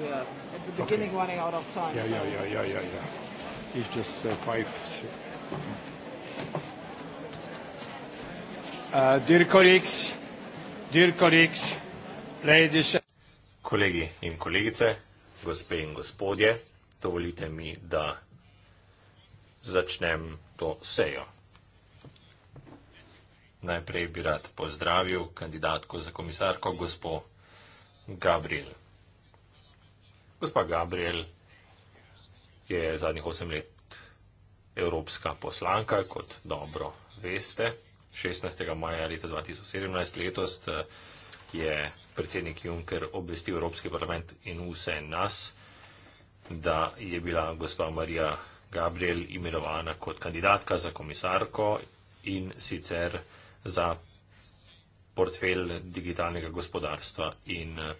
we're at the beginning okay. running out of time. Yeah, so. yeah, yeah, yeah, yeah, yeah. He's just uh, five. So. Uh, dear colleagues, dear colleagues, ladies. Kolegi in kolegice, gospe in gospodje, dovolite mi, da začnem to sejo. Najprej bi rad pozdravil kandidatko za komisarko, gospo Gabriel. Gospa Gabriel je zadnjih osem let evropska poslanka, kot dobro veste. 16. maja leta 2017 letos eh, je predsednik Juncker obvestil Evropski parlament in vse nas, da je bila gospa Marija Gabriel imenovana kot kandidatka za komisarko in sicer za portfelj digitalnega gospodarstva in eh,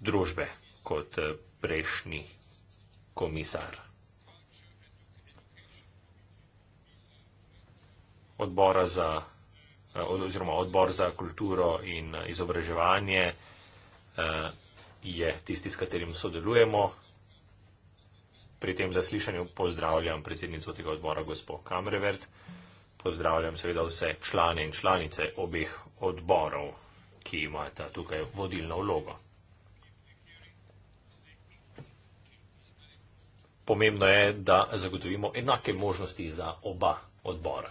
družbe kot eh, prejšnji komisar. Odbora za, eh, oziroma odbor za kulturo in eh, izobraževanje je tisti, s katerim sodelujemo. Pri tem zaslišanju pozdravljam predsednico tega odbora, gospod Kamrevert. Pozdravljam seveda vse člane in članice obeh odborov, ki imata tukaj vodilno vlogo. pomembno je, da zagotovimo enake možnosti za oba odbora.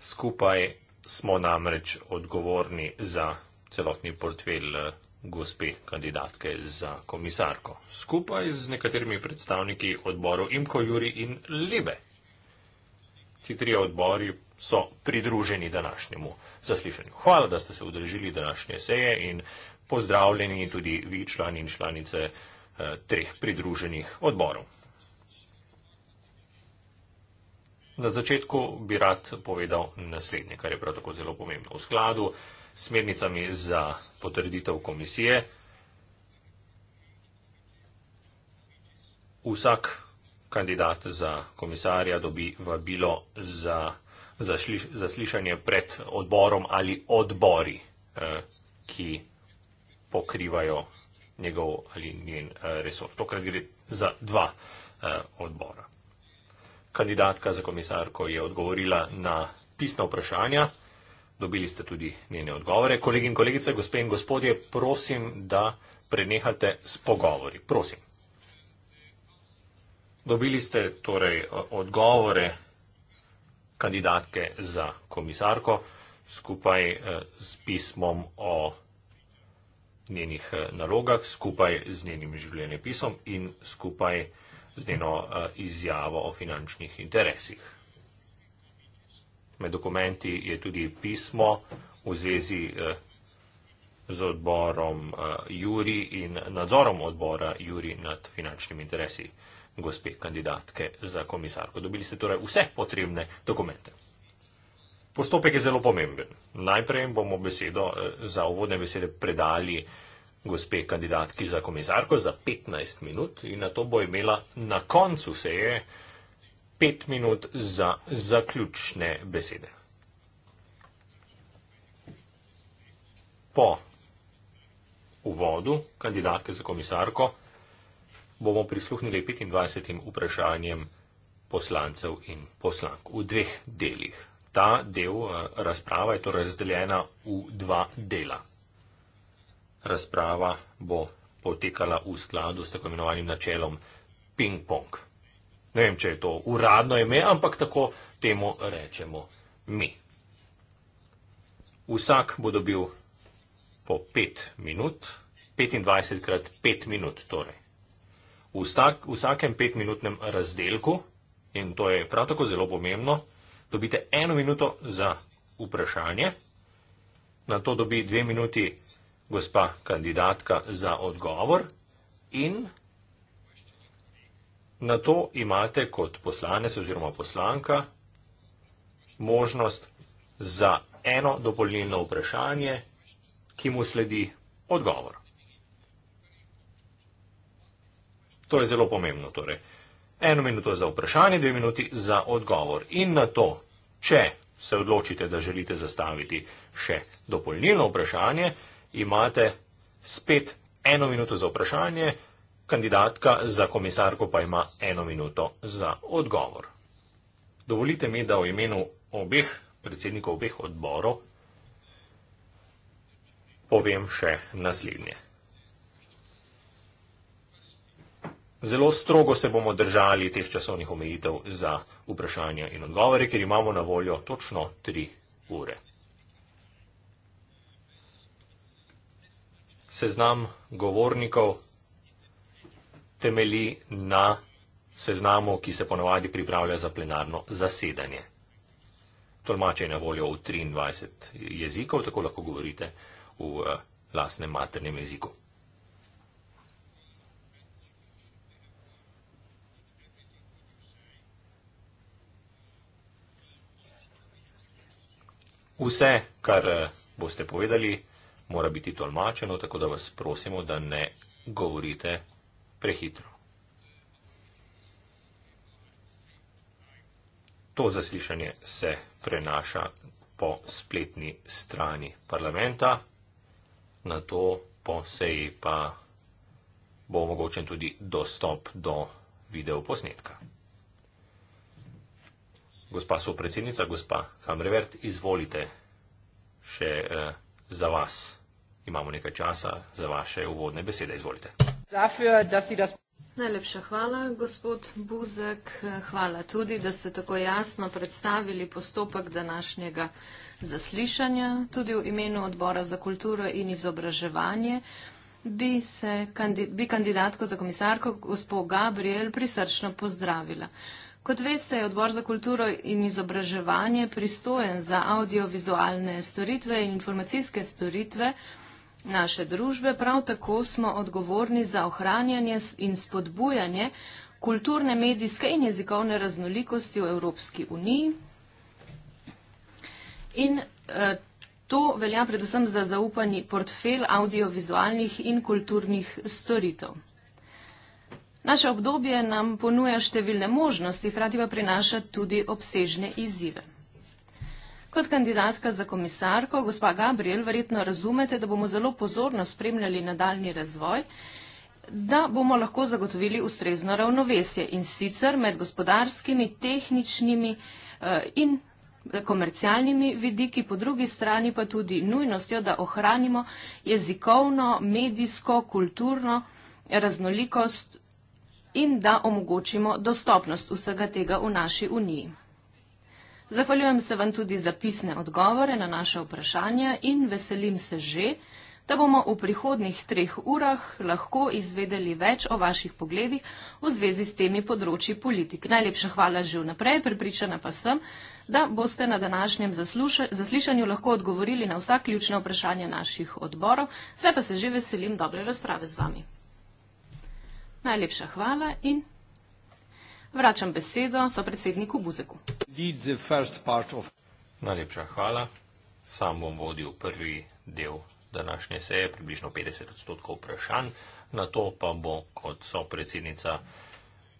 Skupaj smo namreč odgovorni za celotni portfelj eh, gospe kandidatke za komisarko. Skupaj z nekaterimi predstavniki odborov Imko, Juri in Libe. Ti tri odbori so pridruženi današnjemu zaslišanju. Hvala, da ste se udeležili današnje seje in pozdravljeni tudi vi člani in članice eh, treh pridruženih odborov. Na začetku bi rad povedal naslednje, kar je prav tako zelo pomembno. V skladu s smernicami za potrditev komisije vsak kandidat za komisarja dobi vabilo za zaslišanje pred odborom ali odbori, eh, ki pokrivajo njegov ali njen eh, resor. Tokrat gre za dva eh, odbora. Kandidatka za komisarko je odgovorila na pisna vprašanja. Dobili ste tudi njene odgovore. Kolegi in kolegice, gospe in gospodje, prosim, da prenehate s pogovori. Prosim. Dobili ste torej eh, odgovore kandidatke za komisarko skupaj s pismom o njenih eh, nalogah, skupaj z njenim življenjepisom in skupaj z njeno eh, izjavo o finančnih interesih. Med dokumenti je tudi pismo v zvezi eh, z odborom Juri in nadzorom odbora Juri nad finančnimi interesi gospe kandidatke za komisarko. Dobili ste torej vse potrebne dokumente. Postopek je zelo pomemben. Najprej bomo besedo eh, za uvodne besede predali gospe kandidatki za komisarko za 15 minut in na to bo imela na koncu seje 5 minut za zaključne besede. Po uvodu kandidatke za komisarko bomo prisluhnili 25 vprašanjem poslancev in poslank v dveh delih ta del eh, razprava je torej razdeljena v dva dela. Razprava bo potekala v skladu s tako imenovanim načelom ping-pong. Ne vem, če je to uradno ime, ampak tako temu rečemo mi. Vsak bo dobil po 5 minut, 25 krat 5 minut torej. V vsakem 5-minutnem razdelku, in to je prav tako zelo pomembno, dobite eno minuto za vprašanje, na to dobi dve minuti gospa kandidatka za odgovor in na to imate kot poslanec oziroma poslanka možnost za eno dopolnilno vprašanje, ki mu sledi odgovor. To je zelo pomembno torej eno minuto za vprašanje, dve minuti za odgovor. In na to, če se odločite, da želite zastaviti še dopolnilno vprašanje, imate spet eno minuto za vprašanje, kandidatka za komisarko pa ima eno minuto za odgovor. Dovolite mi, da v imenu obeh predsednikov obeh odborov povem še naslednje. Zelo strogo se bomo držali teh časovnih omejitev za vprašanja in odgovore, ker imamo na voljo točno tri ure. Seznam govornikov temeli na seznamu, ki se ponovadi pripravlja za plenarno zasedanje. Tolmače je na voljo v 23 jezikov, tako lahko govorite v eh, lasnem maternem jeziku. Vse, kar eh, boste povedali, mora biti tolmačeno, tako da vas prosimo, da ne govorite prehitro. To zaslišanje se prenaša po spletni strani parlamenta, na to po seji pa bo omogočen tudi dostop do videoposnetka. Gospa sopredsednica, gospa Hamrevert, izvolite še eh, za vas. Imamo nekaj časa za vaše uvodne besede. Izvolite. Najlepša hvala, gospod Buzek. Hvala tudi, da ste tako jasno predstavili postopek današnjega zaslišanja. Tudi v imenu odbora za kulturo in izobraževanje bi, se, kandid, bi kandidatko za komisarko, gospod Gabriel, prisrčno pozdravila. Uh, Kot veste, je odbor za kulturo in izobraževanje pristojen za audiovizualne storitve in informacijske storitve naše družbe. Prav tako smo odgovorni za ohranjanje in spodbujanje kulturne, medijske in jezikovne raznolikosti v Evropski uniji. In eh, to velja predvsem za zaupanji portfel audiovizualnih in kulturnih storitev. Naše obdobje nam ponuja številne možnosti, hkrati pa prinaša tudi obsežne izzive. Kot kandidatka za komisarko, gospa Gabriel, verjetno razumete, da bomo zelo pozorno spremljali nadaljni razvoj, da bomo lahko zagotovili ustrezno ravnovesje in sicer med gospodarskimi, tehničnimi eh, in komercialnimi vidiki, po drugi strani pa tudi nujnostjo, da ohranimo jezikovno, medijsko, kulturno raznolikost in da omogočimo dostopnost vsega tega v naši uniji. Zahvaljujem se vam tudi za pisne odgovore na naše vprašanja in veselim se že, da bomo v prihodnih treh urah lahko izvedeli več o vaših pogledih v zvezi s temi področji politik. Najlepša hvala že vnaprej, prepričana pa sem, da boste na današnjem zaslišanju lahko odgovorili na vsa ključna vprašanja naših odborov. Zdaj pa se že veselim dobre razprave z vami. Najlepša hvala in vračam besedo so predsedniku Buzeku. Najlepša hvala. Sam bom vodil prvi del današnje seje, približno 50 odstotkov vprašanj, na to pa bo kot so predsednica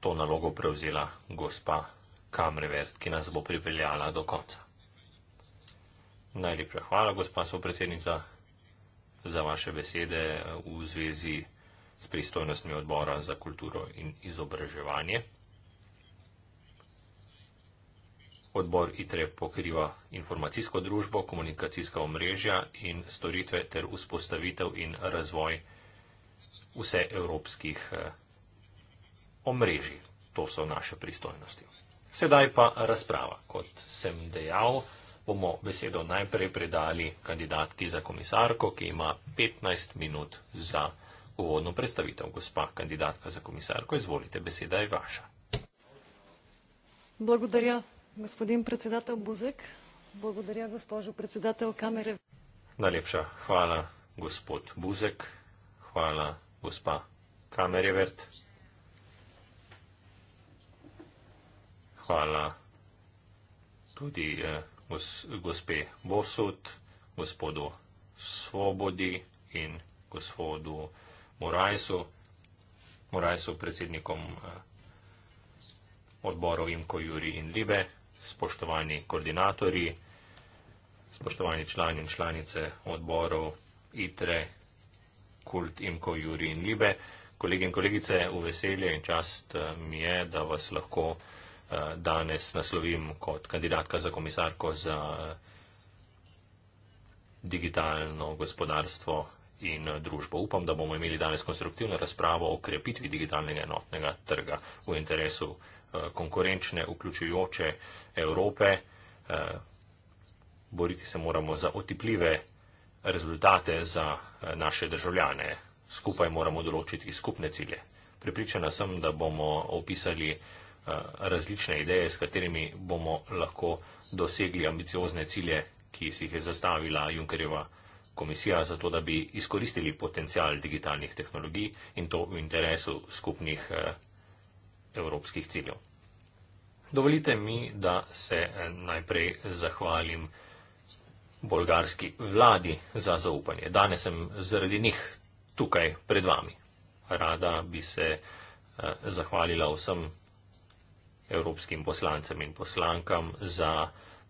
to nalogo prevzela gospa Kamrevert, ki nas bo pripeljala do konca. Najlepša hvala, gospa so predsednica, za vaše besede v zvezi s pristojnostmi odbora za kulturo in izobraževanje. Odbor ITRE pokriva informacijsko družbo, komunikacijska omrežja in storitve ter vzpostavitev in razvoj vse evropskih eh, omrežij. To so naše pristojnosti. Sedaj pa razprava. Kot sem dejal, bomo besedo najprej predali kandidatki za komisarko, ki ima 15 minut za razpravo. Uvodno predstavitev, gospa kandidatka za komisarko, izvolite, beseda je vaša. Благодаря, господин председател Бузек. Благодаря, госпожо председател Камере. Налепша хвала, господ Бузек. Хвала, госпа Камереверт. Хвала туди госпе Босут, господу Свободи и господу Morajsu, Morajsu predsednikom eh, odborov Imko Juri in Libe, spoštovani koordinatorji, spoštovani člani in članice odborov ITRE, Kult Imko Juri in Libe, kolegi in kolegice, v veselje in čast eh, mi je, da vas lahko eh, danes naslovim kot kandidatka za komisarko za digitalno gospodarstvo in eh, družbo. Upam, da bomo imeli danes konstruktivno razpravo o krepitvi digitalnega enotnega trga v interesu eh, konkurenčne, vključujoče Evrope. Eh, boriti se moramo za otipljive rezultate za naše državljane. Skupaj moramo določiti skupne cilje. Pripričana sem, da bomo opisali različne ideje, s katerimi bomo lahko dosegli ambiciozne cilje, ki si jih je zastavila Junkerjeva komisija za to, da bi izkoristili potencial digitalnih tehnologij in to v interesu skupnih eh, evropskih ciljev. Dovolite mi, da se eh, najprej zahvalim bolgarski vladi za zaupanje. Danes sem zaradi njih tukaj pred vami. Rada bi se eh, zahvalila vsem evropskim poslancem in poslankam za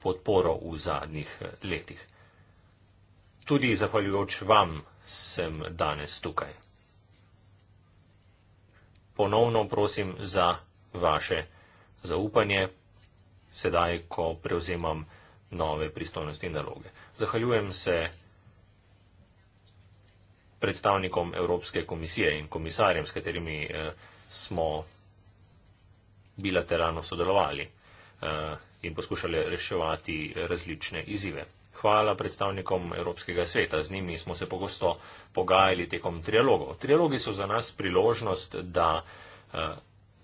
podporo v zadnjih letih. Tudi zahvaljujoč vam sem danes tukaj. Ponovno prosim za vaše zaupanje, sedaj, ko prevzemam nove pristojnosti in naloge. Zahvaljujem se predstavnikom Evropske komisije in komisarjem, s katerimi eh, smo bilateralno sodelovali eh, in poskušali reševati različne izive hvala predstavnikom Evropskega sveta. Z njimi smo se pogosto pogajali tekom trialogov. Trialogi so za nas priložnost, da eh,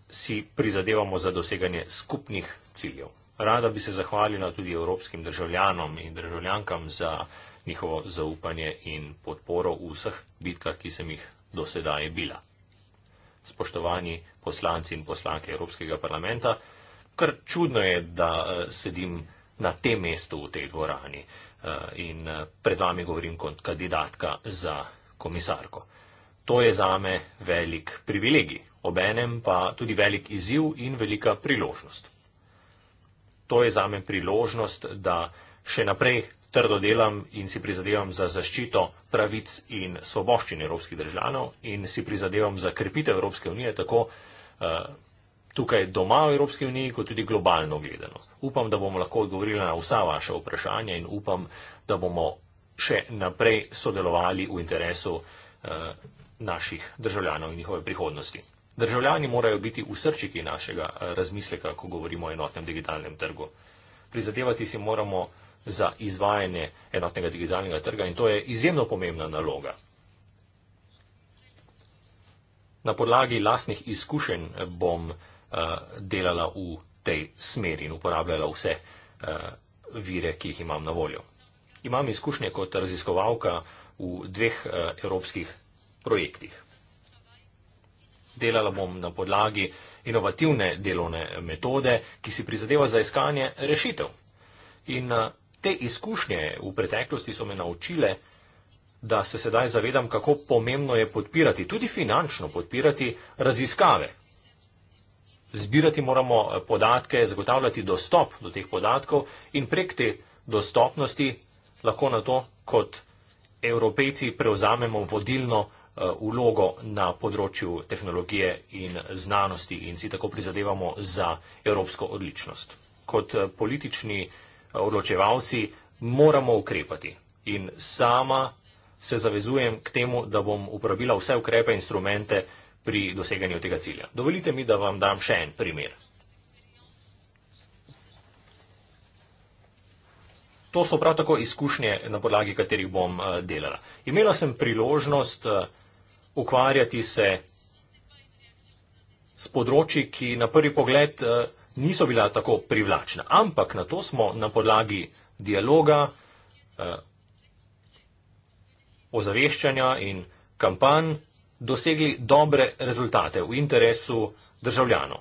si prizadevamo za doseganje skupnih ciljev. Rada bi se zahvalila tudi evropskim državljanom in državljankam za njihovo zaupanje in podporo v vseh bitkah, ki sem jih dosedaj bila. Spoštovani poslanci in poslanke Evropskega parlamenta, kar čudno je, da eh, sedim na tem mestu v tej dvorani. Eh, in eh, pred vami govorim kot kandidatka za komisarko. To je zame velik privilegij, obenem pa tudi velik izziv in velika priložnost. To je zame priložnost, da še naprej trdo delam in si prizadevam za zaščito pravic in svoboščin evropskih državljanov in si prizadevam za krepitev Evropske unije tako, eh, tukaj doma v Evropski uniji, kot tudi globalno gledano. Upam, da bomo lahko odgovorili na vsa vaša vprašanja in upam, da bomo še naprej sodelovali v interesu eh, naših državljanov in njihove prihodnosti. Državljani morajo biti v srčiki našega eh, razmisleka, ko govorimo o enotnem digitalnem trgu. Prizadevati si moramo za izvajanje enotnega digitalnega trga in to je izjemno pomembna naloga. Na podlagi lastnih izkušenj eh, bom eh, Eh, delala v tej smeri in uporabljala vse eh, vire, ki jih imam na voljo. Imam izkušnje kot raziskovalka v dveh eh, evropskih projektih. Delala bom na podlagi inovativne delovne metode, ki si prizadeva za iskanje rešitev. In te izkušnje v preteklosti so me naučile, da se sedaj zavedam, kako pomembno je podpirati, tudi finančno podpirati raziskave, zbirati moramo eh, podatke, zagotavljati dostop do teh podatkov in prek te dostopnosti lahko na to kot evropejci prevzamemo vodilno eh, vlogo na področju tehnologije in znanosti in si tako prizadevamo za evropsko odličnost. Kot eh, politični odločevalci moramo ukrepati in sama se zavezujem k temu, da bom uporabila vse ukrepe in instrumente, pri doseganju tega cilja. Dovolite mi, da vam dam še en primer. To so prav tako izkušnje, na podlagi katerih bom eh, delala. Imela sem priložnost eh, ukvarjati se s področji, ki na prvi pogled eh, niso bila tako privlačna. Ampak na to smo na podlagi dialoga, ozaveščanja in kampanj dosegli dobre rezultate v interesu državljanov.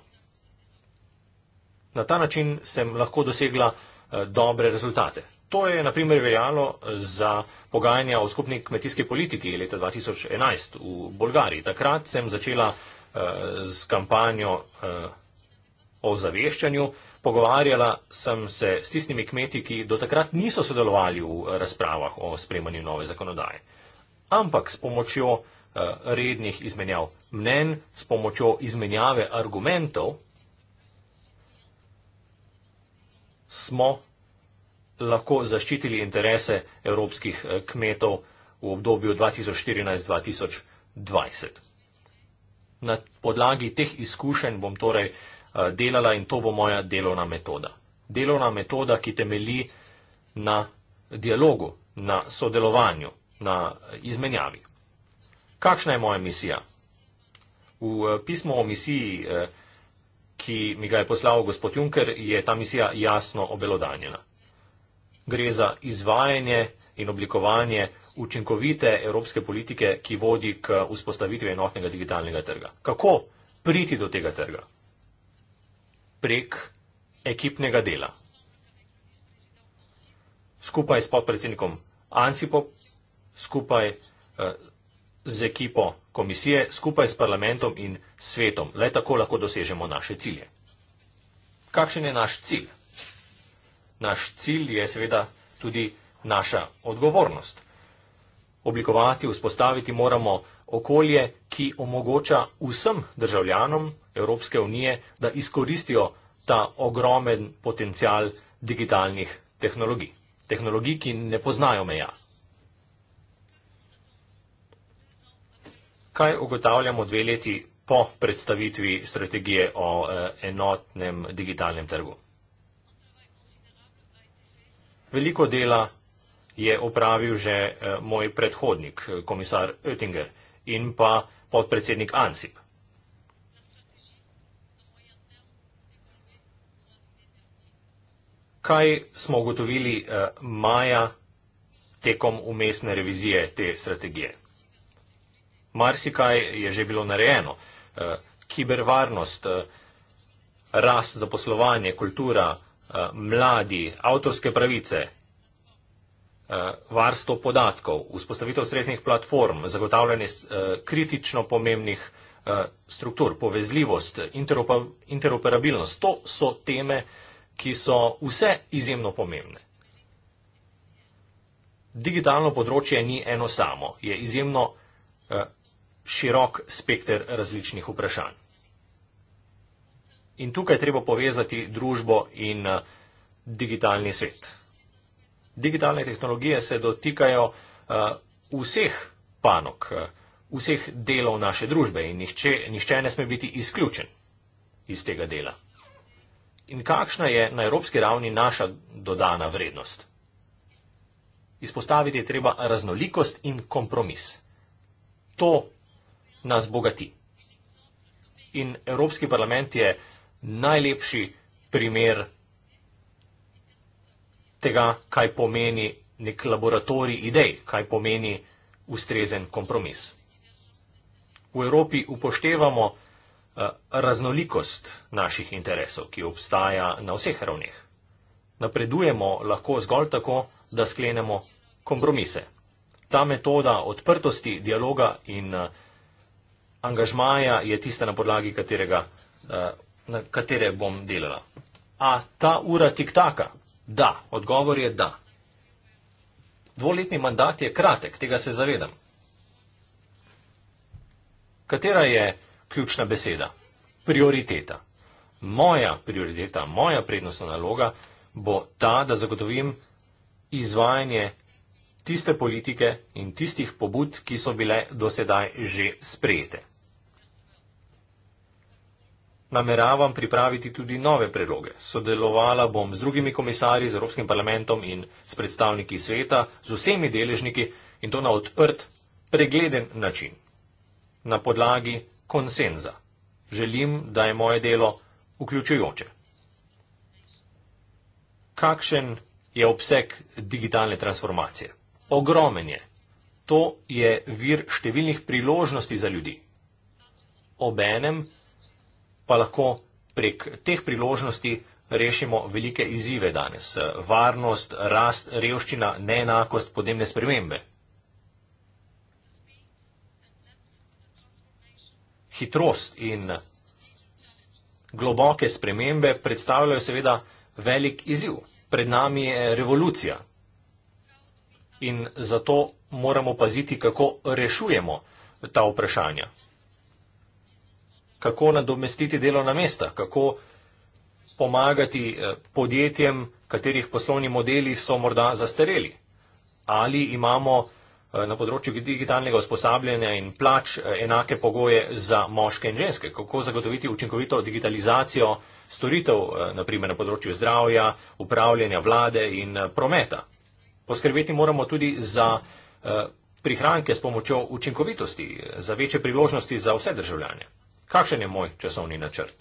Na ta način sem lahko dosegla eh, dobre rezultate. To je naprimer veljalo za pogajanja o skupni kmetijski politiki leta 2011 v Bolgariji. Takrat sem začela z eh, kampanjo eh, o zaveščanju, pogovarjala sem se s tistimi kmeti, ki do takrat niso sodelovali v razpravah o spremanju nove zakonodaje. Ampak s pomočjo Eh, rednih izmenjav mnen s pomočjo izmenjave argumentov smo lahko zaščitili interese evropskih eh, kmetov v obdobju 2014-2020. Na podlagi teh izkušenj bom torej eh, delala in to bo moja delovna metoda. Delovna metoda, ki temeli na dialogu, na sodelovanju, na izmenjavi. Kakšna je moja misija? V eh, pismu o misiji, eh, ki mi ga je poslal gospod Juncker, je ta misija jasno obelodanjena. Gre za izvajanje in oblikovanje učinkovite evropske politike, ki vodi k vzpostavitvi enotnega digitalnega trga. Kako priti do tega trga? Prek ekipnega dela. Skupaj s podpredsednikom Ansipo, skupaj eh, z ekipo komisije, skupaj s parlamentom in svetom. Le tako lahko dosežemo naše cilje. Kakšen je naš cilj? Naš cilj je seveda tudi naša odgovornost. Oblikovati, vzpostaviti moramo okolje, ki omogoča vsem državljanom Evropske unije, da izkoristijo ta ogromen potencial digitalnih tehnologij. Tehnologij, ki ne poznajo meja. kaj ugotavljamo dve leti po predstavitvi strategije o eh, enotnem digitalnem trgu? Veliko dela je upravil že eh, moj predhodnik, eh, komisar Oettinger in pa podpredsednik Ansip. Kaj smo ugotovili maja tekom umestne revizije te strategije? Marsikaj je že bilo narejeno. Eh, kibervarnost, eh, rast za poslovanje, kultura, eh, mladi, avtorske pravice, varstvo podatkov, vzpostavitev srednjih platform, zagotavljanje kritično pomembnih struktur, povezljivost, interoperabilnost. To so teme, ki so vse izjemno pomembne. Digitalno področje ni eno samo, je izjemno širok spekter različnih vprašanj. In tukaj treba povezati družbo in eh, digitalni svet. Digitalne tehnologije se dotikajo eh, vseh panok, eh, vseh delov naše družbe in nihče, nihče ne sme biti izključen iz tega dela. In kakšna je na evropski ravni naša dodana vrednost? Izpostaviti je treba raznolikost in kompromis. To nas bogati. In Evropski parlament je najlepši primer tega, kaj pomeni nek laboratorij idej, kaj pomeni ustrezen kompromis. V Evropi upoštevamo eh, raznolikost naših interesov, ki obstaja na vseh ravneh. Napredujemo lahko zgolj tako, da sklenemo kompromise. Ta metoda odprtosti, dialoga in uh, angažmaja je tista, na podlagi katerega, eh, na katere bom delala. A ta ura tiktaka? Da, odgovor je da. Dvoletni mandat je kratek, tega se zavedam. Katera je ključna beseda? Prioriteta. Moja prioriteta, moja prednostna naloga bo ta, da zagotovim izvajanje tiste politike in tistih pobud, ki so bile dosedaj že sprejete nameravam pripraviti tudi nove predloge. Sodelovala bom z drugimi komisarji, z Evropskim parlamentom in s predstavniki sveta, z vsemi deležniki in to na odprt, pregleden način. Na podlagi konsenza. Želim, da je moje delo vključujoče. Kakšen je obseg digitalne transformacije? Ogromen je. To je vir številnih priložnosti za ljudi. Obenem, pa lahko prek teh priložnosti rešimo velike izzive danes. Varnost, rast, revščina, neenakost, podnebne spremembe. Hitrost in globoke spremembe predstavljajo seveda velik izziv. Pred nami je revolucija in zato moramo paziti, kako rešujemo ta vprašanja kako nadomestiti delovna mesta, kako pomagati eh, podjetjem, katerih poslovni modeli so morda zastareli. Ali imamo eh, na področju digitalnega usposabljanja in plač eh, enake pogoje za moške in ženske, kako zagotoviti učinkovito digitalizacijo storitev, naprimer na področju zdravja, upravljanja vlade in prometa. Poskrbeti moramo tudi za prihranke s pomočjo učinkovitosti, za večje priložnosti za vse državljane. Kakšen je moj časovni načrt?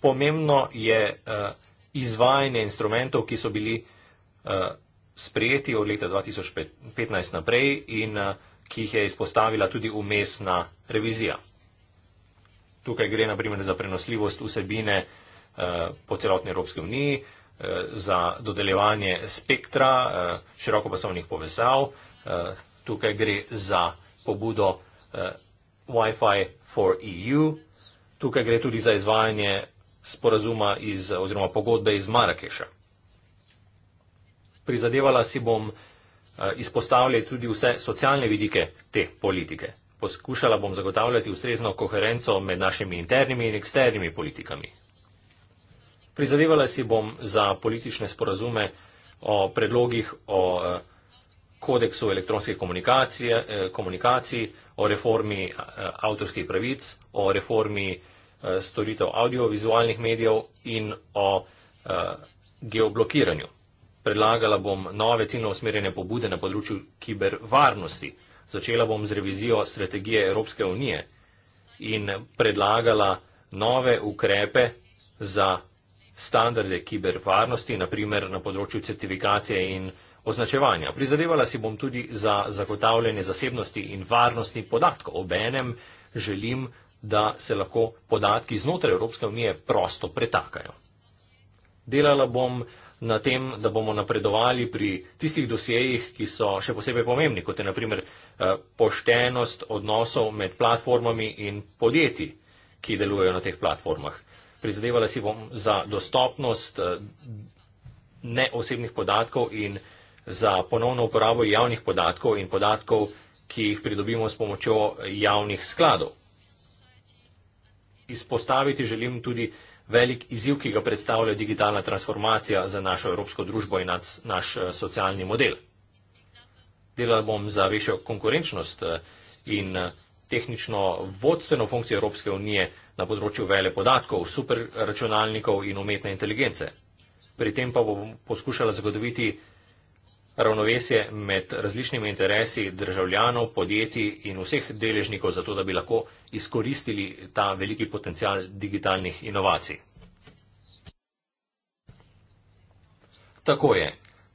Pomembno je eh, izvajanje instrumentov, ki so bili eh, sprejeti od leta 2015 naprej in eh, ki jih je izpostavila tudi umestna revizija. Tukaj gre naprimer za prenosljivost vsebine po celotni Evropski uniji, za dodeljevanje spektra širokopasovnih povezav, tukaj gre za pobudo uh, Wi-Fi for EU, tukaj gre tudi za izvajanje sporazuma iz, oziroma pogodbe iz Marakeša. Prizadevala si bom eh, izpostavljati tudi vse socialne vidike te politike. Poskušala bom zagotavljati ustrezno koherenco med našimi internimi in eksternimi politikami. Prizadevala si bom za politične sporazume o predlogih o eh, kodeksu elektronskih eh, komunikacij, o reformi eh, avtorskih pravic, o reformi eh, storitev audiovizualnih medijev in o geoblokiranju. Predlagala bom nove ciljno usmerjene pobude na področju kibervarnosti. Začela bom z revizijo strategije Evropske unije in predlagala nove ukrepe za standarde kibervarnosti, naprimer na področju certifikacije in informacije označevanja. Prizadevala si bom tudi za zagotavljanje zasebnosti in varnosti podatkov. Obenem želim, da se lahko podatki znotraj Evropske unije prosto pretakajo. Delala bom na tem, da bomo napredovali pri tistih dosjejih, ki so še posebej pomembni, kot je naprimer eh, poštenost odnosov med platformami in podjetji, ki delujejo na teh platformah. Prizadevala si bom za dostopnost eh, neosebnih podatkov in za ponovno uporabo javnih podatkov in podatkov, ki jih pridobimo s pomočjo javnih skladov. Izpostaviti želim tudi velik izziv, ki ga predstavlja digitalna transformacija za našo evropsko družbo in naš eh, socialni model. Delal bom za večjo konkurenčnost eh, in eh, tehnično vodstveno funkcijo Evropske unije na področju vele podatkov, superračunalnikov in umetne inteligence. Pri tem pa bom poskušala zagotoviti ravnovesje med različnimi interesi državljanov, podjetij in vseh deležnikov, zato da bi lahko izkoristili ta veliki potencial digitalnih inovacij. Tako je,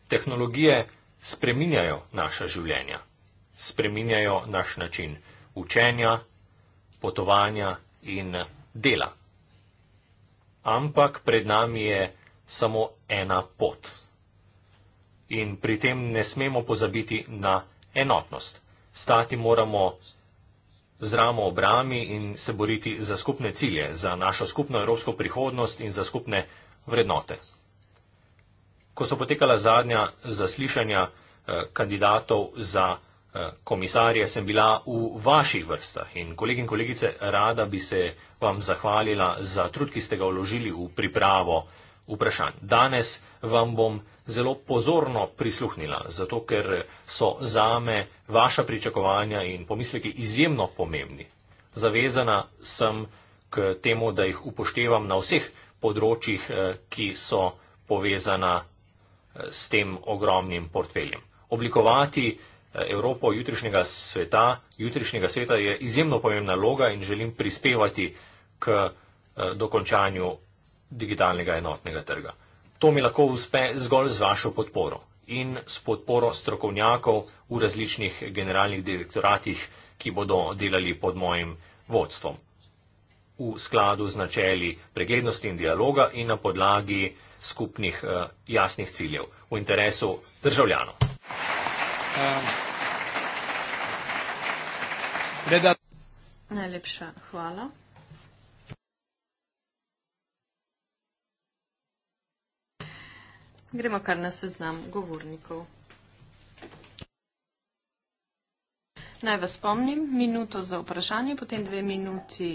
tehnologije spreminjajo naša življenja, spreminjajo naš način učenja, potovanja in dela. Ampak pred nami je samo ena pot in pri tem ne smemo pozabiti na enotnost. Stati moramo z ramo ob rami in se boriti za skupne cilje, za našo skupno evropsko prihodnost in za skupne vrednote. Ko so potekala zadnja zaslišanja eh, kandidatov za eh, komisarje, sem bila v vaših vrstah in kolegi in kolegice, rada bi se vam zahvalila za trud, ki ste ga vložili v pripravo eh, vprašanj. Danes vam bom zelo pozorno prisluhnila, zato ker so zame vaša pričakovanja in pomisleki izjemno pomembni. Zavezana sem k temu, da jih upoštevam na vseh področjih, eh, ki so povezana eh, s tem ogromnim portfeljem. Oblikovati eh, Evropo jutrišnjega sveta, jutrišnjega sveta je izjemno pomembna loga in želim prispevati k dokončanju digitalnega enotnega trga. To mi lahko uspe zgolj z vašo podporo in s podporo strokovnjakov v različnih generalnih direktoratih, ki bodo delali pod mojim vodstvom. V skladu z načeli preglednosti in dialoga in na podlagi skupnih eh, jasnih ciljev v interesu državljanov. Ehm. Najlepša hvala. Gremo kar na seznam govornikov. Naj vas spomnim, minuto za vprašanje, potem dve minuti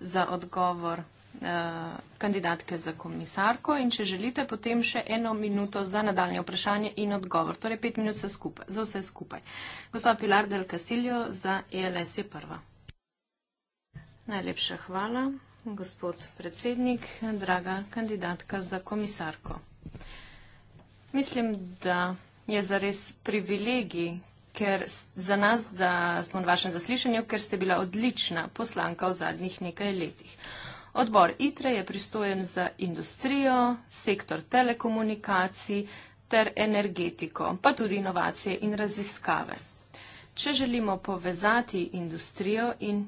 za odgovor eh, kandidatke za komisarko in če želite, potem še eno minuto za nadaljne vprašanje in odgovor. Torej pet minut za, skupaj, za vse skupaj. Gospa Pilar del Castillo za ELS je prva. Najlepša hvala, gospod predsednik, draga kandidatka za komisarko. Mislim, da je zares privilegij, ker za nas, da smo na vašem zaslišanju, ker ste bila odlična poslanka v zadnjih nekaj letih. Odbor ITRE je pristojen za industrijo, sektor telekomunikacij ter energetiko, pa tudi inovacije in raziskave. Če želimo povezati industrijo in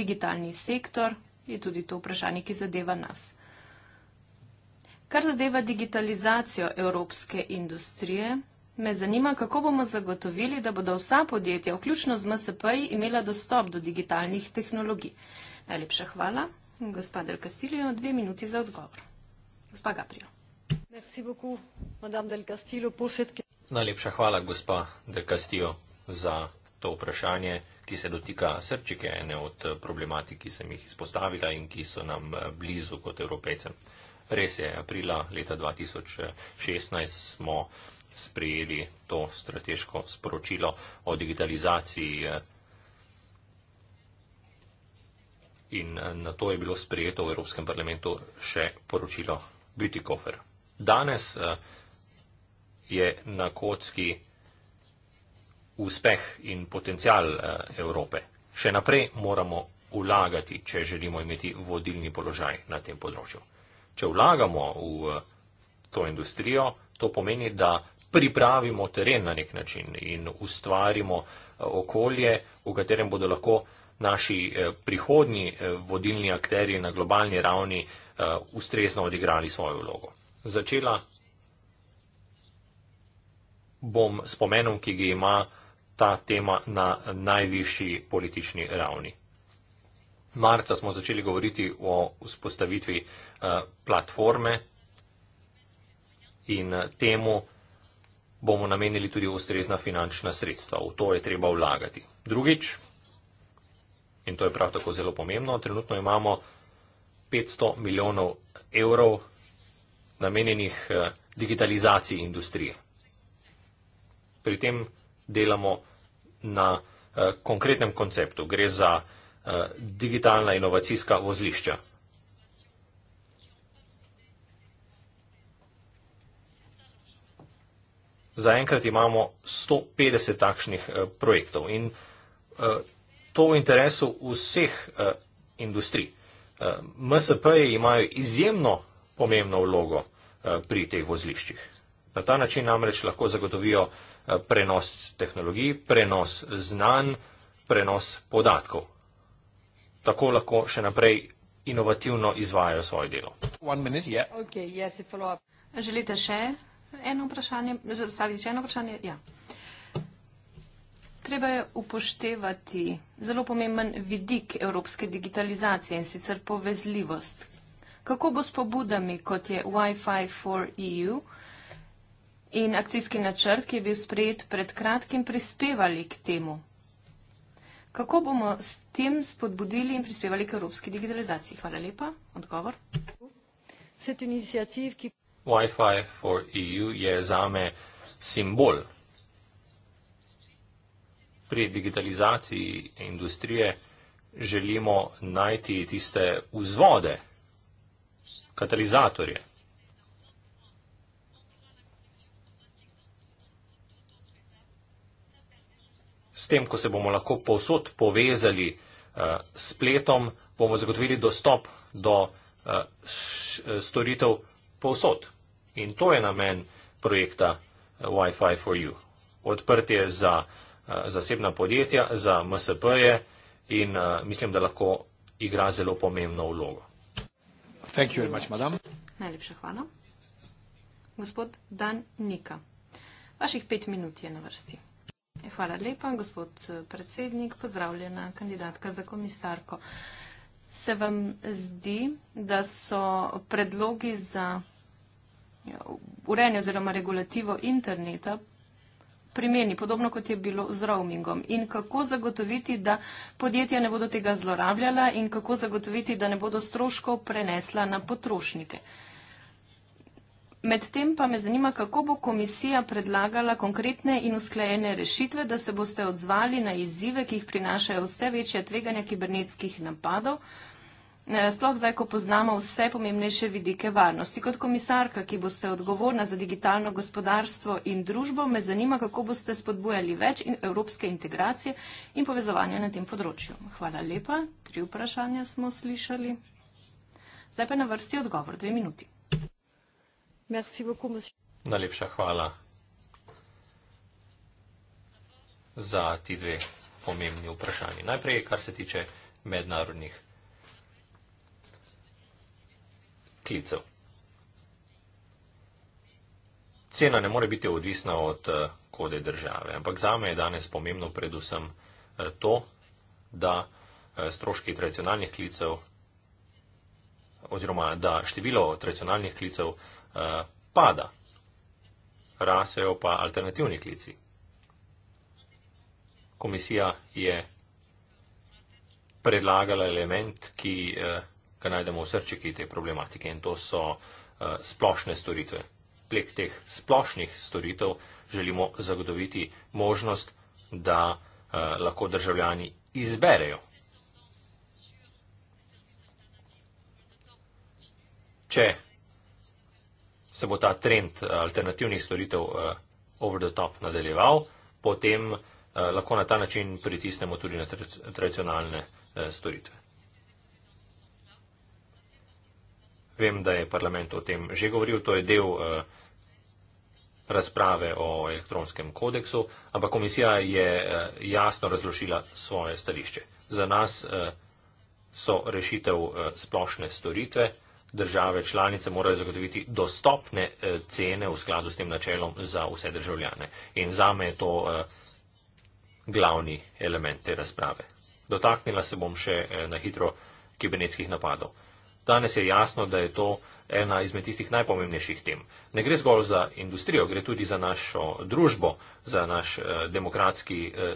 digitalni sektor, je tudi to vprašanje, ki zadeva nas. Kar zadeva digitalizacijo evropske industrije, me zanima, kako bomo zagotovili, da bodo vsa podjetja, vključno z MSP-ji, imela dostop do digitalnih tehnologij. Najlepša hvala, gospod Del Castillo, dve minuti za odgovor. Gospa Gabriel. Najlepša hvala, gospa Del Castillo, za to vprašanje, ki se dotika srčike ene od problematik, ki sem jih izpostavila in ki so nam eh, blizu kot evropejcem. Res je, aprila leta 2016 smo sprejeli to strateško sporočilo o digitalizaciji in na to je bilo sprejeto v Evropskem parlamentu še poročilo Bütikofer. Danes je na kocki uspeh in potencial Evrope. Še naprej moramo vlagati, če želimo imeti vodilni položaj na tem področju če vlagamo v eh, to industrijo, to pomeni, da pripravimo teren na nek način in ustvarimo eh, okolje, v katerem bodo lahko naši eh, prihodni vodilni akteri na globalni ravni ustrezno odigrali svojo vlogo. Začela bom s pomenom, ki ga ima ta tema na najvišji politični ravni. Marca smo začeli govoriti o vzpostavitvi uh, Eh, platforme in eh, temu bomo namenili tudi ustrezna finančna sredstva. V to je treba vlagati. Drugič, in to je prav tako zelo pomembno, trenutno imamo 500 milijonov evrov namenjenih eh, digitalizaciji industrije. Pri tem delamo na konkretnem konceptu. Gre za digitalna inovacijska vozlišča. zaenkrat imamo 150 takšnih eh, projektov in eh, to v interesu vseh eh, industrij. MSP-je imajo izjemno pomembno vlogo pri teh vozliščih. Na ta način namreč lahko zagotovijo prenos tehnologij, prenos znanj, prenos podatkov. Tako lahko še naprej inovativno izvajajo svoje delo. Minute, yeah. okay, yes, Želite še eno vprašanje, zastaviti eno vprašanje. Ja. Treba je upoštevati zelo pomemben vidik evropske digitalizacije in sicer povezljivost. Kako bo s pobudami, kot je Wi-Fi for EU in akcijski načrt, ki je bil sprejet pred kratkim, prispevali k temu? Kako bomo s tem spodbudili in prispevali k evropski digitalizaciji? Hvala lepa. Odgovor. Wi-Fi for EU je zame simbol. Pri digitalizaciji industrije želimo najti tiste vzvode, katalizatorje. S tem, ko se bomo lahko povsod povezali uh, spletom, bomo zagotovili dostop do uh, storitev povsod. In to je namen projekta eh, Wi-Fi for You. Odprtje za eh, zasebna podjetja, za MSP-je in eh, mislim, da lahko igra zelo pomembno vlogo. Thank you very much, madam. Najlepša hvala. Gospod Dan Nika, vaših pet minut je na vrsti. E, hvala lepa, gospod predsednik, pozdravljena kandidatka za komisarko. Se vam zdi, da so predlogi za urejanje oziroma regulativo interneta primeni, podobno kot je bilo z roamingom. In kako zagotoviti, da podjetja ne bodo tega zlorabljala in kako zagotoviti, da ne bodo stroškov prenesla na potrošnike. Medtem pa me zanima, kako bo komisija predlagala konkretne in usklajene rešitve, da se boste odzvali na izzive, ki jih prinašajo vse večje tveganja kibernetskih napadov, Eh, sploh zdaj, ko poznamo vse pomembnejše vidike varnosti. Kot komisarka, ki boste odgovorna za digitalno gospodarstvo in družbo, me zanima, kako boste spodbujali več in evropske integracije in povezovanja na tem področju. Hvala lepa. Tri vprašanja smo slišali. Zdaj pa na vrsti odgovor. Dve minuti. Najlepša hvala za ti dve pomembni vprašanji. Najprej, kar se tiče mednarodnih klicev. Cena ne more biti odvisna od eh, kode države, ampak zame je danes pomembno predvsem eh, to, da eh, stroški tradicionalnih klicev oziroma da število tradicionalnih klicev pada, rasejo pa alternativni klici. Komisija je predlagala element, ki kar najdemo v srčiki te problematike in to so eh, splošne storitve. Plek teh splošnih storitev želimo zagotoviti možnost, da eh, lahko državljani izberejo. Če se bo ta trend eh, alternativnih storitev over the top nadaljeval, potem lahko na ta način pritisnemo tudi na tradicionalne storitve. Vem, da je parlament o tem že govoril, to je del eh, razprave o elektronskem kodeksu, ampak komisija je eh, jasno razložila svoje stališče. Za nas eh, so rešitev splošne storitve, države članice morajo zagotoviti dostopne cene v skladu s tem načelom za vse državljane. In za me je to glavni element te razprave. Dotaknila se bom še na hitro kibernetskih napadov danes je jasno, da je to ena izmed tistih najpomembnejših tem. Ne gre zgolj za industrijo, gre tudi za našo družbo, za naš eh, demokratski eh,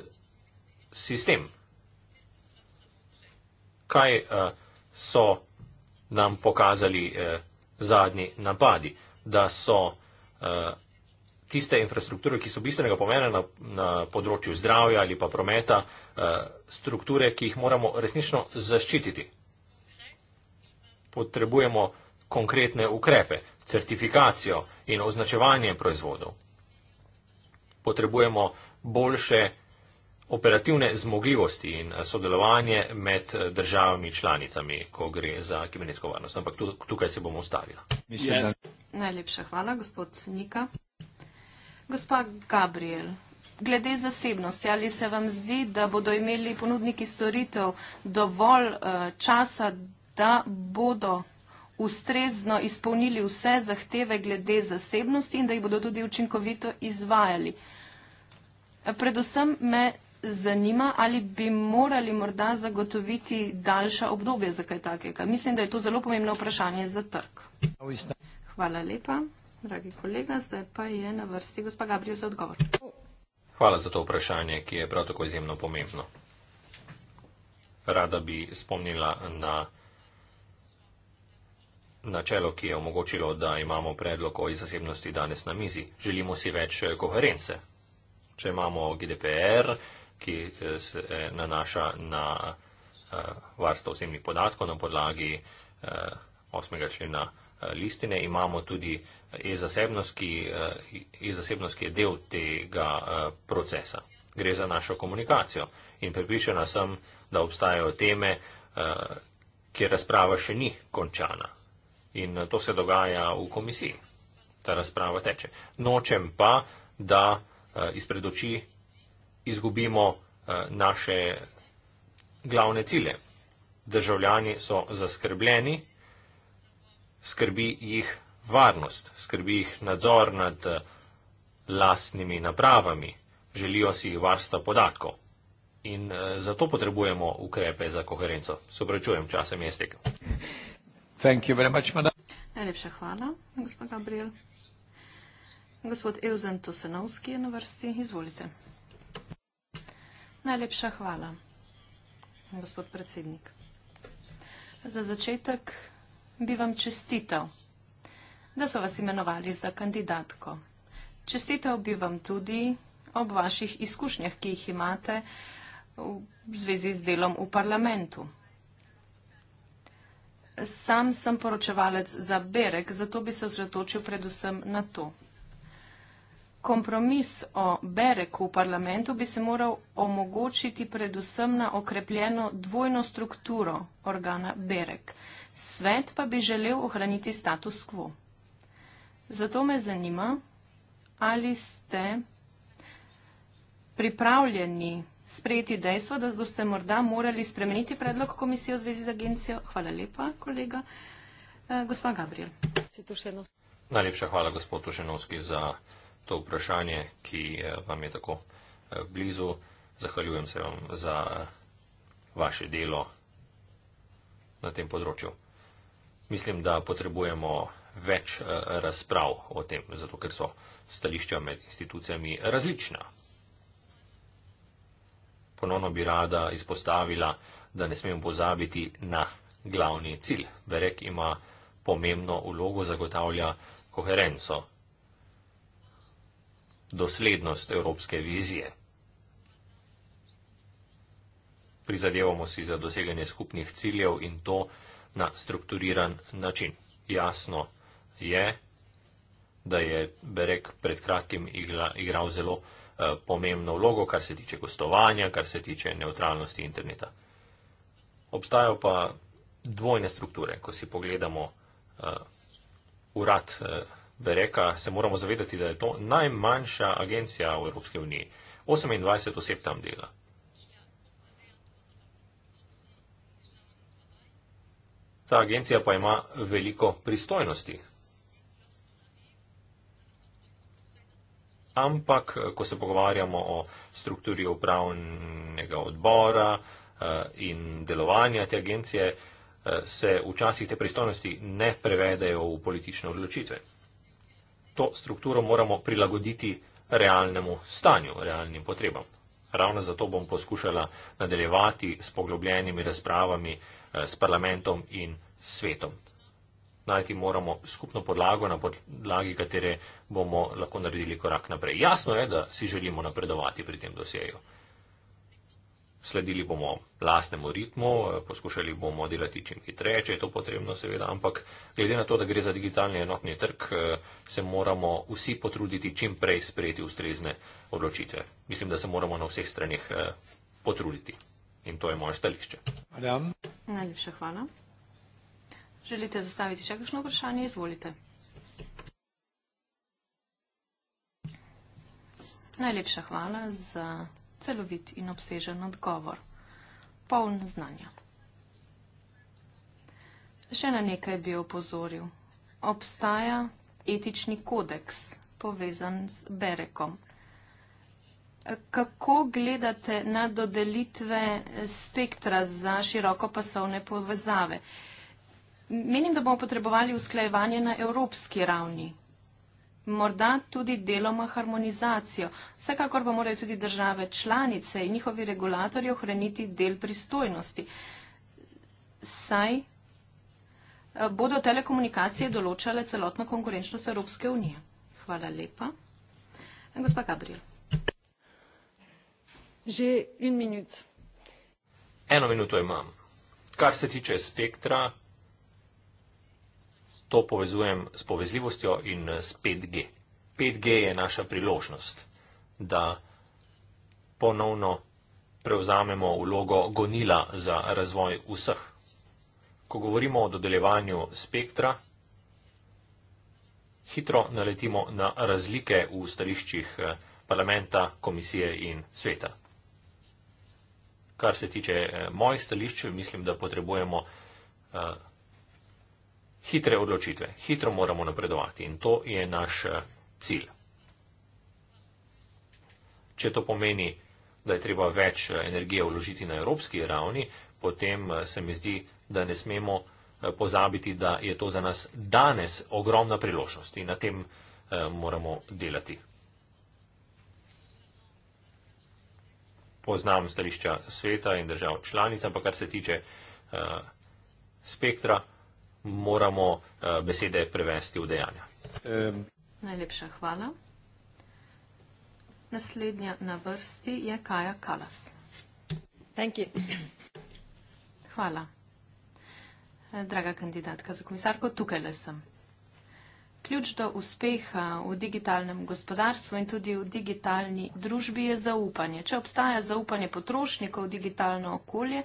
sistem. Kaj eh, so nam pokazali eh, zadnji napadi? Da so eh, tiste infrastrukture, ki so bistvenega pomena na, na področju zdravja ali pa prometa, eh, strukture, ki jih moramo resnično zaščititi potrebujemo konkretne ukrepe, certifikacijo in označevanje proizvodov. Potrebujemo boljše operativne zmogljivosti in sodelovanje med državami članicami, ko gre za kibernetsko varnost. Ampak tukaj se bomo ustavili. Yes. Najlepša hvala, gospod Nika. Gospa Gabriel, glede zasebnosti, ali se vam zdi, da bodo imeli ponudniki storitev dovolj uh, časa, da bodo ustrezno izpolnili vse zahteve glede zasebnosti in da jih bodo tudi učinkovito izvajali. Predvsem me zanima, ali bi morali morda zagotoviti daljša obdobje za kaj takega. Mislim, da je to zelo pomembno vprašanje za trg. Hvala lepa, dragi kolega. Zdaj pa je na vrsti gospa Gabriel za odgovor. Hvala za to vprašanje, ki je prav tako izjemno pomembno. Rada bi spomnila na načelo, ki je omogočilo, da imamo predlog o izasebnosti danes na mizi. Želimo si več eh, koherence. Če imamo GDPR, ki eh, se eh, nanaša na varstvo osebnih podatkov na podlagi 8. člena listine, imamo tudi e-zasebnost, ki, e-zasebnost, ki je del tega procesa. Gre za našo komunikacijo in pripričana sem, da obstajajo teme, kjer razprava še ni končana. In eh, to se dogaja v komisiji. Ta razprava teče. Nočem pa, da eh, izpred oči izgubimo eh, naše glavne cilje. Državljani so zaskrbljeni, skrbi jih varnost, skrbi jih nadzor nad lasnimi napravami, želijo si varstva podatkov. In zato potrebujemo ukrepe za koherenco. Se upravičujem, časem je stekel. Thank you very much, madam. Najlepša hvala, gospa Gabriel. Gospod Evzen Tosenovski je na vrsti, izvolite. Najlepša hvala, gospod predsednik. Za začetek bi vam čestital, da so vas imenovali za kandidatko. Čestital bi vam tudi ob vaših izkušnjah, ki jih imate v zvezi z delom v parlamentu. Sam sem poročevalec za Berek, zato bi se osredotočil predvsem na to. Kompromis o Bereku v parlamentu bi se moral omogočiti predvsem na okrepljeno dvojno strukturo organa Berek. Svet pa bi želel ohraniti status quo. Zato me zanima, ali ste pripravljeni sprejeti dejstvo, da boste morda morali spremeniti predlog komisije v zvezi z agencijo. Hvala lepa, kolega. Eh, gospa Gabriel. Najlepša hvala, gospod Tušenovski, za to vprašanje, ki eh, vam je tako eh, blizu. Zahvaljujem se vam za vaše delo na tem področju. Mislim, da potrebujemo več razprav o tem, zato ker so stališča med institucijami različna ponovno bi rada izpostavila, da ne smemo pozabiti na glavni cilj. Berek ima pomembno ulogo, zagotavlja koherenco, doslednost evropske vizije. Prizadevamo si za doseganje skupnih ciljev in to na strukturiran način. Jasno je, da je Berek pred kratkim igla, igral zelo. Eh, pomembno vlogo, kar se tiče gostovanja, kar se tiče neutralnosti interneta. Obstajajo pa dvojne strukture. Ko si pogledamo uh, urad uh, Bereka, se moramo zavedati, da je to najmanjša agencija v Evropski uniji. 28 oseb tam dela. Ta agencija pa ima veliko pristojnosti. Ampak, eh, ko se pogovarjamo o strukturi upravnega odbora eh, in delovanja te agencije, eh, se včasih te pristojnosti ne prevedejo v politične odločitve. To strukturo moramo prilagoditi realnemu stanju, realnim potrebam. Ravno zato bom poskušala nadaljevati s poglobljenimi razpravami s parlamentom in svetom najti moramo skupno podlago, na podlagi katere bomo lahko naredili korak naprej. Jasno je, da si želimo napredovati pri tem dosjeju. Sledili bomo lastnemu ritmu, poskušali bomo delati čim hitreje, če je to potrebno, seveda, ampak glede na to, da gre za digitalni enotni trg, eh, se moramo vsi potruditi čim prej sprejeti ustrezne odločitve. Mislim, da se moramo na vseh stranih eh, potruditi. In to je moje stališče. Najlepša hvala. Želite zastaviti še kakšno vprašanje? Izvolite. Najlepša hvala za celovit in obsežen odgovor. Poln znanja. Še na nekaj bi opozoril. Obstaja etični kodeks, povezan z Berekom. Kako gledate na dodelitve spektra za širokopasovne povezave? Menim, da bomo potrebovali usklajevanje na evropski ravni. Morda tudi deloma harmonizacijo. Vsekakor pa morajo tudi države članice in njihovi regulatorji ohraniti del pristojnosti. Saj eh, bodo telekomunikacije določale celotno konkurenčnost Evropske unije. Hvala lepa. Gospa Gabriel. Že en minut. Eno minuto imam. Kar se tiče spektra, to povezujem s povezljivostjo in s 5G. 5G je naša priložnost, da ponovno prevzamemo vlogo gonila za razvoj vseh. Ko govorimo o dodeljevanju spektra, hitro naletimo na razlike v stališčih eh, parlamenta, komisije in sveta. Kar se tiče eh, mojih stališč, mislim, da potrebujemo eh, hitre odločitve, hitro moramo napredovati in to je naš eh, cilj. Če to pomeni, da je treba več eh, energije vložiti na evropski ravni, potem eh, se mi zdi, da ne smemo pozabiti, da je to za nas danes ogromna priložnost in na tem moramo delati. Poznam stališča sveta in držav članic, ampak kar se tiče uh, spektra, moramo eh, besede prevesti v dejanja. Najlepša hvala. Naslednja na vrsti je Kaja Kalas. Thank you. Hvala. Draga kandidatka za komisarko, tukaj le sem. Ključ do uspeha v digitalnem gospodarstvu in tudi v digitalni družbi je zaupanje. Če obstaja zaupanje potrošnikov v digitalno okolje,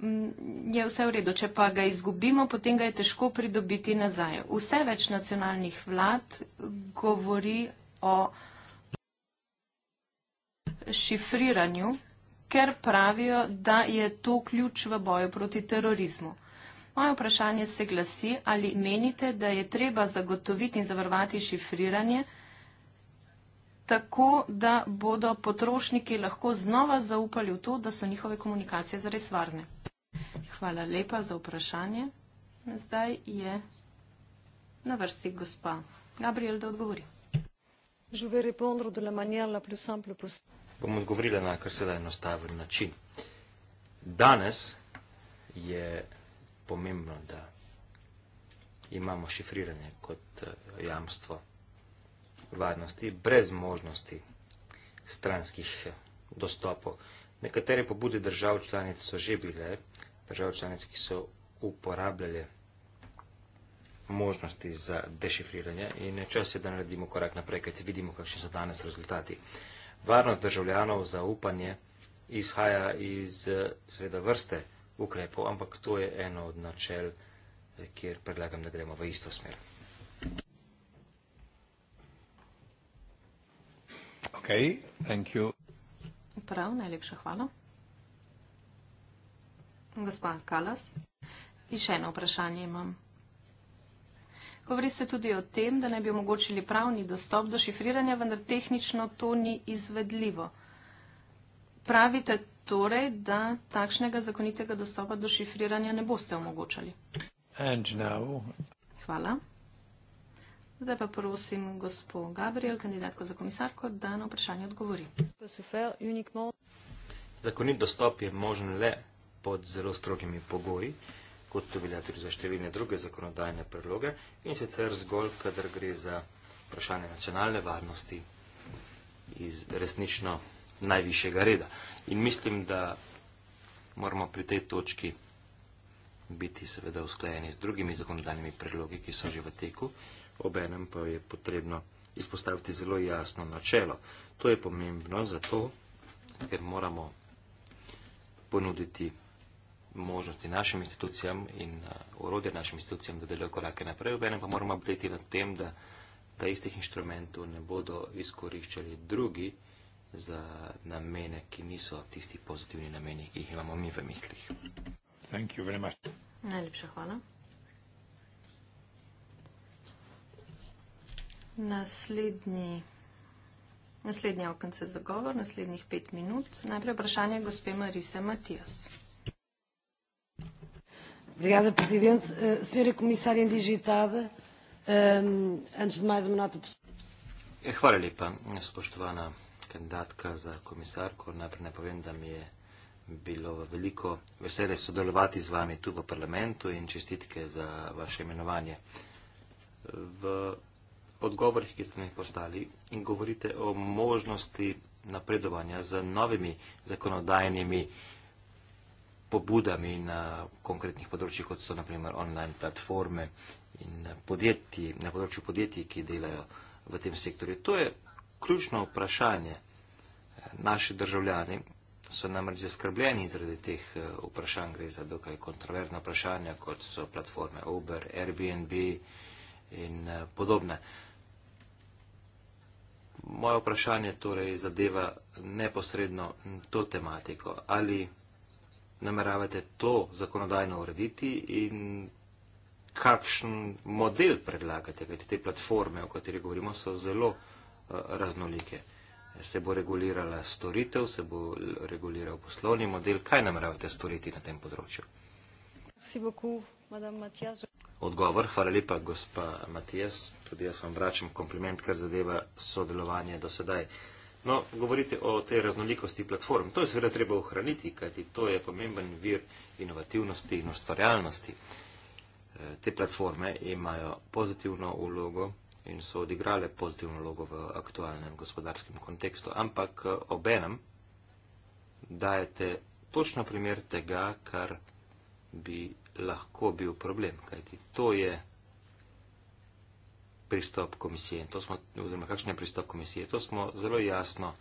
Mm, je vse v redu. Če pa ga izgubimo, potem ga je težko pridobiti nazaj. Vse več nacionalnih vlad govori o šifriranju, ker pravijo, da je to ključ v boju proti terorizmu. Moje vprašanje se glasi, ali menite, da je treba zagotoviti in zavarovati šifriranje, tako da bodo potrošniki lahko znova zaupali v to, da so njihove komunikacije zares varne. Hvala lepa za vprašanje. Zdaj je na vrsti gospa Gabriel, da odgovori. Bom odgovorila na kar sedaj enostaven način. Danes je pomembno, da imamo šifriranje kot eh, jamstvo varnosti, brez možnosti stranskih dostopov. Nekatere pobude držav članic so že bile, držav članic, ki so uporabljale možnosti za dešifriranje in čas je, da naredimo korak naprej, kajti vidimo, kakšni so danes rezultati. Varnost državljanov za upanje izhaja iz sveda vrste ukrepov, ampak to je eno od načel, kjer predlagam, da gremo v isto smer. Ok, thank you. Prav, najlepša hvala. Gospa Kalas, in še eno vprašanje imam. Govorite tudi o tem, da naj bi omogočili pravni dostop do šifriranja, vendar tehnično to ni izvedljivo. Pravite torej, da takšnega zakonitega dostopa do šifriranja ne boste omogočali? Hvala. Zdaj pa prosim gospod Gabriel, kandidatko za komisarko, da na vprašanje odgovori. Zakonit dostop je možen le pod zelo strogimi pogoji, kot to velja tudi za številne druge zakonodajne predloge in sicer zgolj, kadar gre za vprašanje nacionalne varnosti iz resnično najvišjega reda. In mislim, da moramo pri tej točki biti seveda usklajeni z drugimi zakonodajnimi predlogi, ki so že v teku obenem pa je potrebno izpostaviti zelo jasno načelo. To je pomembno zato, ker moramo ponuditi možnosti našim institucijam in eh, orodje našim institucijam, da delajo korake naprej, obenem pa moramo bdeti nad tem, da ta istih inštrumentov ne bodo izkoriščali drugi za namene, ki niso tisti pozitivni nameni, ki jih imamo mi v mislih. Thank you very much. Najlepša hvala. Naslednji, naslednji okence za govor, naslednjih pet minut. Najprej vprašanje gospe Marise Matijas. Obrigada, presidente. Eh, senhora Comissária Indigitada, ehm, antes de mais uma nota. Eh, hvala lepa, spoštovana kandidatka za komisarko. Najprej ne povem, da mi je bilo veliko veselje sodelovati z vami tu v parlamentu in čestitke za vaše imenovanje. V odgovorih, ki ste mi postali in govorite o možnosti napredovanja z novimi zakonodajnimi pobudami na konkretnih področjih, kot so naprimer online platforme in podjetji, na področju podjetij, ki delajo v tem sektorju. To je ključno vprašanje. Naši državljani so namreč zaskrbljeni zaradi teh eh, vprašanj, gre za dokaj kontroverna vprašanja, kot so platforme Uber, Airbnb in eh, podobne moje vprašanje torej zadeva neposredno to tematiko. Ali nameravate to zakonodajno urediti in kakšen model predlagate? Kajte, te platforme, o kateri govorimo, so zelo eh, raznolike. Se bo regulirala storitev, se bo reguliral poslovni model. Kaj nameravate storiti na tem področju? Si bo kuh. Odgovor, hvala lepa, gospa Matijas. Tudi jaz vam vračam kompliment, kar zadeva sodelovanje do sedaj. No, govorite o tej raznolikosti platform. To je seveda treba ohraniti, kajti to je pomemben vir inovativnosti in ustvarjalnosti. E, te platforme imajo pozitivno vlogo in so odigrale pozitivno vlogo v aktualnem gospodarskem kontekstu, ampak e, obenem dajete točno primer tega, kar bi lahko bil problem, kajti to je pristop komisije. To smo, oziroma, kakšen je pristop komisije? To smo zelo jasno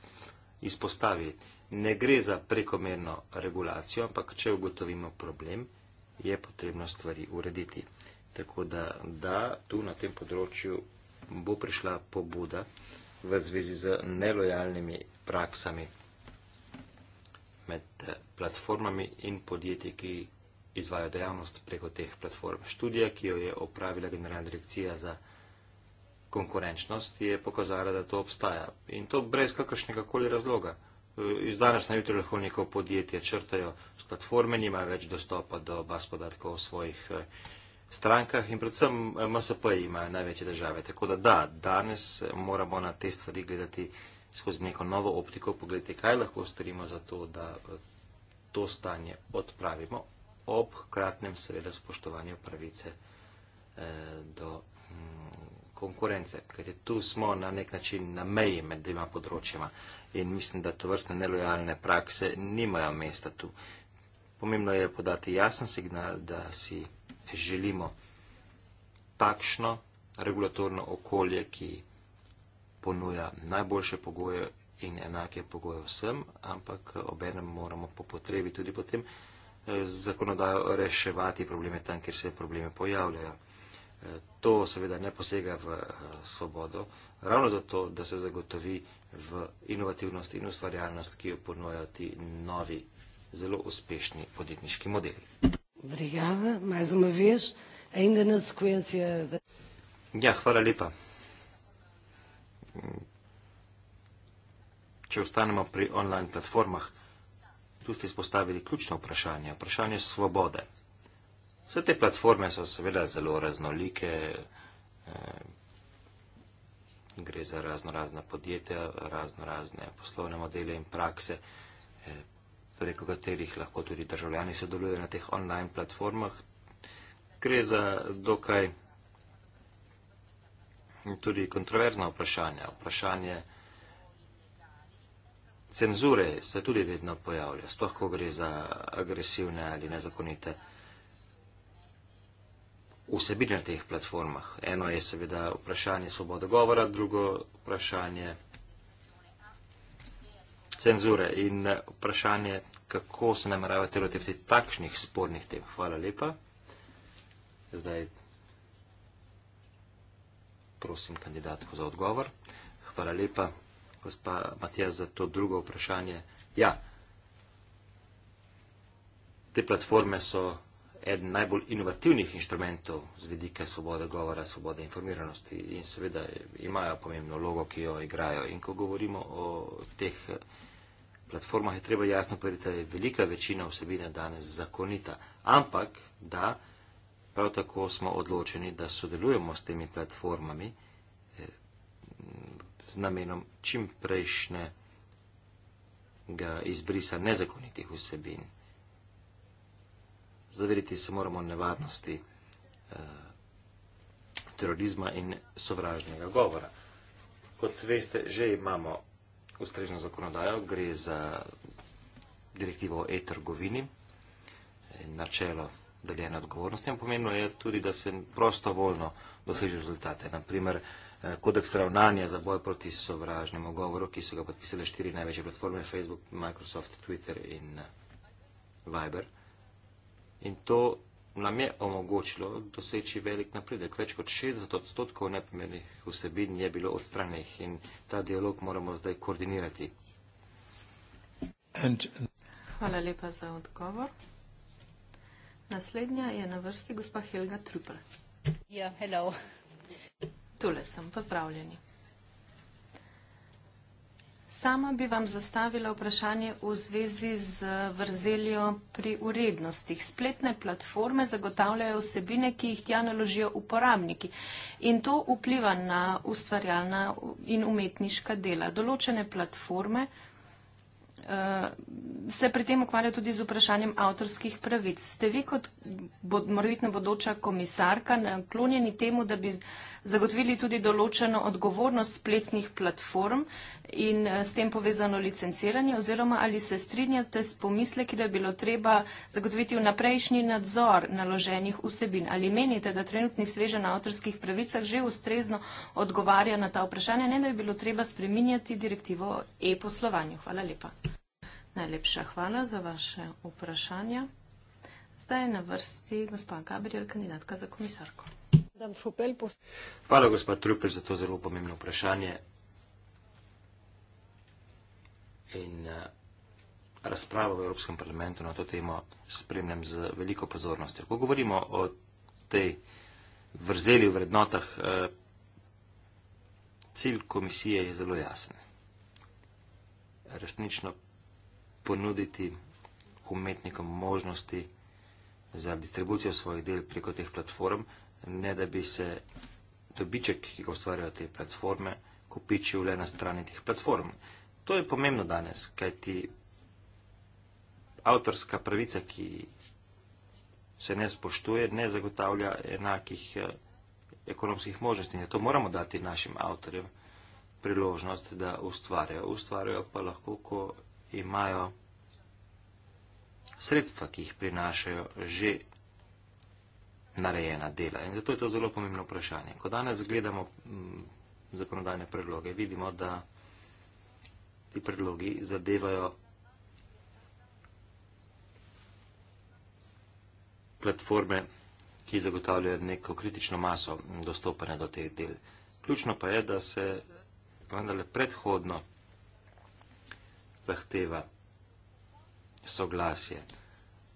izpostavili. Ne gre za prekomerno regulacijo, ampak če ugotovimo problem, je potrebno stvari urediti. Tako da, da tu na tem področju bo prišla pobuda v zvezi z nelojalnimi praksami med eh, platformami in podjetji, ki izvajo dejavnost preko teh platform. Študija, ki jo je opravila Generalna direkcija za konkurenčnost, je pokazala, da to obstaja. In to brez kakršnega koli razloga. Iz danes na jutro lahko neko podjetje črtajo z platforme, nima več dostopa do baz podatkov o svojih eh, strankah in predvsem eh, MSP imajo največje države. Tako da da, danes eh, moramo na te stvari gledati skozi neko novo optiko, pogledati, kaj lahko storimo za to, da to stanje odpravimo ob hkratnem seveda spoštovanju pravice eh, do mm, konkurence. Kajte tu smo na nek način na meji med dvema področjima in mislim, da to vrstne nelojalne prakse nimajo mesta tu. Pomembno je podati jasen signal, da si želimo takšno regulatorno okolje, ki ponuja najboljše pogoje in enake pogoje vsem, ampak obenem moramo po potrebi tudi potem zakonodajo reševati probleme tam, kjer se probleme pojavljajo. E, to seveda ne posega v e, svobodo, ravno zato, da se zagotovi v inovativnost in ustvarjalnost, ki jo ponujajo ti novi, zelo uspešni podjetniški modeli. Obrigada, mais uma vez, ainda na sequência. De... Ja, hvala lepa. Če ostanemo pri online platformah, Tu ste izpostavili ključno vprašanje, vprašanje svobode. Vse te platforme so seveda zelo raznolike, eh, gre za razno razna podjetja, razno razne poslovne modele in prakse, eh, preko katerih lahko tudi državljani sodelujejo na teh online platformah. Gre za dokaj tudi kontroverzna vprašanja, vprašanje vprašanje, Cenzure se tudi vedno pojavlja, sploh ko gre za agresivne ali nezakonite vsebine na teh platformah. Eno je seveda vprašanje svobode govora, drugo vprašanje cenzure in vprašanje, kako se nameravate lotevati takšnih spornih tem. Hvala lepa. Zdaj prosim kandidatko za odgovor. Hvala lepa gospa Matija, za to drugo vprašanje. Ja, te platforme so eden najbolj inovativnih inštrumentov z vidika svobode govora, svobode informiranosti in seveda imajo pomembno logo, ki jo igrajo. In ko govorimo o teh platformah, je treba jasno povedati, da je velika večina vsebine danes zakonita. Ampak, da, prav tako smo odločeni, da sodelujemo s temi platformami, eh, z namenom čimprejšnjega izbrisa nezakonitih vsebin. Zaveriti se moramo nevarnosti eh, terorizma in sovražnega govora. Kot veste, že imamo ustrežno zakonodajo, gre za direktivo o e-trgovini, eh, načelo deljene odgovornosti, pomembno je tudi, da se prostovoljno doseže rezultate. Naprimer, eh, Eh, kodeks ravnanja za boj proti sovražnemu govoru, ki so ga podpisale štiri največje platforme, Facebook, Microsoft, Twitter in eh, Viber. In to nam je omogočilo doseči velik napredek. Več kot 60 odstotkov neprimernih vsebin je bilo odstranjenih in ta dialog moramo zdaj koordinirati. Hvala lepa za odgovor. Naslednja je na vrsti gospa Helga Trupel. Ja, yeah, hello. Tule sem, pozdravljeni. Sama bi vam zastavila vprašanje v zvezi z vrzeljo pri urednostih. Spletne platforme zagotavljajo vsebine, ki jih tja naložijo uporabniki in to vpliva na ustvarjalna in umetniška dela. Določene platforme eh, se pri tem ukvarja tudi z vprašanjem avtorskih pravic. Ste vi kot morbitna bodoča komisarka naklonjeni temu, da bi zagotovili tudi določeno odgovornost spletnih platform in eh, s tem povezano licenciranje oziroma ali se strinjate s pomisleki, da je bilo treba zagotoviti vnaprejšnji nadzor naloženih vsebin. Ali menite, da trenutni sveže na avtorskih pravicah že ustrezno odgovarja na ta vprašanja, ne da je bilo treba spreminjati direktivo o e-poslovanju? Hvala lepa. Najlepša hvala za vaše vprašanja. Zdaj je na vrsti gospod Gabriel, kandidatka za komisarko. Hvala, gospod Trupel, za to zelo pomembno vprašanje in eh, razpravo v Evropskem parlamentu na to temo spremljam z veliko pozornosti. Ko govorimo o tej vrzeli v vrednotah, eh, cilj komisije je zelo jasen. Resnično ponuditi umetnikom možnosti za distribucijo svojih del preko teh platform, ne da bi se dobiček, ki ga ustvarjajo te platforme, kupičil le na strani teh platform. To je pomembno danes, kaj ti avtorska pravica, ki se ne spoštuje, ne zagotavlja enakih eh, ekonomskih možnosti. Zato moramo dati našim avtorjem priložnost, da ustvarjajo. Ustvarjajo pa lahko, ko imajo sredstva, ki jih prinašajo že narejena dela. In zato je to zelo pomembno vprašanje. Ko danes gledamo mm, zakonodajne predloge, vidimo, da ti predlogi zadevajo platforme, ki zagotavljajo neko kritično maso dostopanja do teh del. Ključno pa je, da se vendarle predhodno zahteva soglasje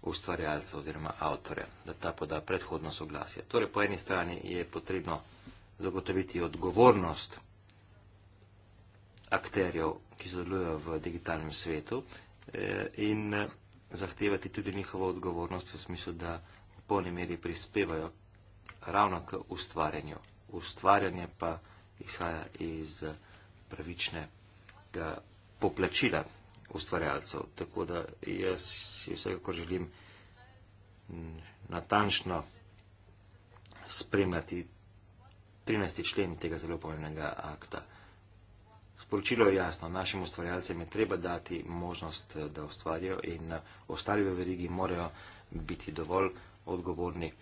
ustvarjalca oziroma avtorja, da ta poda predhodno soglasje. Torej, po eni strani je potrebno zagotoviti odgovornost akterjev, ki sodelujejo v digitalnem svetu eh, in eh, zahtevati tudi njihovo odgovornost v smislu, da v polni meri prispevajo ravno k ustvarjanju. Ustvarjanje pa izhaja iz pravičnega poplačila ustvarjalcev. Tako da jaz si vsekakor želim natančno spremljati 13. člen tega zelo pomembnega akta. Sporočilo je jasno, našim ustvarjalcem je treba dati možnost, da ustvarjajo in ostali v verigi morajo biti dovolj odgovorni,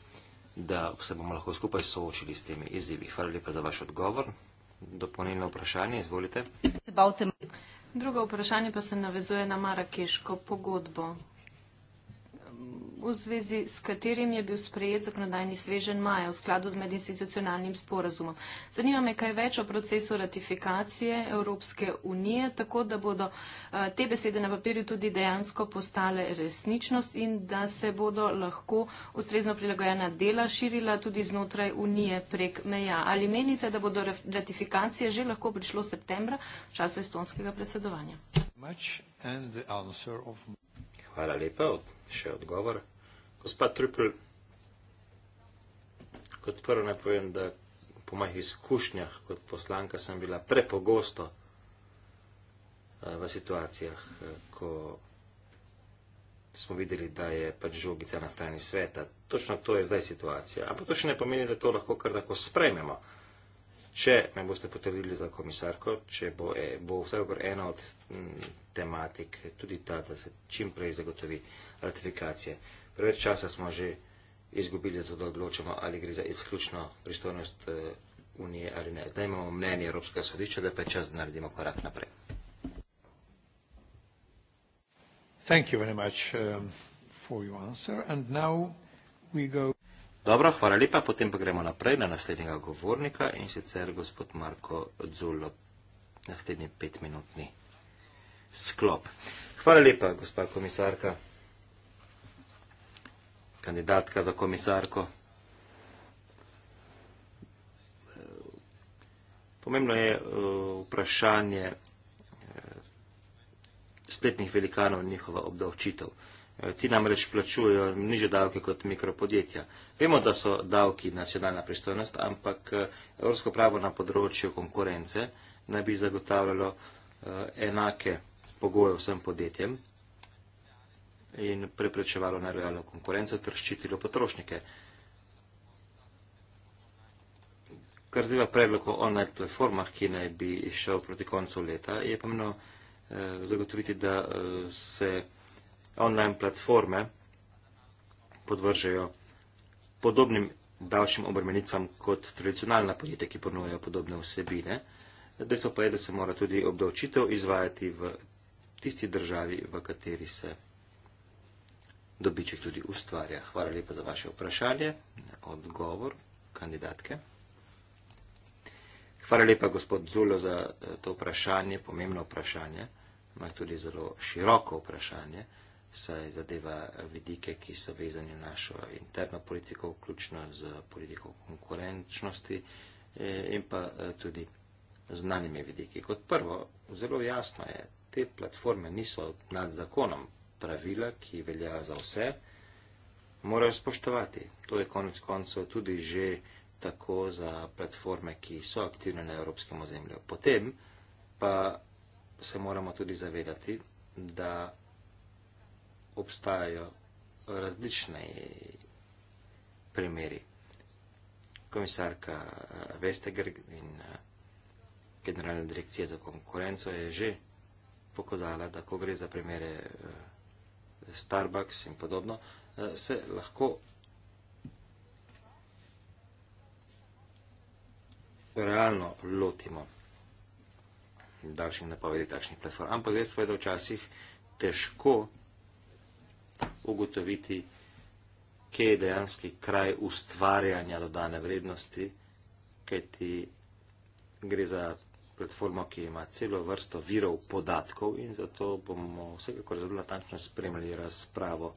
da se bomo lahko skupaj soočili s temi izzivi. Hvala lepa za vaš odgovor. Dopolnilno vprašanje, izvolite. Se bavte. Drugo vprašanje pa se navezuje na marakeško pogodbo v zvezi s katerim je bil sprejet zakonodajni svežen maja v skladu z medinstitucionalnim sporazumom. Zanima me, kaj več o procesu ratifikacije Evropske unije, tako da bodo eh, te besede na papirju tudi dejansko postale resničnost in da se bodo lahko ustrezno prilagojena dela širila tudi znotraj unije prek meja. Ali menite, da bodo ratifikacije že lahko prišlo septembra v času estonskega predsedovanja? Much and the answer of... Hvala lepa. Še odgovor. Gospod Trupel, kot prvo naj povem, da po mojih izkušnjah kot poslanka sem bila prepogosto eh, v situacijah, eh, ko smo videli, da je pač žogica na strani sveta. Točno to je zdaj situacija. Ampak to še ne pomeni, da to lahko kar tako sprejmemo. Če me boste potrdili za komisarko, če bo, e, bo vsekakor ena od m, tematik tudi ta, da se čim prej zagotovi ratifikacije. Preveč časa smo že izgubili, zato da odločamo, ali gre za izključno pristojnost uh, Unije ali ne. Zdaj imamo mnenje Evropskega sodišča, da pa čas, da naredimo korak naprej. Thank you very much um, for your answer and now we go Dobro, hvala lepa. Potem pa gremo naprej na naslednjega govornika in sicer gospod Marko Zulo, naslednji petminutni sklop. Hvala lepa, gospa komisarka, kandidatka za komisarko. Pomembno je eh, vprašanje eh, spletnih velikanov in njihova obdavčitev. Eh, ti namreč plačujejo niže davke kot mikropodjetja. Vemo, da so davki nacionalna pristojnost, ampak eh, evropsko pravo na področju konkurence naj bi zagotavljalo eh, enake pogoje vsem podjetjem in preprečevalo nerealno konkurenco ter ščitilo potrošnike. Kar zdaj predlog o online platformah, ki naj bi šel proti koncu leta, je pomeno eh, zagotoviti, da eh, se online platforme podvržejo podobnim davčnim obremenitvam kot tradicionalna podjetja, ki ponujajo podobne vsebine. Dejstvo pa je, da se mora tudi obdavčitev izvajati v tisti državi, v kateri se dobiček tudi ustvarja. Hvala lepa za vaše vprašanje. Odgovor kandidatke. Hvala lepa, gospod Zulo, za eh, to vprašanje, pomembno vprašanje, ampak tudi zelo široko vprašanje saj zadeva vidike, ki so vezani na našo interno politiko, vključno z politiko konkurenčnosti eh, in pa eh, tudi znanimi vidiki. Kot prvo, zelo jasno je, te platforme niso nad zakonom pravila, ki velja za vse, morajo spoštovati. To je konec koncev tudi že tako za platforme, ki so aktivne na evropskem ozemlju. Potem pa se moramo tudi zavedati, da obstajajo različne primeri. Komisarka eh, Vestegrg in eh, Generalna direkcija za konkurenco je že pokazala, da ko gre za primere eh, Starbucks in podobno, se lahko realno lotimo davčnih napovedi, takšnih platform. Ampak dejstvo je, da včasih težko ugotoviti, kje je dejanski kraj ustvarjanja dodane vrednosti, kajti gre za platformo, ki ima celo vrsto virov podatkov in zato bomo vsekakor zelo natančno spremljali razpravo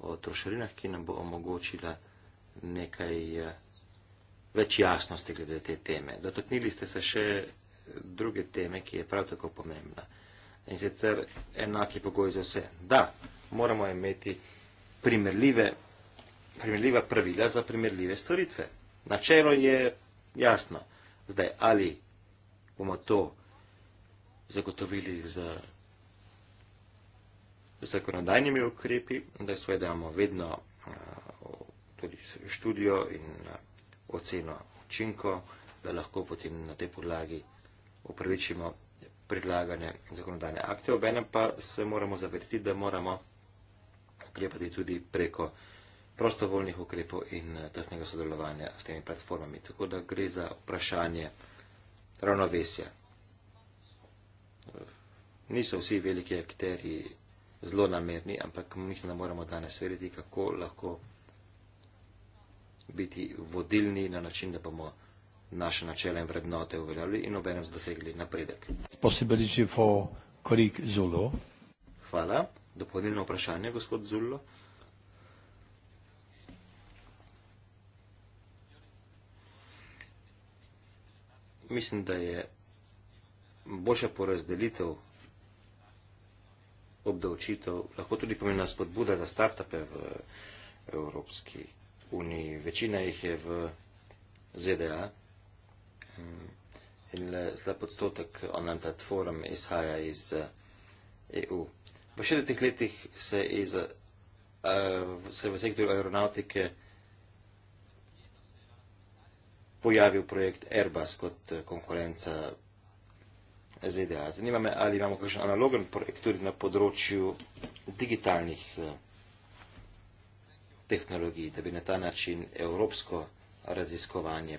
o trošarinah, ki nam bo omogočila nekaj eh, več jasnosti glede te teme. Dotaknili ste se še druge teme, ki je prav tako pomembna. In sicer enaki pogoj za vse. Da, moramo imeti primerljive, primerljiva pravila za primerljive storitve. Načelo je jasno. Zdaj, ali bomo to zagotovili z zakonodajnimi ukrepi, da svoje damo vedno eh, tudi študijo in eh, oceno učinko, da lahko potem na tej podlagi upravičimo predlagane zakonodajne akte, obene pa se moramo zavediti, da moramo ukrepati tudi preko prostovoljnih ukrepov in eh, tesnega sodelovanja s temi platformami. Tako da gre za vprašanje ravnovesja. Niso vsi veliki akterji zelo namerni, ampak mislim, da moramo danes vedeti, kako lahko biti vodilni na način, da bomo naše načele in vrednote uveljavili in obenem dosegli napredek. Hvala dopolnilno vprašanje, gospod Zullo? Mislim, da je boljša porazdelitev obdavčitev, lahko tudi pomena spodbuda za startupe v Evropski uniji. Večina jih je v ZDA in le slab odstotek online platform izhaja iz EU. V 60 letih se, iz, uh, se je v sektorju aeronautike pojavil projekt Airbus kot eh, konkurenca ZDA. Zanima me, ali imamo kakšen analogen projekt tudi na področju digitalnih eh, tehnologij, da bi na ta način evropsko raziskovanje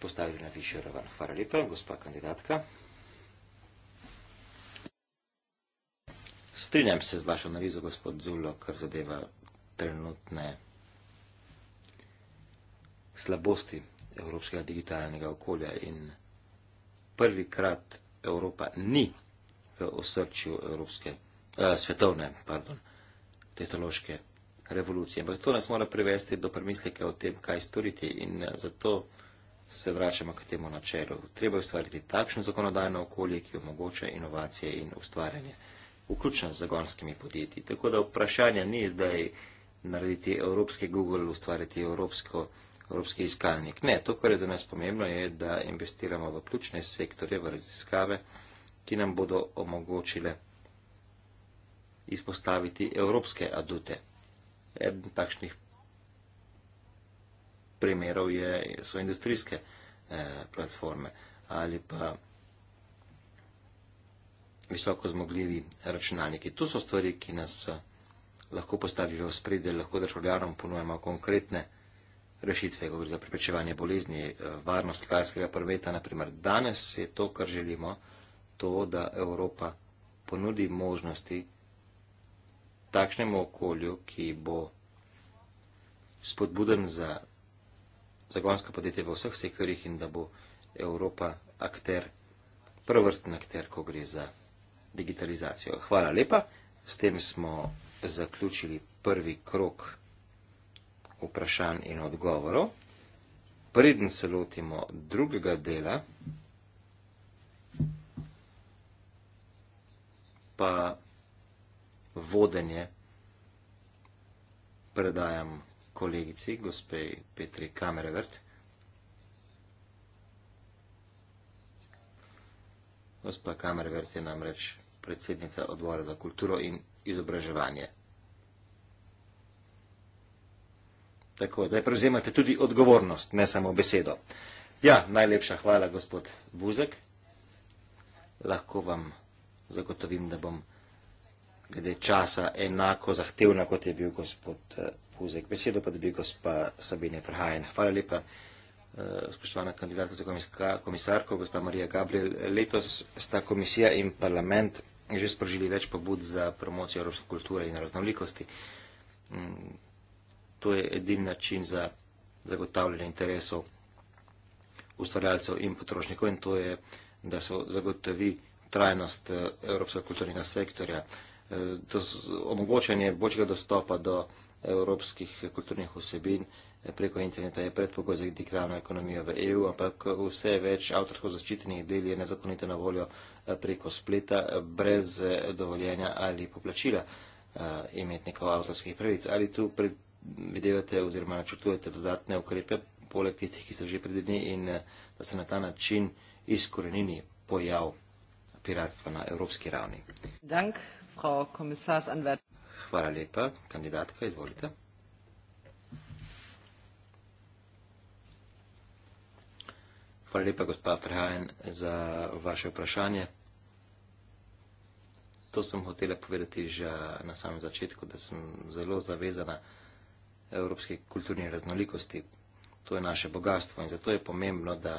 postavili na višjo raven. Hvala lepa, gospa kandidatka. Strinjam se z vašo analizo, gospod Zulo, kar zadeva trenutne slabosti evropskega digitalnega okolja in prvikrat Evropa ni v osrčju evropske, eh, svetovne pardon, tehnološke revolucije. Ampak to nas mora privesti do premisleka o tem, kaj storiti in eh, zato se vračamo k temu načelu. Treba ustvariti takšno zakonodajno okolje, ki omogoča inovacije in ustvarjanje vključen z zagonskimi podjetji. Tako da vprašanje ni zdaj narediti evropski Google, ustvariti evropsko, evropski iskalnik. Ne, to, kar je za nas pomembno, je, da investiramo v ključne sektorje, v raziskave, ki nam bodo omogočile izpostaviti evropske adute. Eden takšnih primerov je, so industrijske eh, platforme ali pa visoko zmogljivi računalniki. To so stvari, ki nas eh, lahko postavijo v spredje, lahko državljanom ponujemo konkretne rešitve, ko gre za preprečevanje bolezni, eh, varnost letalskega prometa. Naprimer, danes je to, kar želimo, to, da Evropa ponudi možnosti takšnemu okolju, ki bo spodbuden za zagonska podjetja v vseh sektorjih in da bo Evropa akter, prvrsten akter, ko gre za digitalizacijo. Hvala lepa. S tem smo zaključili prvi krok vprašanj in odgovorov. Preden se lotimo drugega dela, pa vodenje predajam kolegici, gospej Petri Kamerevert. Gospa Kamerevert je namreč predsednica odbora za kulturo in izobraževanje. Tako, zdaj prevzemate tudi odgovornost, ne samo besedo. Ja, najlepša hvala, gospod Buzek. Lahko vam zagotovim, da bom glede časa enako zahtevna, kot je bil gospod eh, Buzek. Besedo pa dobi gospa Sabine Frhajen. Hvala lepa, eh, spoštovana kandidatka za komisarko, gospa Marija Gabriel. Letos sta komisija in parlament že sprožili več pobud za promocijo evropske kulture in raznolikosti. Mm, to je edin način za zagotavljanje interesov ustvarjalcev in potrošnikov in to je, da se zagotovi trajnost eh, evropskega kulturnega sektorja, eh, omogočanje boljšega dostopa do evropskih kulturnih vsebin preko interneta je predpogoj za digitalno ekonomijo v EU, ampak vse več avtorsko zaščitenih del je nezakonito na voljo eh, preko spleta, eh, brez eh, dovoljenja ali poplačila imetnikov avtorskih pravic. Ali tu predvidevate oziroma načrtujete dodatne ukrepe, poleg tistih, ki so že predvideni in da se na ta način izkorenini pojav piratstva na evropski ravni? Dank, Hvala lepa, kandidatka, izvolite. Hvala lepa, gospa Frehajen, za vaše vprašanje. To sem hotela povedati že na samem začetku, da sem zelo zavezana evropske kulturni raznolikosti. To je naše bogatstvo in zato je pomembno, da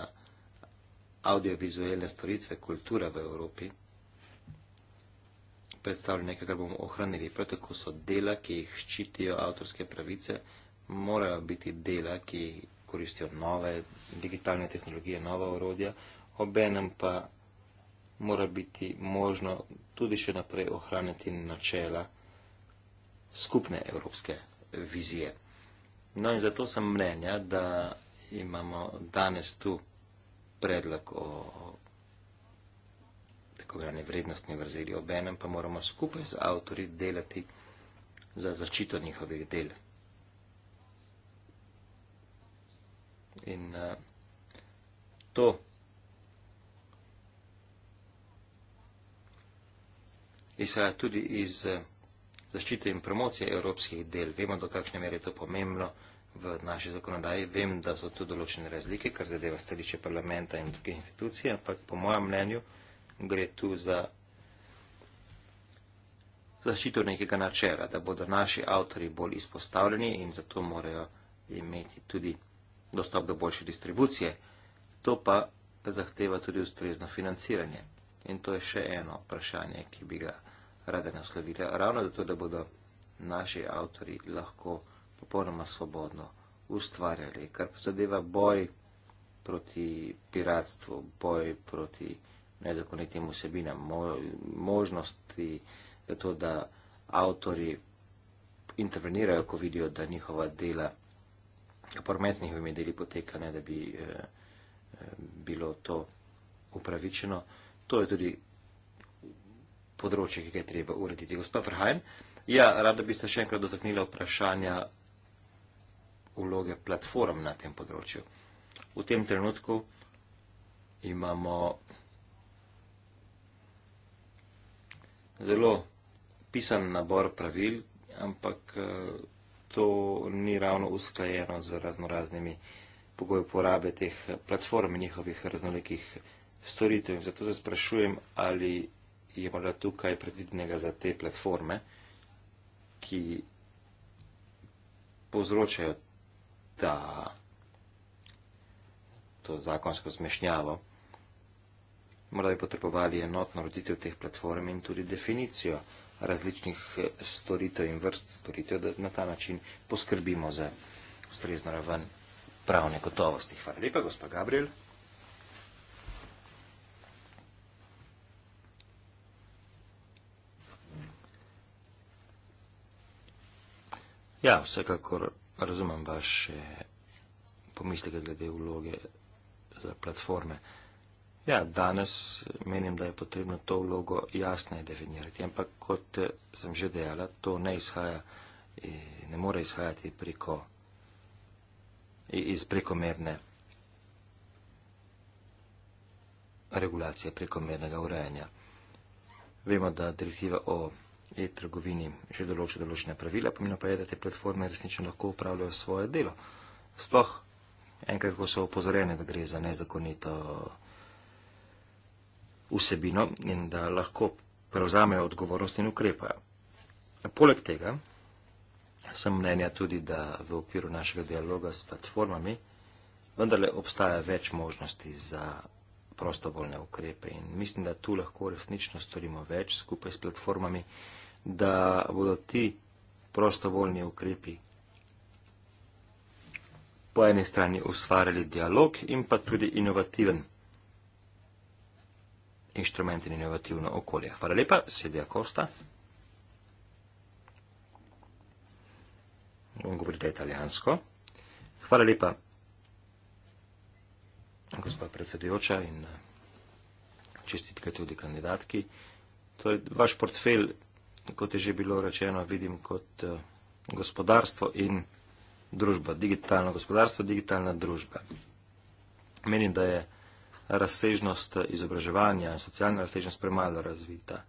audiovizualne storitve kulture v Evropi predstavljajo nekaj, kar bomo ohranili. Prav tako so dela, ki jih ščitijo avtorske pravice, morajo biti dela, ki jih koristijo nove digitalne tehnologije, nova orodja, obenem pa mora biti možno tudi še naprej ohraniti načela skupne evropske vizije. No in zato sem mnenja, da imamo danes tu predlog o tako imenovani vrednostni vrzeli obenem, pa moramo skupaj z avtori delati za začito njihovih delov. In uh, to, izhaja tudi iz uh, zaščite in promocije evropskih del. Vemo, do kakšne mere je to pomembno v naši zakonodaji. Vem, da so tu določene razlike, kar zadeva stališče parlamenta in druge institucije, ampak po mojem mnenju gre tu za zaščito nekega načela, da bodo naši avtori bolj izpostavljeni in zato morajo imeti tudi dostop do boljše distribucije. To pa zahteva tudi ustrezno financiranje. In to je še eno vprašanje, ki bi ga rada naslovila, ravno zato, da bodo naši avtori lahko popolnoma svobodno ustvarjali, kar zadeva boj proti piratstvu, boj proti nezakonitim vsebinam, možnosti za to, da avtori intervenirajo, ko vidijo, da njihova dela prometnih vmedeli poteka, ne da bi eh, bilo to upravičeno. To je tudi področje, ki ga je treba urediti. Gospod Vrhajn, ja, rada bi se še enkrat dotaknila vprašanja vloge platform na tem področju. V tem trenutku imamo zelo pisan nabor pravil, ampak eh, to ni ravno usklajeno z raznoraznimi pogoji uporabe teh platform in njihovih raznolikih storitev. In zato se sprašujem, ali je morda tukaj predvidenega za te platforme, ki povzročajo ta, to zakonsko zmešnjavo, morda bi potrebovali enotno roditev teh platform in tudi definicijo različnih eh, storitev in vrst storitev, da na ta način poskrbimo za ustrezno raven pravne gotovosti. Hvala lepa, gospod Gabriel. Ja, vsekakor razumem vaše pomisleke glede vloge za platforme. Uh, Ja, danes menim, da je potrebno to vlogo jasneje definirati, ampak kot eh, sem že dejala, to ne izhaja, eh, ne more izhajati preko, iz prekomerne regulacije, prekomernega urejanja. Vemo, da direktiva o e-trgovini že določa določene pravila, pomeni pa je, da te platforme resnično lahko upravljajo svoje delo. Sploh enkrat, ko so opozorjene, da gre za nezakonito vsebino in da lahko prevzamejo odgovornost in ukrepajo. Poleg tega sem mnenja tudi, da v okviru našega dialoga s platformami vendarle obstaja več možnosti za prostovoljne ukrepe in mislim, da tu lahko resnično storimo več skupaj s platformami, da bodo ti prostovoljni ukrepi po eni strani ustvarjali dialog in pa tudi inovativen inštrument in inovativno okolje. Hvala lepa, sedja Kosta. On govori da italijansko. Hvala lepa, gospod predsedujoča in čestitke tudi kandidatki. To je vaš portfel, kot je že bilo rečeno, vidim kot gospodarstvo in družba, digitalno gospodarstvo, digitalna družba. Menim, da je razsežnost izobraževanja, socialna razsežnost premalo razvita.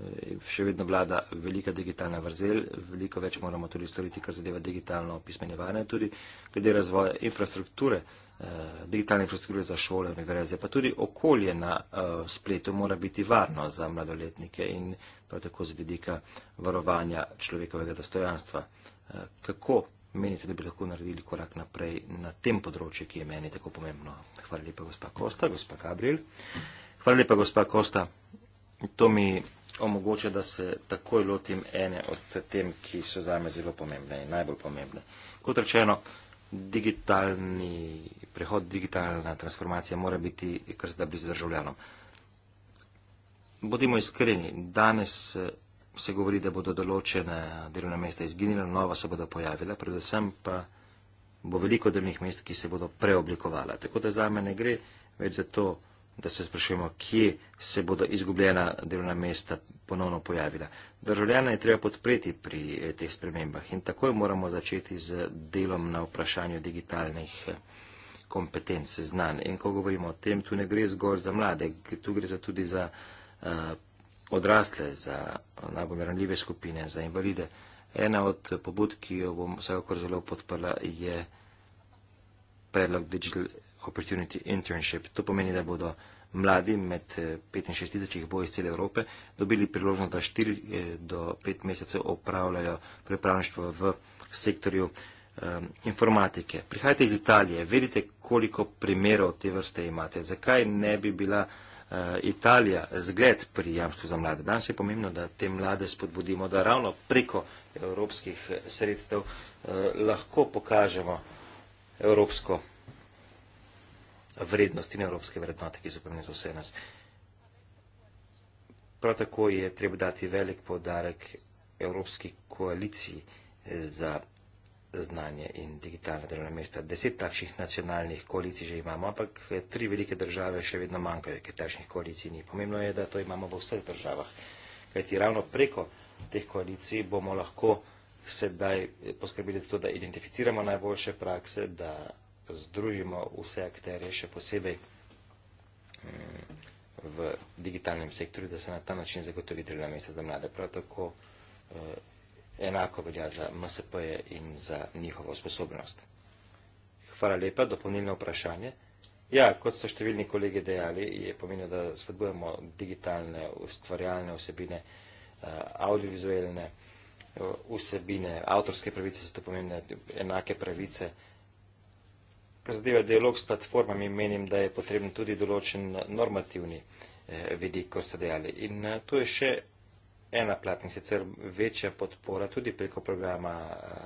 E, še vedno vlada velika digitalna vrzel, veliko več moramo tudi storiti, kar zadeva digitalno pismenjevanje, tudi glede razvoja infrastrukture, e, digitalne infrastrukture za šole, univerze, pa tudi okolje na e, spletu mora biti varno za mladoletnike in prav tako z vidika varovanja človekovega dostojanstva. Kako menite, da bi lahko naredili korak naprej na tem področju, ki je meni tako pomembno. Hvala lepa, gospa Kosta, gospa Gabriel. Hvala lepa, gospa Kosta. To mi omogoča, da se takoj lotim ene od tem, ki so za me zelo pomembne in najbolj pomembne. Kot rečeno, digitalni prehod, digitalna transformacija mora biti kar zdaj blizu državljanom. Bodimo iskreni, danes se govori, da bodo določene delovne mesta izginile, nova se bodo pojavila, predvsem pa bo veliko delovnih mest, ki se bodo preoblikovala. Tako da za me ne gre več za to, da se sprašujemo, kje se bodo izgubljena delovna mesta ponovno pojavila. Državljane je treba podpreti pri eh, teh spremembah in takoj moramo začeti z delom na vprašanju digitalnih eh, kompetence znanj. In ko govorimo o tem, tu ne gre zgolj za mlade, tu gre za tudi za uh, odrasle, za najbolj ranljive skupine, za invalide. Ena od pobud, ki jo bom vsekakor zelo podprla, je predlog Digital Opportunity Internship. To pomeni, da bodo mladi med 65 tisoč boji iz cele Evrope dobili priložnost, da 4 eh, do 5 mesecev opravljajo pripravništvo v sektorju um, informatike. Prihajate iz Italije, vedite, koliko primerov te vrste imate. Zakaj ne bi bila Eh, Italija zgled pri jamstvu za mlade. Danes je pomembno, da te mlade spodbudimo, da ravno preko evropskih sredstev eh, lahko pokažemo evropsko vrednost in evropske vrednote, ki so pomembne za vse nas. Prav tako je treba dati velik podarek evropski koaliciji za znanje in digitalna delovna mesta. Deset takšnih nacionalnih koalicij že imamo, ampak eh, tri velike države še vedno manjkajo, ker takšnih koalicij ni. Pomembno je, da to imamo v vseh državah, kajti ravno preko teh koalicij bomo lahko sedaj eh, poskrbeli za to, da identificiramo najboljše prakse, da združimo vse akterje, še posebej mm, v digitalnem sektorju, da se na ta način zagotovi delovna mesta za mlade. Prav tako eh, Enako velja za MSP -je in za njihovo sposobnost. Hvala lepa, dopolnilno vprašanje. Ja, kot so številni kolegi dejali, je pomenilo, da spodbujamo digitalne ustvarjalne vsebine, eh, audiovizualne eh, vsebine, avtorske pravice so to pomembne, enake pravice. Kar zadeva dialog s platformami, menim, da je potrebno tudi določen normativni eh, vidik, kot ste dejali. In tu je še ena plat in sicer večja podpora tudi preko programa,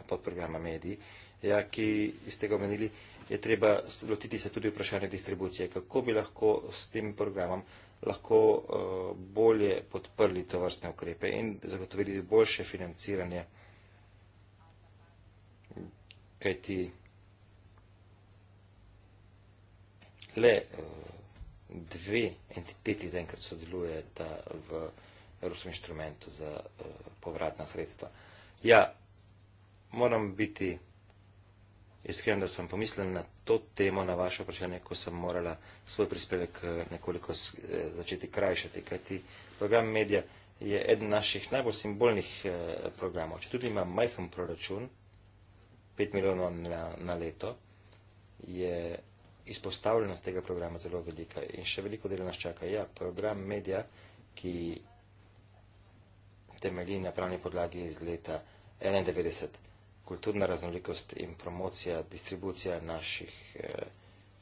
podprograma mediji, ja, ki ste ga omenili, je treba lotiti se tudi vprašanje distribucije. Kako bi lahko s tem programom lahko eh, bolje podprli to vrstne ukrepe in zagotovili boljše financiranje, kajti le eh, dve entiteti zaenkrat sodelujeta v programu, evropskom inštrumentu za eh, povratna sredstva. Ja, moram biti iskren, da sem pomislil na to temo, na vaše vprašanje, ko sem morala svoj prispevek eh, nekoliko eh, začeti krajšati, kajti program medija je eden naših najbolj simbolnih programov. Če tudi ima majhen proračun, 5 milijonov na, na leto, je izpostavljenost tega programa zelo velika in še veliko dela nas čaka. Ja, program medija, ki temelji na pravni podlagi iz leta 1991. Kulturna raznolikost in promocija, distribucija naših eh,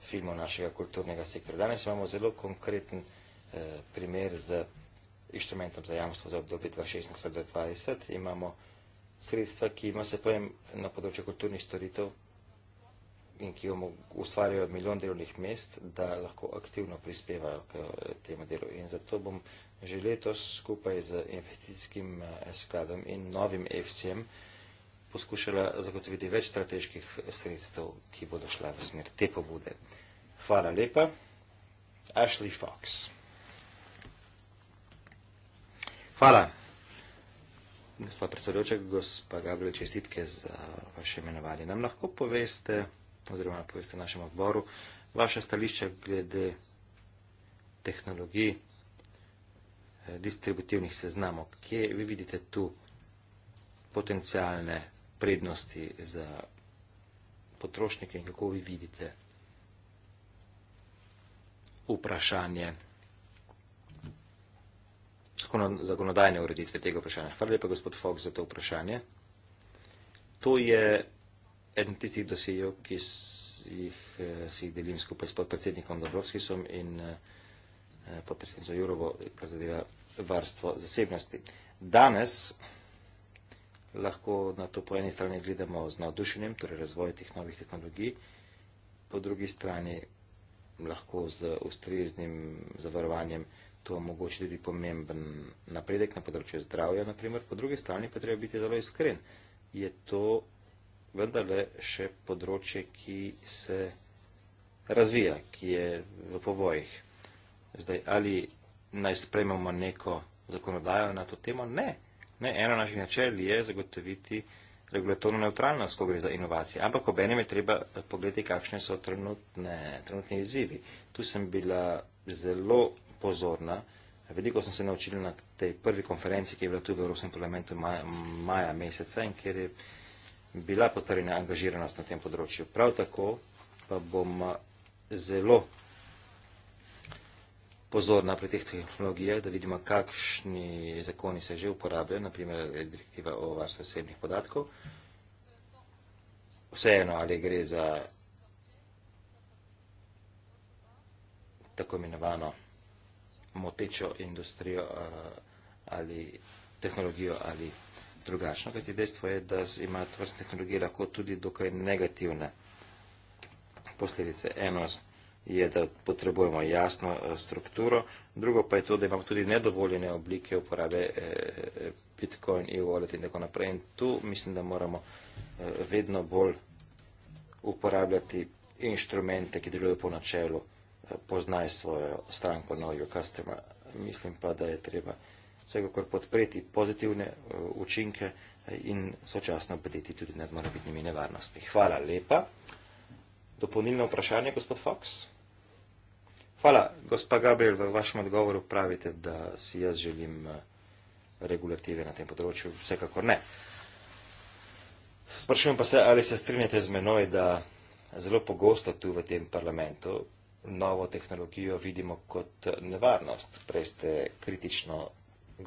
filmov, našega kulturnega sektora. Danes imamo zelo konkreten eh, primer z inštrumentom za jamstvo za obdobje 2016-2020. Imamo sredstva, ki ima se pojem na področju kulturnih storitev in ki ustvarjajo milijon delovnih mest, da lahko aktivno prispevajo k eh, temu delu. In zato bom že letos skupaj z investicijskim eh, skladom in novim EFC-em poskušala zagotoviti več strateških sredstev, ki bodo šla v smer te pobude. Hvala lepa. Ashley Fox. Hvala. Gospod predsedujoča, gospod Gabriel, čestitke za vaše imenovanje. Nam lahko poveste, oziroma poveste našem odboru, vaše stališče glede tehnologij Eh, distributivnih seznamov. Kje vi vidite tu potencijalne prednosti za potrošnike in kako vi vidite vprašanje zakonodajne ureditve tega vprašanja? Hvala lepa, gospod Fox, za to vprašanje. To je eden tistih dosijev, ki jih, eh, si jih delim skupaj s podpredsednikom Dobrovskisom in eh, Eh, podpredsednico Jurovo, kar zadeva varstvo zasebnosti. Danes lahko na to po eni strani gledamo z navdušenjem, torej razvoj teh novih tehnologij, po drugi strani lahko z ustreznim zavarovanjem to omogoči tudi pomemben napredek na področju zdravja, naprimer. po drugi strani pa treba biti zelo iskren. Je to vendarle še področje, ki se razvija, ki je v povojih. Zdaj, ali naj sprememo neko zakonodajo na to temo? Ne. ne. Eno naših načel je zagotoviti regulatorno neutralnost, ko gre za inovacije. Ampak ob enem je treba eh, pogledati, kakšne so trenutne, trenutne izzivi. Tu sem bila zelo pozorna. Veliko sem se naučila na tej prvi konferenci, ki je bila tu v Evropskem parlamentu maja, maja meseca in kjer je bila potrjena angažiranost na tem področju. Prav tako pa bom eh, zelo pozorna pri teh tehnologijah, da vidimo, kakšni zakoni se že uporabljajo, naprimer direktiva o varstvu osebnih podatkov. Vseeno, ali gre za tako imenovano motečo industrijo eh, ali tehnologijo ali drugačno, kajti dejstvo je, da ima tovrstne tehnologije lahko tudi dokaj negativne posledice. Eno je, da potrebujemo jasno eh, strukturo. Drugo pa je to, da imamo tudi nedovoljene oblike uporabe eh, eh, Bitcoin, e-wallet in tako naprej. In tu mislim, da moramo vedno bolj uporabljati inštrumente, ki delujejo po načelu poznaj svojo stranko, know your customer. Mislim pa, da je treba vsekakor podpreti pozitivne učinke in sočasno bdeti tudi nad morebitnimi nevarnostmi. Hvala lepa. Dopolnilno vprašanje, gospod Fox. Hvala, gospa Gabriel, v vašem odgovoru pravite, da si jaz želim eh, regulative na tem področju. Vsekakor ne. Sprašujem pa se, ali se strinjate z menoj, da zelo pogosto tu v tem parlamentu novo tehnologijo vidimo kot eh, nevarnost. Prej ste kritično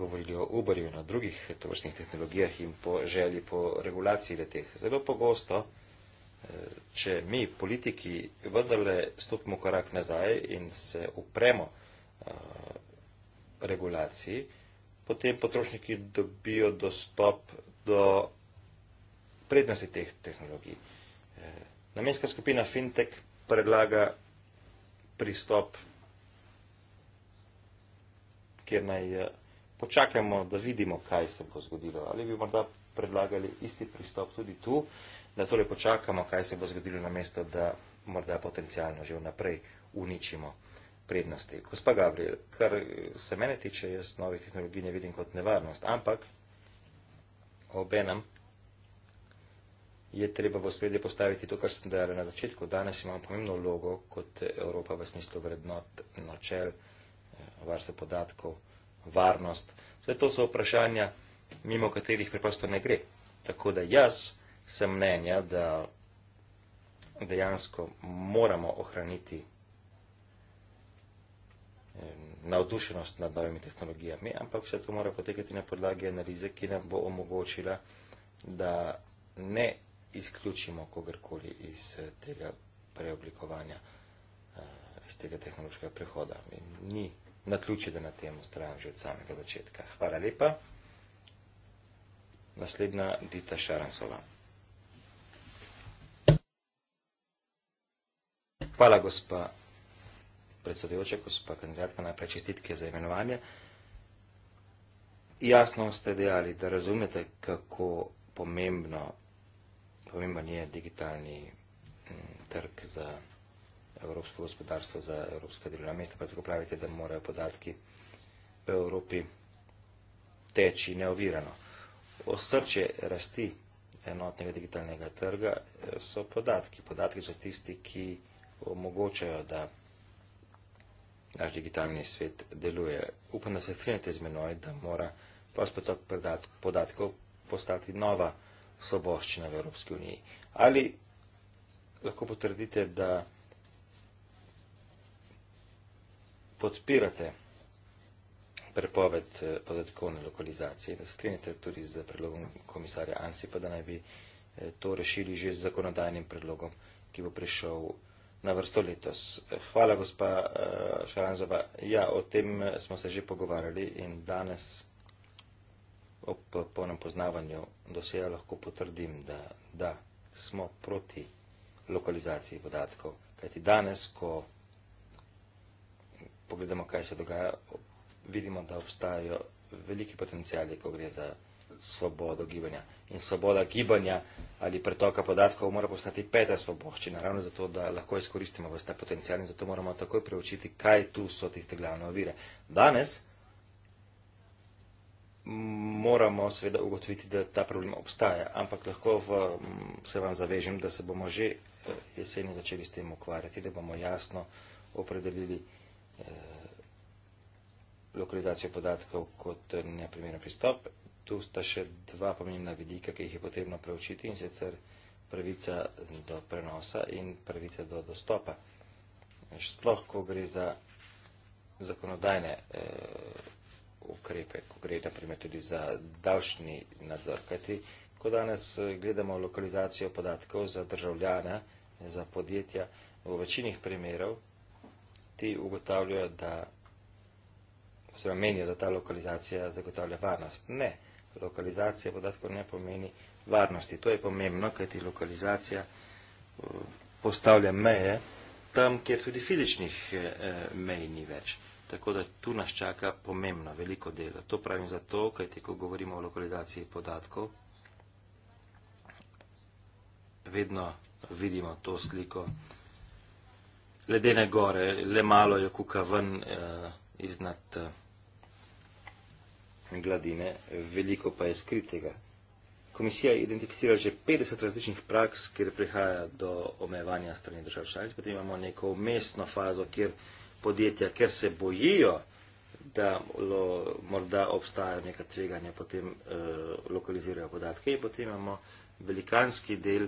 govorili o Uberju in o drugih tovrstnih tehnologijah in po želji po regulaciji le teh. Zelo pogosto če mi politiki vendarle stopimo korak nazaj in se upremo regulaciji, potem potrošniki dobijo dostop do prednosti teh tehnologij. E, namenska skupina Fintech predlaga pristop, kjer naj e, počakamo, da vidimo, kaj se bo zgodilo. Ali bi morda predlagali isti pristop tudi tu? da torej počakamo, kaj se bo zgodilo na mesto, da morda potencijalno že vnaprej uničimo prednosti. Gospa Gabriel, kar se mene tiče, jaz novih tehnologij ne vidim kot nevarnost, ampak obenem je treba v spredje postaviti to, kar sem dejala na začetku. Danes imamo pomembno vlogo kot Evropa v smislu vrednot, načel, eh, varstvo podatkov, varnost. Vse to so vprašanja, mimo katerih preprosto ne gre. Tako da jaz sem mnenja, da dejansko moramo ohraniti eh, navdušenost nad novimi tehnologijami, ampak vse to mora potekati na podlagi analize, ki nam bo omogočila, da ne izključimo kogarkoli iz eh, tega preoblikovanja, eh, iz tega tehnološkega prehoda. In ni na ključe, da na tem ustrajam že od samega začetka. Hvala lepa. Naslednja Dita Šarancova. Hvala, gospa predsedujoča, gospa kandidatka, najprej čestitke za imenovanje. Jasno ste dejali, da razumete, kako pomembno, pomemben je digitalni mm, trg za evropsko gospodarstvo, za evropska delovna mesta, pa tako pravite, da morajo podatki v Evropi teči neovirano. Osrče rasti enotnega digitalnega trga eh, so podatki. Podatki so tisti, ki omogočajo, da naš digitalni svet deluje. Upam, da se strinjate z menoj, da mora prost potok podatkov postati nova soboščina v Evropski uniji. Ali lahko potrdite, da podpirate prepoved eh, podatkovne lokalizacije, da strinjate tudi z predlogom komisarja Ansipa, da naj bi eh, to rešili že z zakonodajnim predlogom, ki bo prišel na vrsto letos. Hvala, gospa eh, Šaranzova. Ja, o tem eh, smo se že pogovarjali in danes ob polnem poznavanju doseja lahko potrdim, da, da smo proti lokalizaciji podatkov. Kajti danes, ko pogledamo, kaj se dogaja, vidimo, da obstajajo veliki potencijali, ko gre za svobodo gibanja. In svoboda gibanja ali pretoka podatkov mora postati peta svoboščina, ravno zato, da lahko izkoristimo vse ta potencijal in zato moramo takoj preučiti, kaj tu so tiste glavne ovire. Danes moramo seveda ugotoviti, da ta problem obstaja, ampak lahko v, mm, se vam zavežem, da se bomo že eh, jeseni začeli s tem ukvarjati, da bomo jasno opredelili eh, lokalizacijo podatkov kot neprimeren pristop tu sta še dva pomembna vidika, ki jih je potrebno preučiti in sicer pravica do prenosa in pravica do dostopa. Sploh, ko gre za zakonodajne eh, ukrepe, ko gre naprimer tudi za davčni nadzor, kajti ko danes eh, gledamo lokalizacijo podatkov za državljana, za podjetja, v večini primerov ti ugotavljajo, da oziroma menijo, da ta lokalizacija zagotavlja varnost. Ne lokalizacija podatkov ne pomeni varnosti. To je pomembno, kajti lokalizacija eh, postavlja meje tam, kjer tudi fizičnih eh, eh, mej ni več. Tako da tu nas čaka pomembno, veliko delo. To pravim zato, kajti ko govorimo o lokalizaciji podatkov, vedno vidimo to sliko ledene gore, le malo jo kuka ven iznad podatkov gladine, veliko pa je skritega. Komisija identificira že 50 različnih praks, kjer prihaja do omejevanja strani držav članic. Potem imamo neko umestno fazo, kjer podjetja, ker se bojijo, da lo, morda obstajajo neka tveganja, potem eh, lokalizirajo podatke. In potem imamo velikanski del,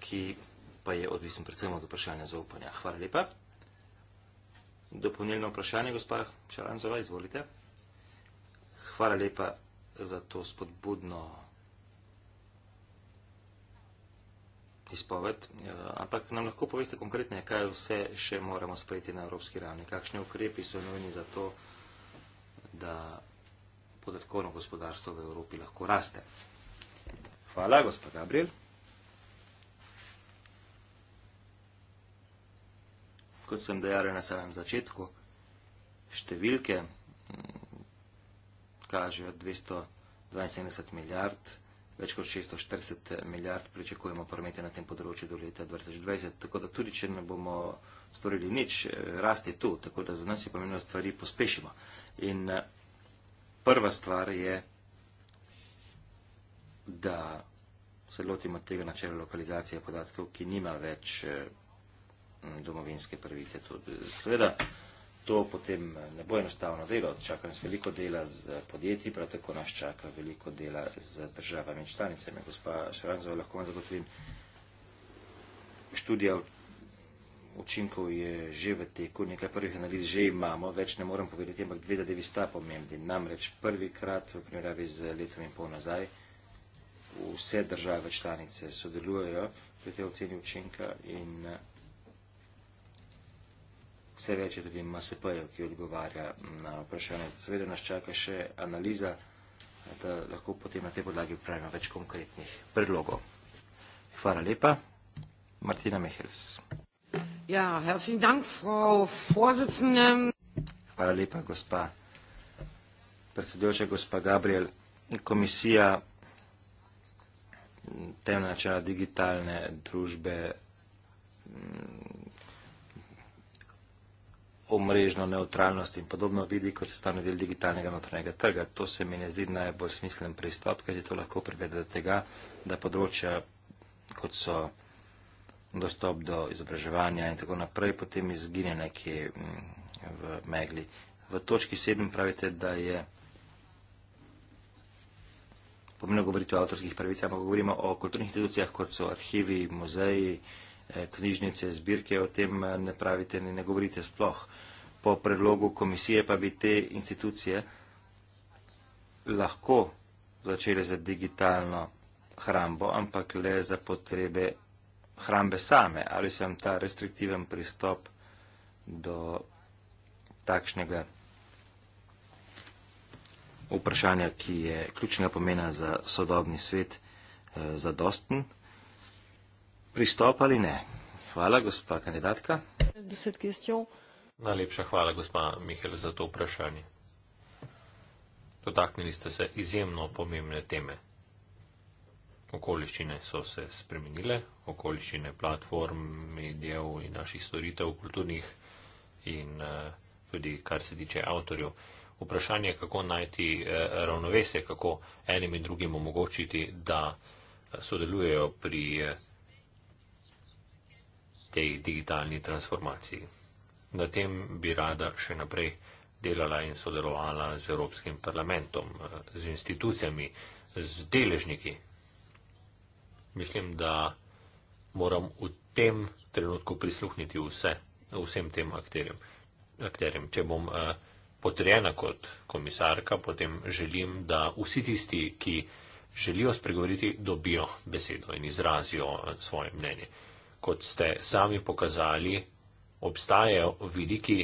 ki pa je odvisen predvsem od vprašanja zaupanja. Hvala lepa. Dopolnilno vprašanje, gospa Šaranzova, izvolite. Hvala lepa za to spodbudno izpoved. Ja, ampak nam lahko povejte konkretne, kaj vse še moramo sprejeti na evropski ravni? Kakšni ukrepi so nujni za to, da podatkovno gospodarstvo v Evropi lahko raste? Hvala, gospod Gabriel. Kot sem dejal na samem začetku, številke kažejo 272 milijard, več kot 640 milijard pričakujemo promete na tem področju do leta 2020. Tako da tudi, če ne bomo storili nič, eh, rast je tu, tako da za nas je pomembno, da stvari pospešimo. In eh, prva stvar je, da se lotimo tega načela lokalizacije podatkov, ki nima več eh, domovinske pravice. Tudi. Sveda, to potem ne bo enostavno delo. Čaka nas veliko dela z podjetji, prav tako nas čaka veliko dela z državami in članicami. Gospa Šaranzova, lahko vam zagotovim, študija učinkov je že v teku, nekaj prvih analiz že imamo, več ne moram povedati, ampak dve zadevi sta pomembni. Namreč prvikrat v primerjavi z letom in pol nazaj vse države članice sodelujejo pri tej oceni učinka in vse več je tudi MSP-jev, ki odgovarja na vprašanje. Seveda nas čaka še analiza, da lahko potem na te podlagi upravimo več konkretnih predlogov. Hvala lepa. Martina Mehels. Ja, herzlichen Dank, Frau Vorsitzende. Hvala lepa, gospa predsedujoča, gospa Gabriel. Komisija temna načela digitalne družbe omrežno neutralnost in podobno vidi kot sestavni del digitalnega notranjega trga. To se mi ne zdi najbolj smislen pristop, ker je to lahko privede do tega, da področja, kot so dostop do izobraževanja in tako naprej, potem izgine nekje mm, v megli. V točki 7 pravite, da je pomembno govoriti o avtorskih pravicah, ampak govorimo o kulturnih institucijah, kot so arhivi, muzeji, eh, knjižnice, zbirke, o tem eh, ne pravite, ne govorite sploh po predlogu komisije pa bi te institucije lahko začele za digitalno hrambo, ampak le za potrebe hrambe same. Ali se vam ta restriktiven pristop do takšnega vprašanja, ki je ključnega pomena za sodobni svet, eh, za dosten pristop ali ne? Hvala, gospa kandidatka. Najlepša hvala, gospa Mihel, za to vprašanje. Dotaknili ste se izjemno pomembne teme. Okoliščine so se spremenile, okoliščine platform, medijev in naših storitev kulturnih in eh, tudi kar se tiče avtorjev. Vprašanje, kako najti eh, ravnovesje, kako enim in drugim omogočiti, da eh, sodelujejo pri tej digitalni transformaciji na tem bi rada še naprej delala in sodelovala z Evropskim parlamentom, z institucijami, z deležniki. Mislim, da moram v tem trenutku prisluhniti vse, vsem tem akterjem. akterjem. Če bom eh, potrjena kot komisarka, potem želim, da vsi tisti, ki želijo spregovoriti, dobijo besedo in izrazijo eh, svoje mnenje. Kot ste sami pokazali, obstajajo veliki,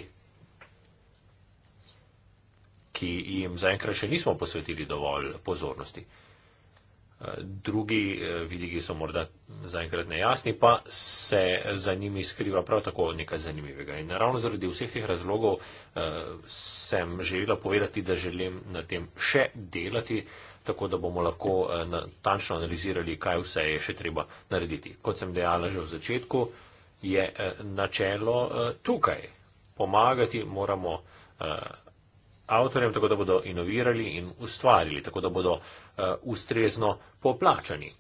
ki jim zaenkrat še nismo posvetili dovolj pozornosti. Eh, drugi eh, vidiki so morda zaenkrat nejasni, pa se za njimi skriva prav tako nekaj zanimivega. In ravno zaradi vseh teh razlogov eh, sem želela povedati, da želim na tem še delati, tako da bomo lahko natančno analizirali, kaj vse je še treba narediti. Kot sem dejala že v začetku, je eh, načelo eh, tukaj. Pomagati moramo eh, avtorjem, tako da bodo inovirali in ustvarili, tako da bodo ustrezno poplačani.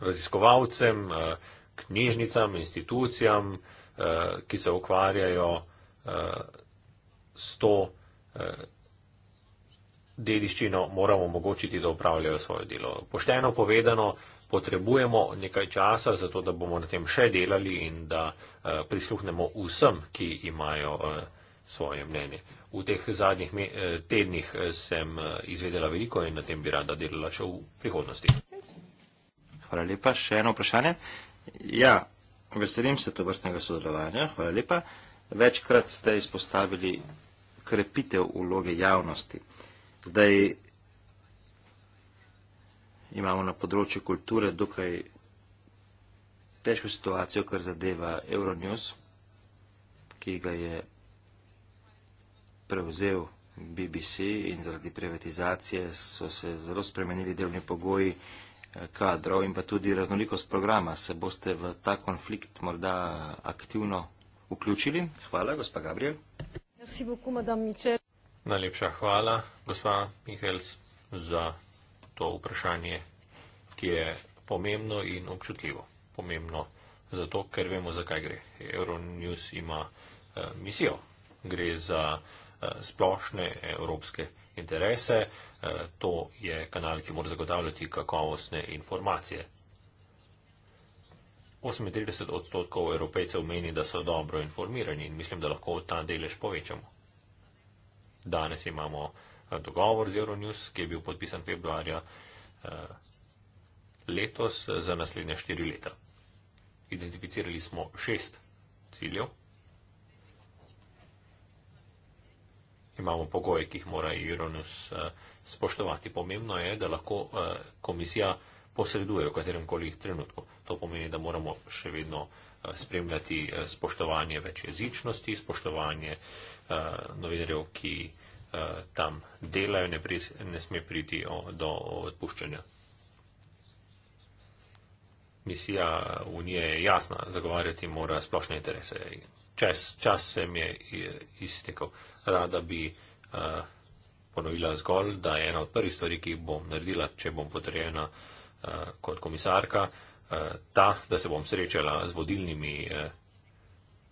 Raziskovalcem, knjižnicam, institucijam, ki se ukvarjajo s to dediščino, moramo omogočiti, da upravljajo svoje delo. Pošteno povedano, potrebujemo nekaj časa, zato da bomo na tem še delali in da eh, prisluhnemo vsem, ki imajo eh, svoje mnenje. V teh zadnjih eh, tednih sem izvedela veliko in na tem bi rada delala še v prihodnosti. Hvala lepa. Še eno vprašanje. Ja, veselim se to vrstnega sodelovanja. Hvala lepa. Večkrat ste izpostavili krepitev uloge javnosti. Zdaj imamo na področju kulture dokaj težko situacijo, kar zadeva Euronews, ki ga je prevzel BBC in zaradi privatizacije so se zelo spremenili delovni pogoji eh, kadrov in pa tudi raznolikost programa. Se boste v ta konflikt morda aktivno vključili? Hvala, gospa Gabriel. Najlepša hvala, gospa Mihels, za to vprašanje, ki je pomembno in občutljivo. Pomembno zato, ker vemo, zakaj gre. Euronews ima eh, misijo. Gre za eh, splošne evropske interese. Eh, to je kanal, ki mora zagotavljati kakovostne informacije. 38 odstotkov evropejcev meni, da so dobro informirani in mislim, da lahko ta delež povečamo. Danes imamo Eh, dogovor z Euronews, ki je bil podpisan februarja eh, letos eh, za naslednje štiri leta. Identificirali smo šest ciljev. Imamo pogoje, ki jih mora Euronews spoštovati. Pomembno je, da lahko komisija posreduje v katerem koli trenutku. To pomeni, da moramo še vedno spremljati spoštovanje večjezičnosti, spoštovanje novinarjev, ki Eh, tam delajo, ne, pri, ne sme priti o, do odpuščanja. Misija Unije je jasna, zagovarjati mora splošne interese. Čas, čas se mi je iztekel. Rada bi uh, ponovila zgolj, da je ena od prvih stvari, ki jih bom naredila, če bom potrjena uh, kot komisarka, uh, ta, da se bom srečala z vodilnimi. Uh,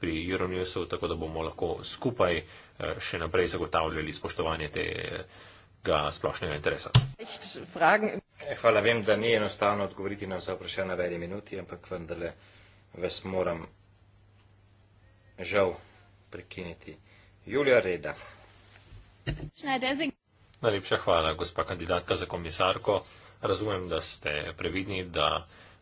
pri Euronewsu, tako da bomo lahko skupaj eh, še naprej zagotavljali spoštovanje tega splošnega interesa. Eh, hvala, vem, da ni enostavno odgovoriti na vse vprašanje na veli minuti, ampak vendarle vas moram žal prekiniti. Julija Reda. Najlepša hvala, gospa kandidatka za komisarko. Razumem, da ste previdni, da.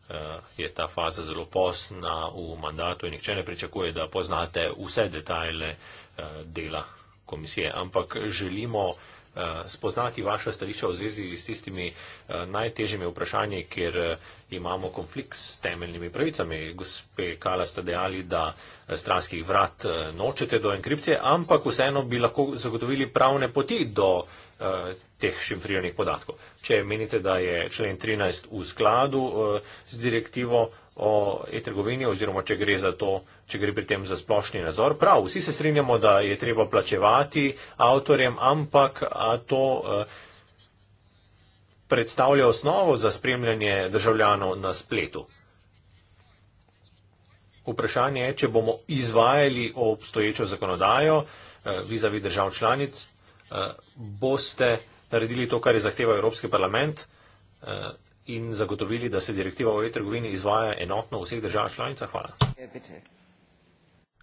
Eh, je ta faza zelo posna v mandatu in nihče ne pričakuje, da poznate vse detajle eh, dela komisije, ampak želimo Eh, spoznati vaše stališče v zvezi s tistimi eh, najtežjimi vprašanji, kjer eh, imamo konflikt s temeljnimi pravicami. Gospe Kala ste dejali, da stranskih vrat nočete do enkripcije, ampak vseeno bi lahko zagotovili pravne poti do teh šimfriranih podatkov. Če menite, da je člen 13 v skladu z direktivo, o e-trgovini oziroma če gre, to, če gre pri tem za splošni nadzor. Prav, vsi se strinjamo, da je treba plačevati avtorjem, ampak a to a, eh, predstavlja osnovo za spremljanje državljanov na spletu. Vprašanje je, če bomo izvajali obstoječo zakonodajo eh, vizavi držav članic, eh, boste naredili to, kar je zahteval Evropski parlament, in zagotovili, da se direktiva o e-trgovini izvaja enotno v vseh državah članicah. Hvala.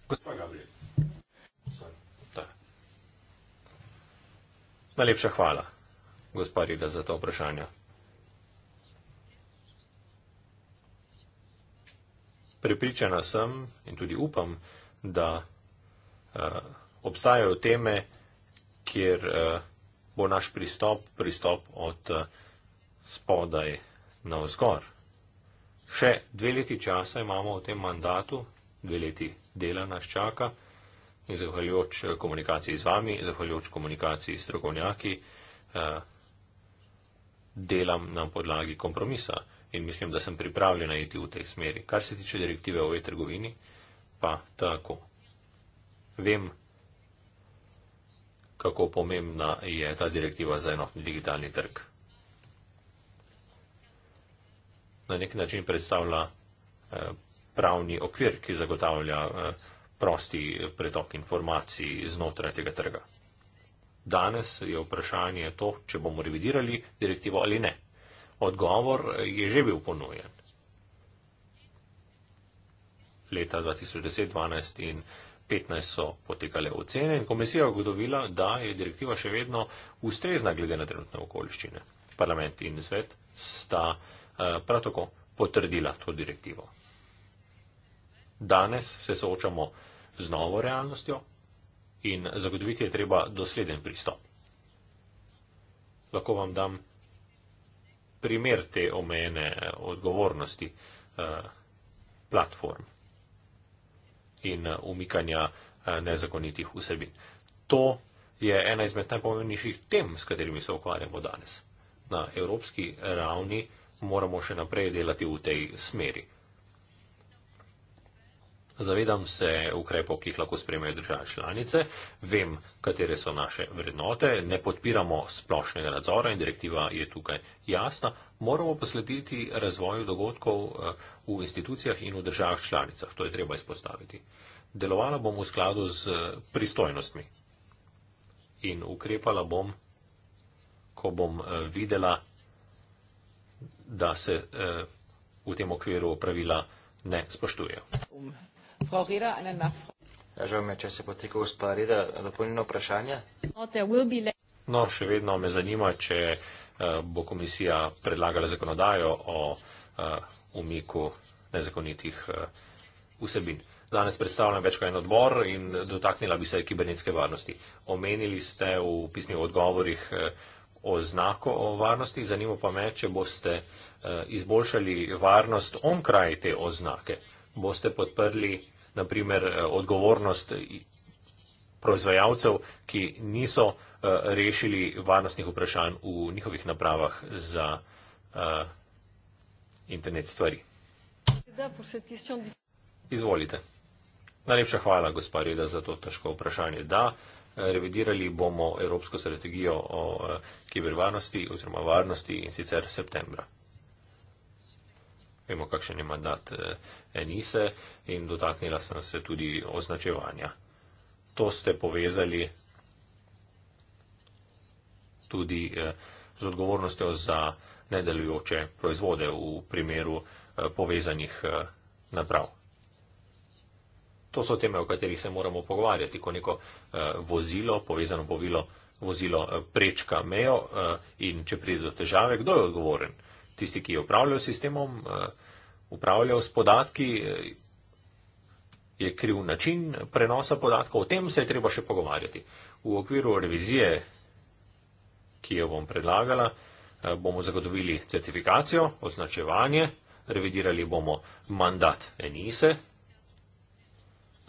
Ja, Najlepša hvala, gospa Rida, za to vprašanje. Prepričana sem in tudi upam, da uh, obstajajo teme, kjer uh, bo naš pristop, pristop od uh, spodaj navzgor. Še dve leti časa imamo v tem mandatu, dve leti dela nas čaka in zahvaljujoč eh, komunikaciji z vami, zahvaljujoč komunikaciji s strokovnjaki, eh, delam na podlagi kompromisa in mislim, da sem pripravljena iti v tej smeri. Kar se tiče direktive o e-trgovini, pa tako. Vem, kako pomembna je ta direktiva za enotni digitalni trg. na nek način predstavlja eh, pravni okvir, ki zagotavlja eh, prosti pretok informacij znotraj tega trga. Danes je vprašanje to, če bomo revidirali direktivo ali ne. Odgovor eh, je že bil ponujen. Leta 2010, 2012 in 2015 so potekale ocene in komisija ugotovila, da je direktiva še vedno ustrezna glede na trenutne okoliščine. Parlament in svet sta. Eh, prav tako potrdila to direktivo. Danes se soočamo z novo realnostjo in zagotoviti je treba dosleden pristop. Lahko vam dam primer te omejene eh, odgovornosti eh, platform in umikanja nezakonitih vsebin. To je ena izmed najpomembnejših tem, s katerimi se ukvarjamo danes. Na evropski ravni moramo še naprej delati v tej smeri. Zavedam se ukrepov, ki jih lahko spremejo države članice, vem, katere so naše vrednote, ne podpiramo splošnega nadzora in direktiva je tukaj jasna, moramo poslediti razvoju dogodkov eh, v institucijah in v državah članicah, to je treba izpostaviti. Delovala bom v skladu z eh, pristojnostmi in ukrepala bom, ko bom eh, videla, da se eh, v tem okviru pravila ne spoštujejo. Ja, žal me, če se potika gospa Reda, dopolnjeno vprašanje. No, no, še vedno me zanima, če eh, bo komisija predlagala zakonodajo o eh, umiku nezakonitih eh, vsebin. Danes predstavljam več kot en odbor in dotaknila bi se kibernetske varnosti. Omenili ste v pisnih odgovorih. Eh, oznako o varnosti, zanimo pa me, če boste eh, izboljšali varnost onkraj te oznake. Boste podprli, naprimer, eh, odgovornost proizvajalcev, ki niso eh, rešili varnostnih vprašanj v njihovih napravah za internet stvari. Izvolite. Najlepša hvala, gospa Reda, za to težko vprašanje. Da, revidirali bomo Evropsko strategijo o eh, kibervarnosti oziroma varnosti in sicer septembra. Vemo, kakšen je mandat eh, Enise in dotaknila sem se tudi označevanja. To ste povezali tudi eh, z odgovornostjo za nedelujoče proizvode v primeru povezanih naprav to so teme, o katerih se moramo pogovarjati, ko neko uh, vozilo, povezano povilo, vozilo uh, prečka mejo uh, in če pride do težave, kdo je odgovoren? Tisti, ki je upravljal sistemom, uh, upravljal s podatki, uh, je kriv način prenosa podatkov, o tem se je treba še pogovarjati. V okviru revizije, ki jo bom predlagala, uh, bomo zagotovili certifikacijo, označevanje, revidirali bomo mandat ENISE,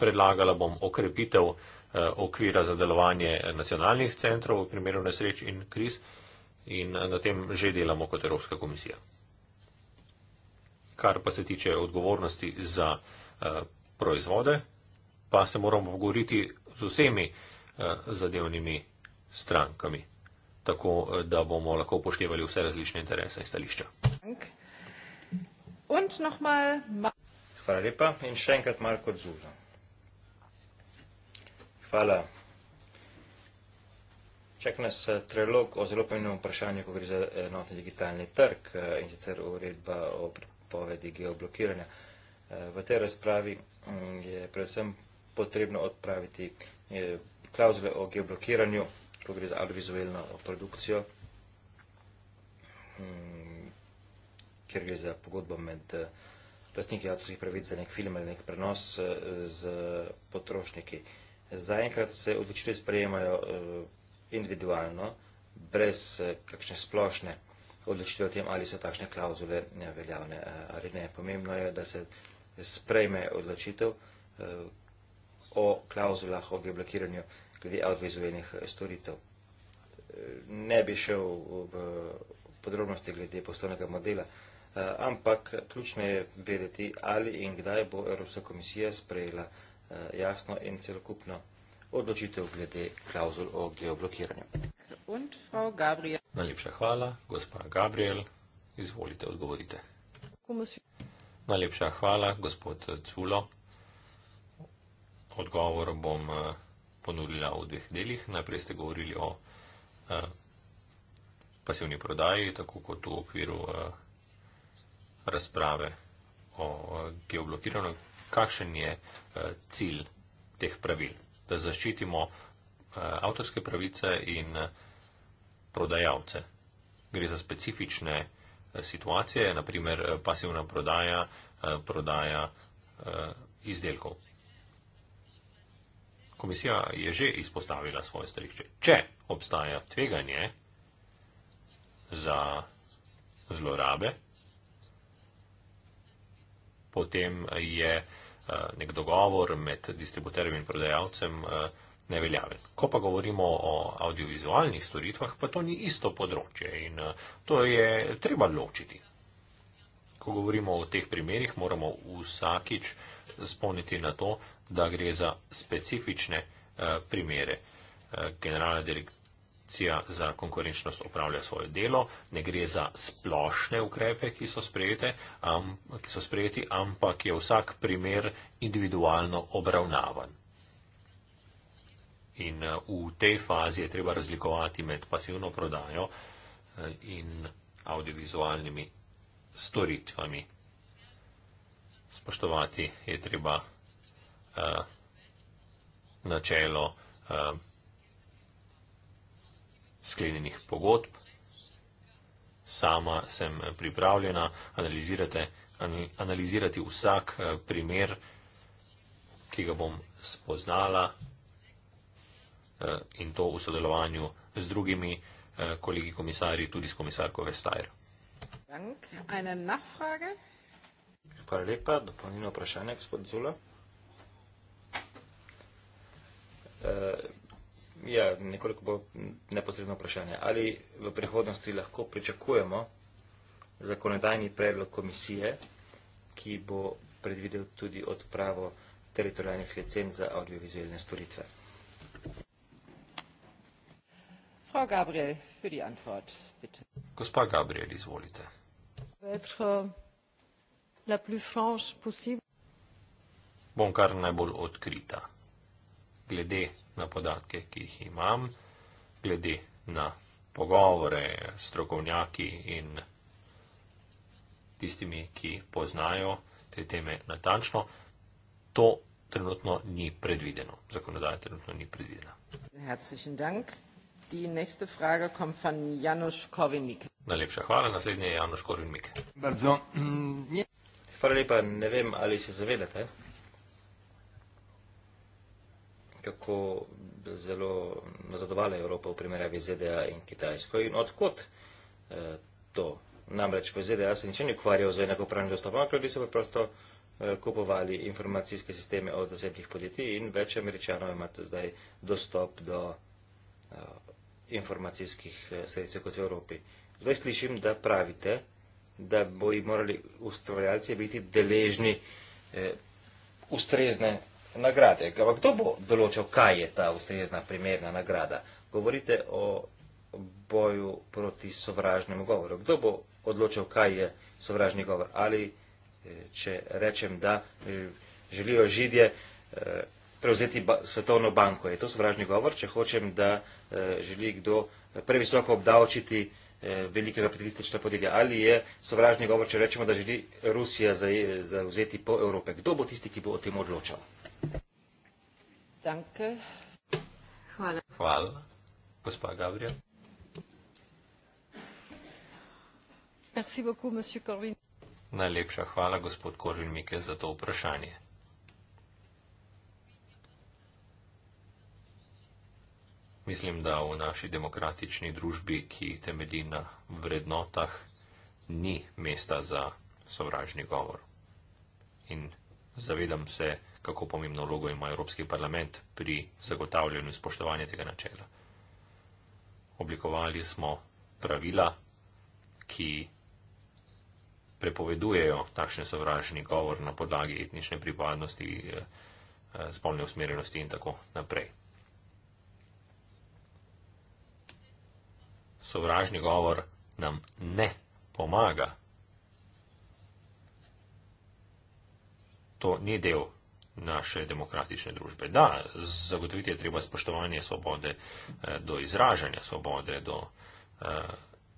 predlagala bom okrepitev eh, okvira za delovanje nacionalnih centrov v primeru nesreč in kriz in na tem že delamo kot Evropska komisija. Kar pa se tiče odgovornosti za eh, proizvode, pa se moramo pogovoriti z vsemi eh, zadevnimi strankami, tako da bomo lahko upoštevali vse različne interese in stališča. Hvala lepa in še enkrat Marko Zuzan. Hvala. Čak nas eh, trelog o zelo pomembnem vprašanju, ko gre za enotni digitalni trg eh, in sicer uredba o prepovedi geoblokiranja. Eh, v tej razpravi mm, je predvsem potrebno odpraviti klauzule o geoblokiranju, ko gre za audiovizualno produkcijo, mm, kjer gre za pogodbo med lastniki avtorskih pravic za nek film ali nek prenos z potrošniki zaenkrat se odločitve sprejemajo eh, individualno, brez eh, kakšne splošne odločitve o tem, ali so takšne klauzule eh, veljavne ali ne. Pomembno je, da se sprejme odločitev o klauzulah o geblokiranju glede audiovizualnih storitev. Ne bi šel v podrobnosti glede poslovnega modela, ampak ključno je vedeti, ali in kdaj bo Evropska komisija sprejela odločitev Eh, jasno in celokupno odločitev glede klauzul o geoblokiranju. Najlepša hvala, gospa Gabriel. Izvolite, odgovorite. Najlepša hvala, gospod Culo. Odgovor bom eh, ponudila v dveh delih. Najprej ste govorili o eh, pasivni prodaji, tako kot v okviru razprave o geoblokiranju, kakšen je eh, cilj teh pravil, da zaščitimo eh, avtorske pravice in eh, prodajalce. Gre za specifične situacije, naprimer pasivna prodaja, prodaja izdelkov. Komisija je že izpostavila svoje stališče. Če obstaja tveganje za zlorabe, potem je eh, Eh, nek dogovor med distributerjem in prodajalcem eh, neveljaven. Ko pa govorimo o audiovizualnih storitvah, pa to ni isto področje in eh, to je treba ločiti. Ko govorimo o teh primerjih, moramo vsakič spomniti na to, da gre za specifične primere. Generalna direktorica agencija za konkurenčnost opravlja svoje delo, ne gre za splošne ukrepe, ki so, sprejete, am, ki so sprejeti, ampak je vsak primer individualno obravnavan. In eh, v tej fazi je treba razlikovati med pasivno prodajo eh, in audiovizualnimi storitvami. Spoštovati je treba uh, načelo uh, sklenjenih pogodb. Sama sem pripravljena analizirate, analizirati vsak eh, primer, ki ga bom spoznala eh, in to v sodelovanju z drugimi eh, kolegi komisarji, tudi s komisarko Vestajer. Hvala lepa. Dopolnilno vprašanje, gospod Zula ja, nekoliko bolj neposredno vprašanje. Ali v prihodnosti lahko pričakujemo zakonodajni predlog komisije, ki bo predvidel tudi odpravo teritorijalnih licenc za audiovizualne storitve? Frau Gabriel, für die Antwort, bitte. Gospa Gabriel, izvolite. Euh, Bom kar najbolj odkrita. Glede na podatke, ki jih imam, glede na pogovore s strokovnjaki in tistimi, ki poznajo te teme natančno, to trenutno ni predvideno. Zakonodaja trenutno ni predvidena. Najlepša hvala. Naslednji je Janoš Korvinik. Mm, hvala lepa. Ne vem, ali se zavedate, kako zelo nazadovala Evropa v primerjavi ZDA in Kitajsko in odkot e, eh, to. Namreč v ZDA se niče ni ukvarjal z enakopravnim dostopom, ampak ljudi so preprosto eh, kupovali informacijske sisteme od zasebnih podjetij in več američanov ima zdaj dostop do uh, informacijskih sredstev kot v Evropi. Zdaj slišim, da pravite, da bi morali ustvarjalci biti deležni uh, ustrezne nagrade. Ampak kdo bo določil, kaj je ta ustrezna, primerna nagrada? Govorite o boju proti sovražnemu govoru. Kdo bo odločil, kaj je sovražni govor? Ali, eh, če rečem, da eh, želijo židje eh, prevzeti svetovno banko. Je to sovražni govor, če hočem, da želi kdo previsoko obdavčiti velike kapitalistične podjetja. Ali je sovražni govor, če rečemo, da želi Rusija zauzeti po Evrope. Kdo bo tisti, ki bo o tem odločal? Danke. Hvala. Hvala. Gospa Gabriel. Merci beaucoup, monsieur Corvin. Najlepša hvala, gospod Korvin Mike, za to vprašanje. Mislim, da v naši demokratični družbi, ki temedi na vrednotah, ni mesta za sovražni govor. In zavedam se, da kako pomembno vlogo ima Evropski parlament pri zagotavljanju spoštovanja tega načela. Oblikovali smo pravila, ki prepovedujejo takšne sovražni govor na podlagi etnične pripadnosti, eh, eh, spolne usmerjenosti in tako naprej. Sovražni govor nam ne pomaga. To ni del naše demokratične družbe. Da, zagotoviti je treba spoštovanje svobode eh, do izražanja, svobode do eh,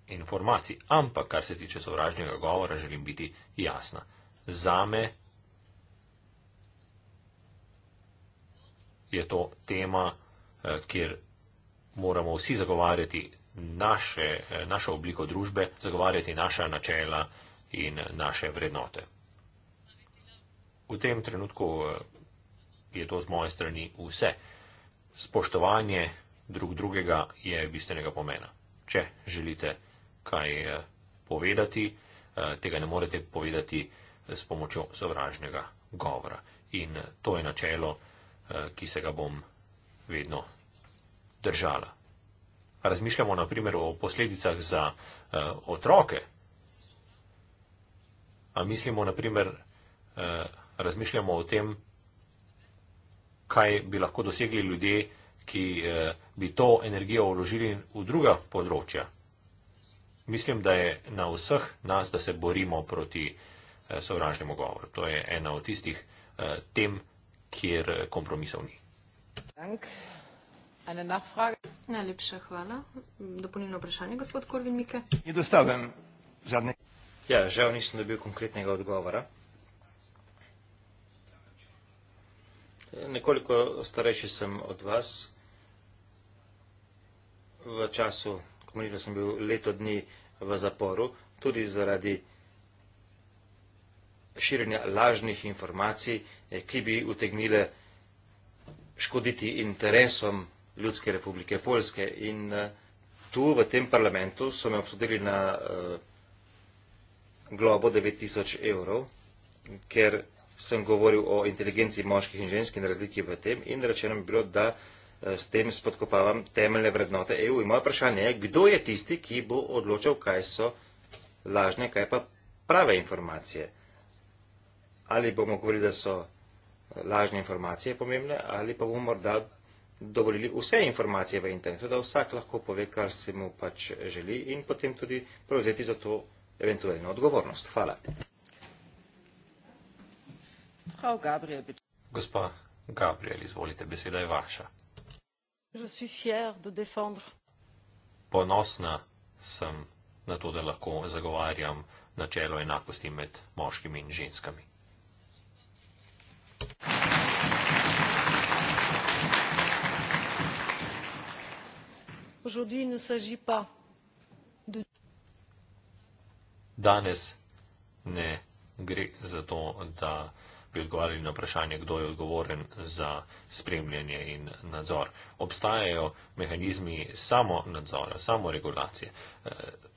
informacij. Ampak, kar se tiče sovražnega govora, želim biti jasna. Zame je to tema, eh, kjer moramo vsi zagovarjati naše, našo obliko družbe, zagovarjati naša načela in naše vrednote v tem trenutku eh, je to z moje strani vse. Spoštovanje drug drugega je bistvenega pomena. Če želite kaj eh, povedati, eh, tega ne morete povedati s pomočjo sovražnega govora. In to je načelo, ki se ga bom vedno držala. Razmišljamo naprimer o posledicah za otroke. A mislimo naprimer, razmišljamo o tem, kaj bi lahko dosegli ljudje, ki eh, bi to energijo uložili v druga področja. Mislim, da je na vseh nas, da se borimo proti eh, sovražnemu govoru. To je ena od tistih eh, tem, kjer kompromisov ni. Najlepša hvala. Dopolnilno vprašanje, gospod Korvin Mike. Ja, žal nisem dobil konkretnega odgovora. Nekoliko starejši sem od vas. V času komunizma sem bil leto dni v zaporu, tudi zaradi širjenja lažnih informacij, eh, ki bi utegnile škoditi interesom Ljudske republike Poljske. In eh, tu, v tem parlamentu, so me obsodili na eh, globo 9000 evrov, ker sem govoril o inteligenci moških in ženskih in razliki v tem in rečeno mi bilo, da eh, s tem spodkopavam temeljne vrednote EU. In moje vprašanje je, kdo je tisti, ki bo odločal, kaj so lažne, kaj pa prave informacije. Ali bomo govorili, da so eh, lažne informacije pomembne, ali pa bomo morda dovolili vse informacije v internetu, da vsak lahko pove, kar se mu pač želi in potem tudi prevzeti za to eventualno odgovornost. Hvala. Gospa Gabriel, izvolite, beseda je vaša. Ponosna sem na to, da lahko zagovarjam načelo enakosti med moškimi in ženskami. Danes ne gre za to, da bi odgovarjali na vprašanje, kdo je odgovoren za spremljanje in nadzor. Obstajajo mehanizmi samo nadzora, samo regulacije. Eh,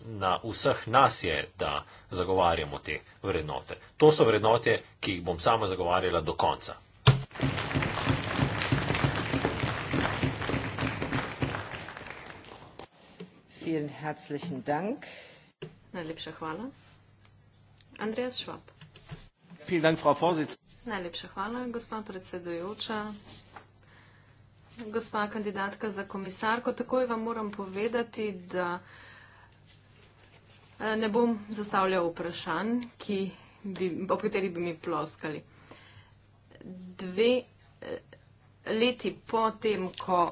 na vseh nas je, da zagovarjamo te vrednote. To so vrednote, ki jih bom sama zagovarjala do konca. Najlepša hvala. Andreas Schwab. Vielen Dank, Frau Vorsitzende. Najlepša hvala, gospa predsedujoča. Gospa kandidatka za komisarko, takoj vam moram povedati, da eh, ne bom zastavljal vprašanj, ki bi, po kateri bi mi ploskali. Dve eh, leti po tem, ko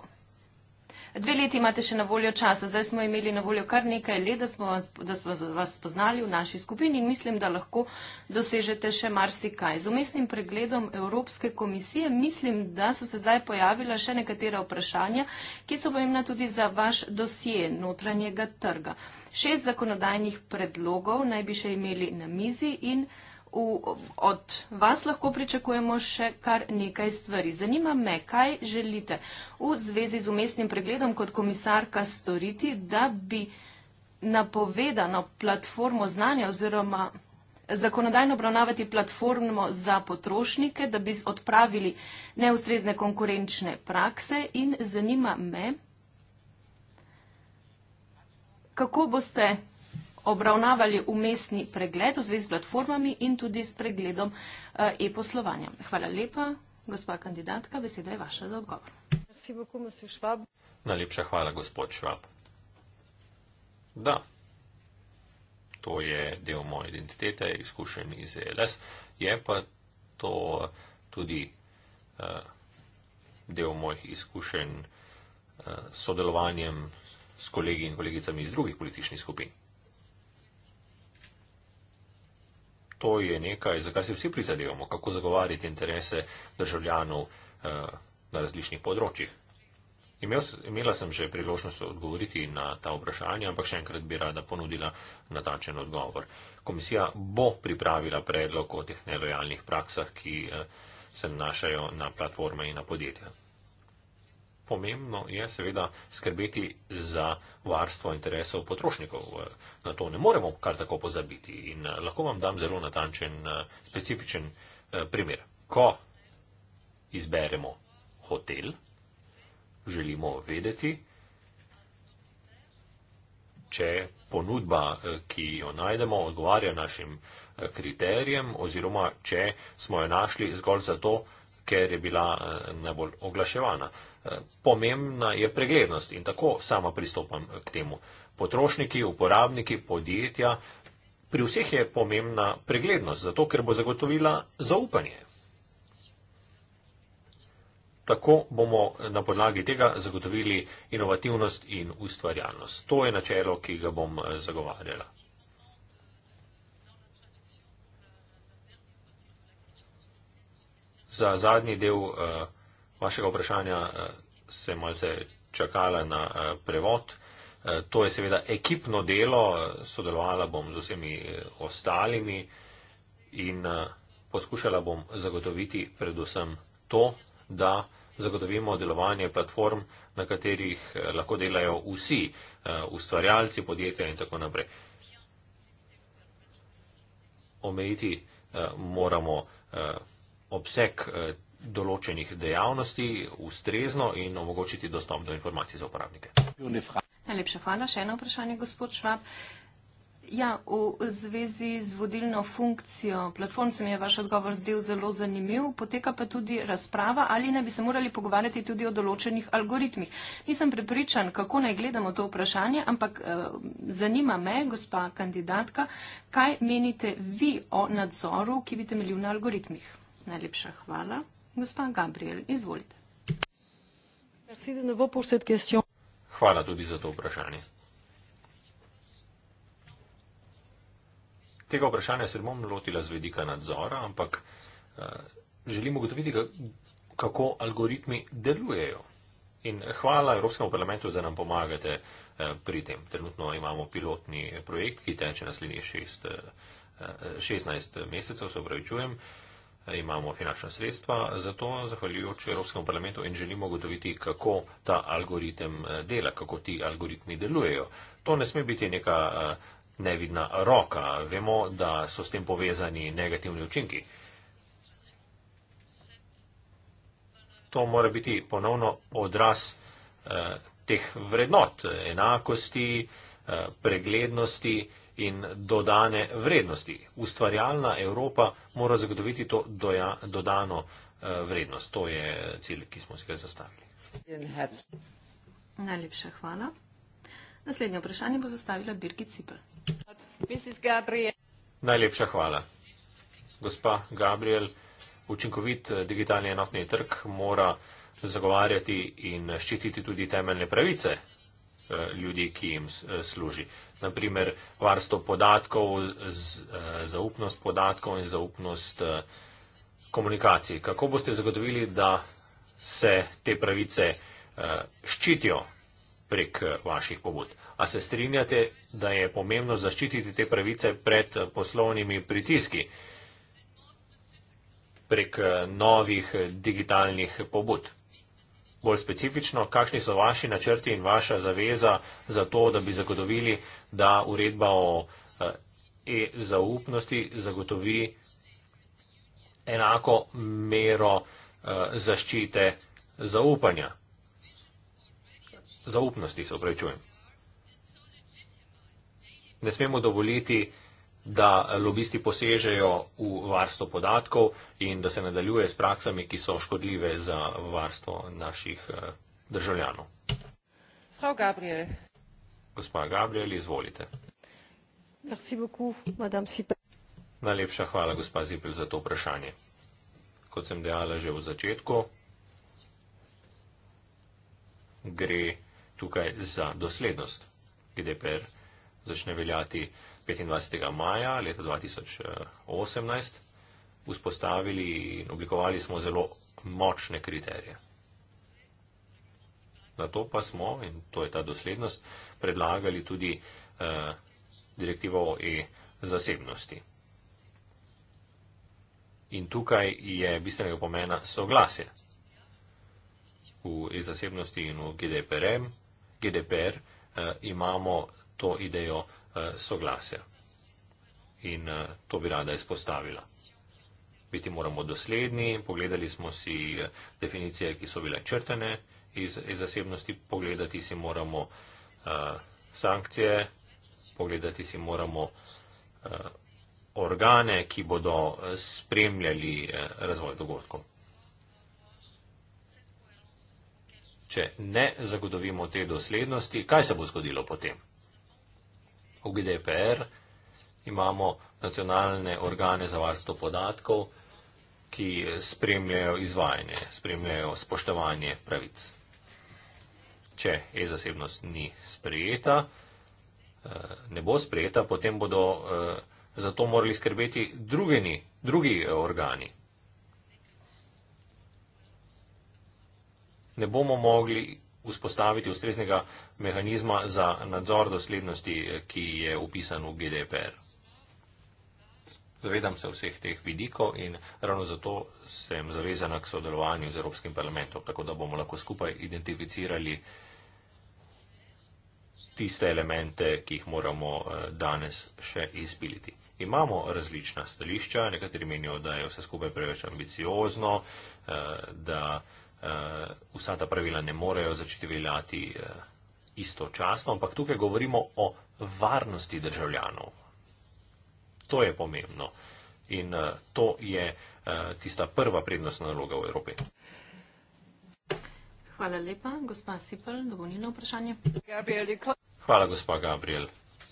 Dve leti imate še na voljo časa, zdaj smo imeli na voljo kar nekaj let, da smo vas, da smo vas spoznali v naši skupini in mislim, da lahko dosežete še marsikaj. Z umestnim pregledom Evropske komisije mislim, da so se zdaj pojavila še nekatera vprašanja, ki so pomembna tudi za vaš dosje notranjega trga. Šest zakonodajnih predlogov naj bi še imeli na mizi in v, od vas lahko pričakujemo še kar nekaj stvari. Zanima me, kaj želite v zvezi z umestnim pregledom kot komisarka storiti, da bi napovedano platformo znanja oziroma zakonodajno obravnavati platformo za potrošnike, da bi odpravili neustrezne konkurenčne prakse in zanima me, kako boste obravnavali umestni pregled v zvezi s platformami in tudi s pregledom eh, e-poslovanja. Hvala lepa, gospa kandidatka, beseda je vaša za odgovor. Najlepša hvala, gospod Švab. Da, to je del moje identitete, izkušen iz ELS, je pa to tudi uh, del mojih izkušenj eh, s uh, sodelovanjem s kolegi in kolegicami iz drugih političnih skupin. to je nekaj, za kar si vsi prizadevamo, kako zagovarjati interese državljanov eh, na različnih področjih. Imel, imela sem že priložnost odgovoriti na ta vprašanja, ampak še enkrat bi rada ponudila natačen odgovor. Komisija bo pripravila predlog o teh nelojalnih praksah, ki eh, se nanašajo na platforme in na podjetja pomembno je seveda skrbeti za varstvo interesov potrošnikov. Eh, Na to ne moremo kar tako pozabiti in eh, lahko vam dam zelo natančen, eh, specifičen primer. Ko izberemo hotel, želimo vedeti, če ponudba, ki jo najdemo, odgovarja našim kriterijem oziroma če smo jo našli zgolj zato, ker je bila eh, najbolj oglaševana. Eh, pomembna je preglednost in tako sama pristopam eh, k temu. Potrošniki, uporabniki, podjetja, pri vseh je pomembna preglednost, zato ker bo zagotovila zaupanje. Tako bomo na podlagi tega zagotovili inovativnost in ustvarjalnost. To je načelo, ki ga bom zagovarjala. Za zadnji del uh, vašega vprašanja uh, eh, se malce čakala na uh, prevod. To je seveda ekipno delo, sodelovala bom z vsemi ostalimi in poskušala bom zagotoviti predvsem to, da zagotovimo delovanje platform, na katerih lahko delajo vsi, ustvarjalci podjetja in tako naprej. Omejiti moramo obseg eh, določenih dejavnosti ustrezno in omogočiti dostop do informacij za uporabnike. Najlepša hvala. Še eno vprašanje, gospod Švab. Ja, v zvezi z vodilno funkcijo platform se mi je vaš odgovor zdel zelo zanimiv, poteka pa tudi razprava, ali ne bi se morali pogovarjati tudi o določenih algoritmih. Nisem prepričan, kako naj gledamo to vprašanje, ampak eh, zanima me, gospa kandidatka, kaj menite vi o nadzoru, ki bi temeljil na algoritmih? Najlepša hvala. Gospa Gabriel, izvolite. Hvala tudi za to vprašanje. Tega vprašanja se bom lotila z vedika nadzora, ampak eh, želim ugotoviti, kako algoritmi delujejo. In hvala Evropskemu parlamentu, da nam pomagate eh, pri tem. Trenutno imamo pilotni projekt, ki teče naslednjih 16 eh, mesecev, se upravičujem imamo finančna sredstva, zato zahvaljujoč Evropskemu parlamentu in želimo ugotoviti, kako ta algoritem eh, dela, kako ti algoritmi delujejo. To ne sme biti neka eh, nevidna roka. Vemo, da so s tem povezani negativni učinki. To mora biti ponovno odraz eh, teh vrednot, enakosti, preglednosti in dodane vrednosti. Ustvarjalna Evropa mora zagotoviti to doja, dodano eh, vrednost. To je cilj, ki smo si ga zastavili. Najlepša hvala. Naslednje vprašanje bo zastavila Birgit Cipel. Najlepša hvala. Gospa Gabriel, učinkovit eh, digitalni enotni trg mora zagovarjati in ščititi tudi temeljne pravice Eh, ljudi, ki jim eh, služi. Naprimer, varstvo podatkov, eh, zaupnost podatkov in zaupnost komunikacij. Kako boste zagotovili, da se te pravice ščitijo prek vaših pobud? A se strinjate, da je pomembno zaščititi te pravice pred poslovnimi pritiski prek novih digitalnih pobud? bolj specifično, kakšni so vaši načrti in vaša zaveza za to, da bi zagotovili, da uredba o eh, e-zaupnosti zagotovi enako mero eh, zaščite zaupanja. Zaupnosti se upravičujem. Ne smemo dovoliti, da eh, lobisti posežejo v varstvo podatkov in da se nadaljuje s praksami, ki so škodljive za varstvo naših eh, državljanov. Frau Gabriel. Gospa Gabriel, izvolite. Merci beaucoup, madame Sipel. Najlepša hvala, gospa Sipel, za to vprašanje. Kot sem dejala že v začetku, gre tukaj za doslednost, kdaj per začne veljati 25. maja leta 2018 eh, vzpostavili in oblikovali smo zelo močne kriterije. Na to pa smo, in to je ta doslednost, predlagali tudi eh, direktivo o e-zasebnosti. In tukaj je bistvenega pomena soglasje v e-zasebnosti in v GDPR. GDPR eh, imamo to idejo eh, soglasja. In eh, to bi rada izpostavila. Biti moramo dosledni, pogledali smo si eh, definicije, ki so bile črtene iz, iz zasebnosti, pogledati si moramo uh, sankcije, pogledati si moramo uh, organe, ki bodo spremljali uh, razvoj dogodkov. Če ne zagotovimo te doslednosti, kaj se bo zgodilo potem? v GDPR, imamo nacionalne organe za varstvo podatkov, ki spremljajo izvajanje, spremljajo spoštovanje pravic. Če e-zasebnost ni sprejeta, eh, ne bo sprejeta, potem bodo eh, za to morali skrbeti drugeni, drugi eh, organi. Ne bomo mogli vzpostaviti ustreznega mehanizma za nadzor doslednosti, ki je upisan v GDPR. Zavedam se vseh teh vidikov in ravno zato sem zavezana k sodelovanju z Evropskim parlamentom, tako da bomo lahko skupaj identificirali tiste elemente, ki jih moramo eh, danes še izpiliti. Imamo različna stališča, nekateri menijo, da je vse skupaj preveč ambiciozno, eh, da Eh, vsa ta pravila ne morejo začeti veljati eh, istočasno, ampak tukaj govorimo o varnosti državljanov. To je pomembno in eh, to je tista prva prednostna naloga v Evropi. Hvala lepa, gospa Sipel, dovoljno vprašanje. Hvala, gospa Gabriel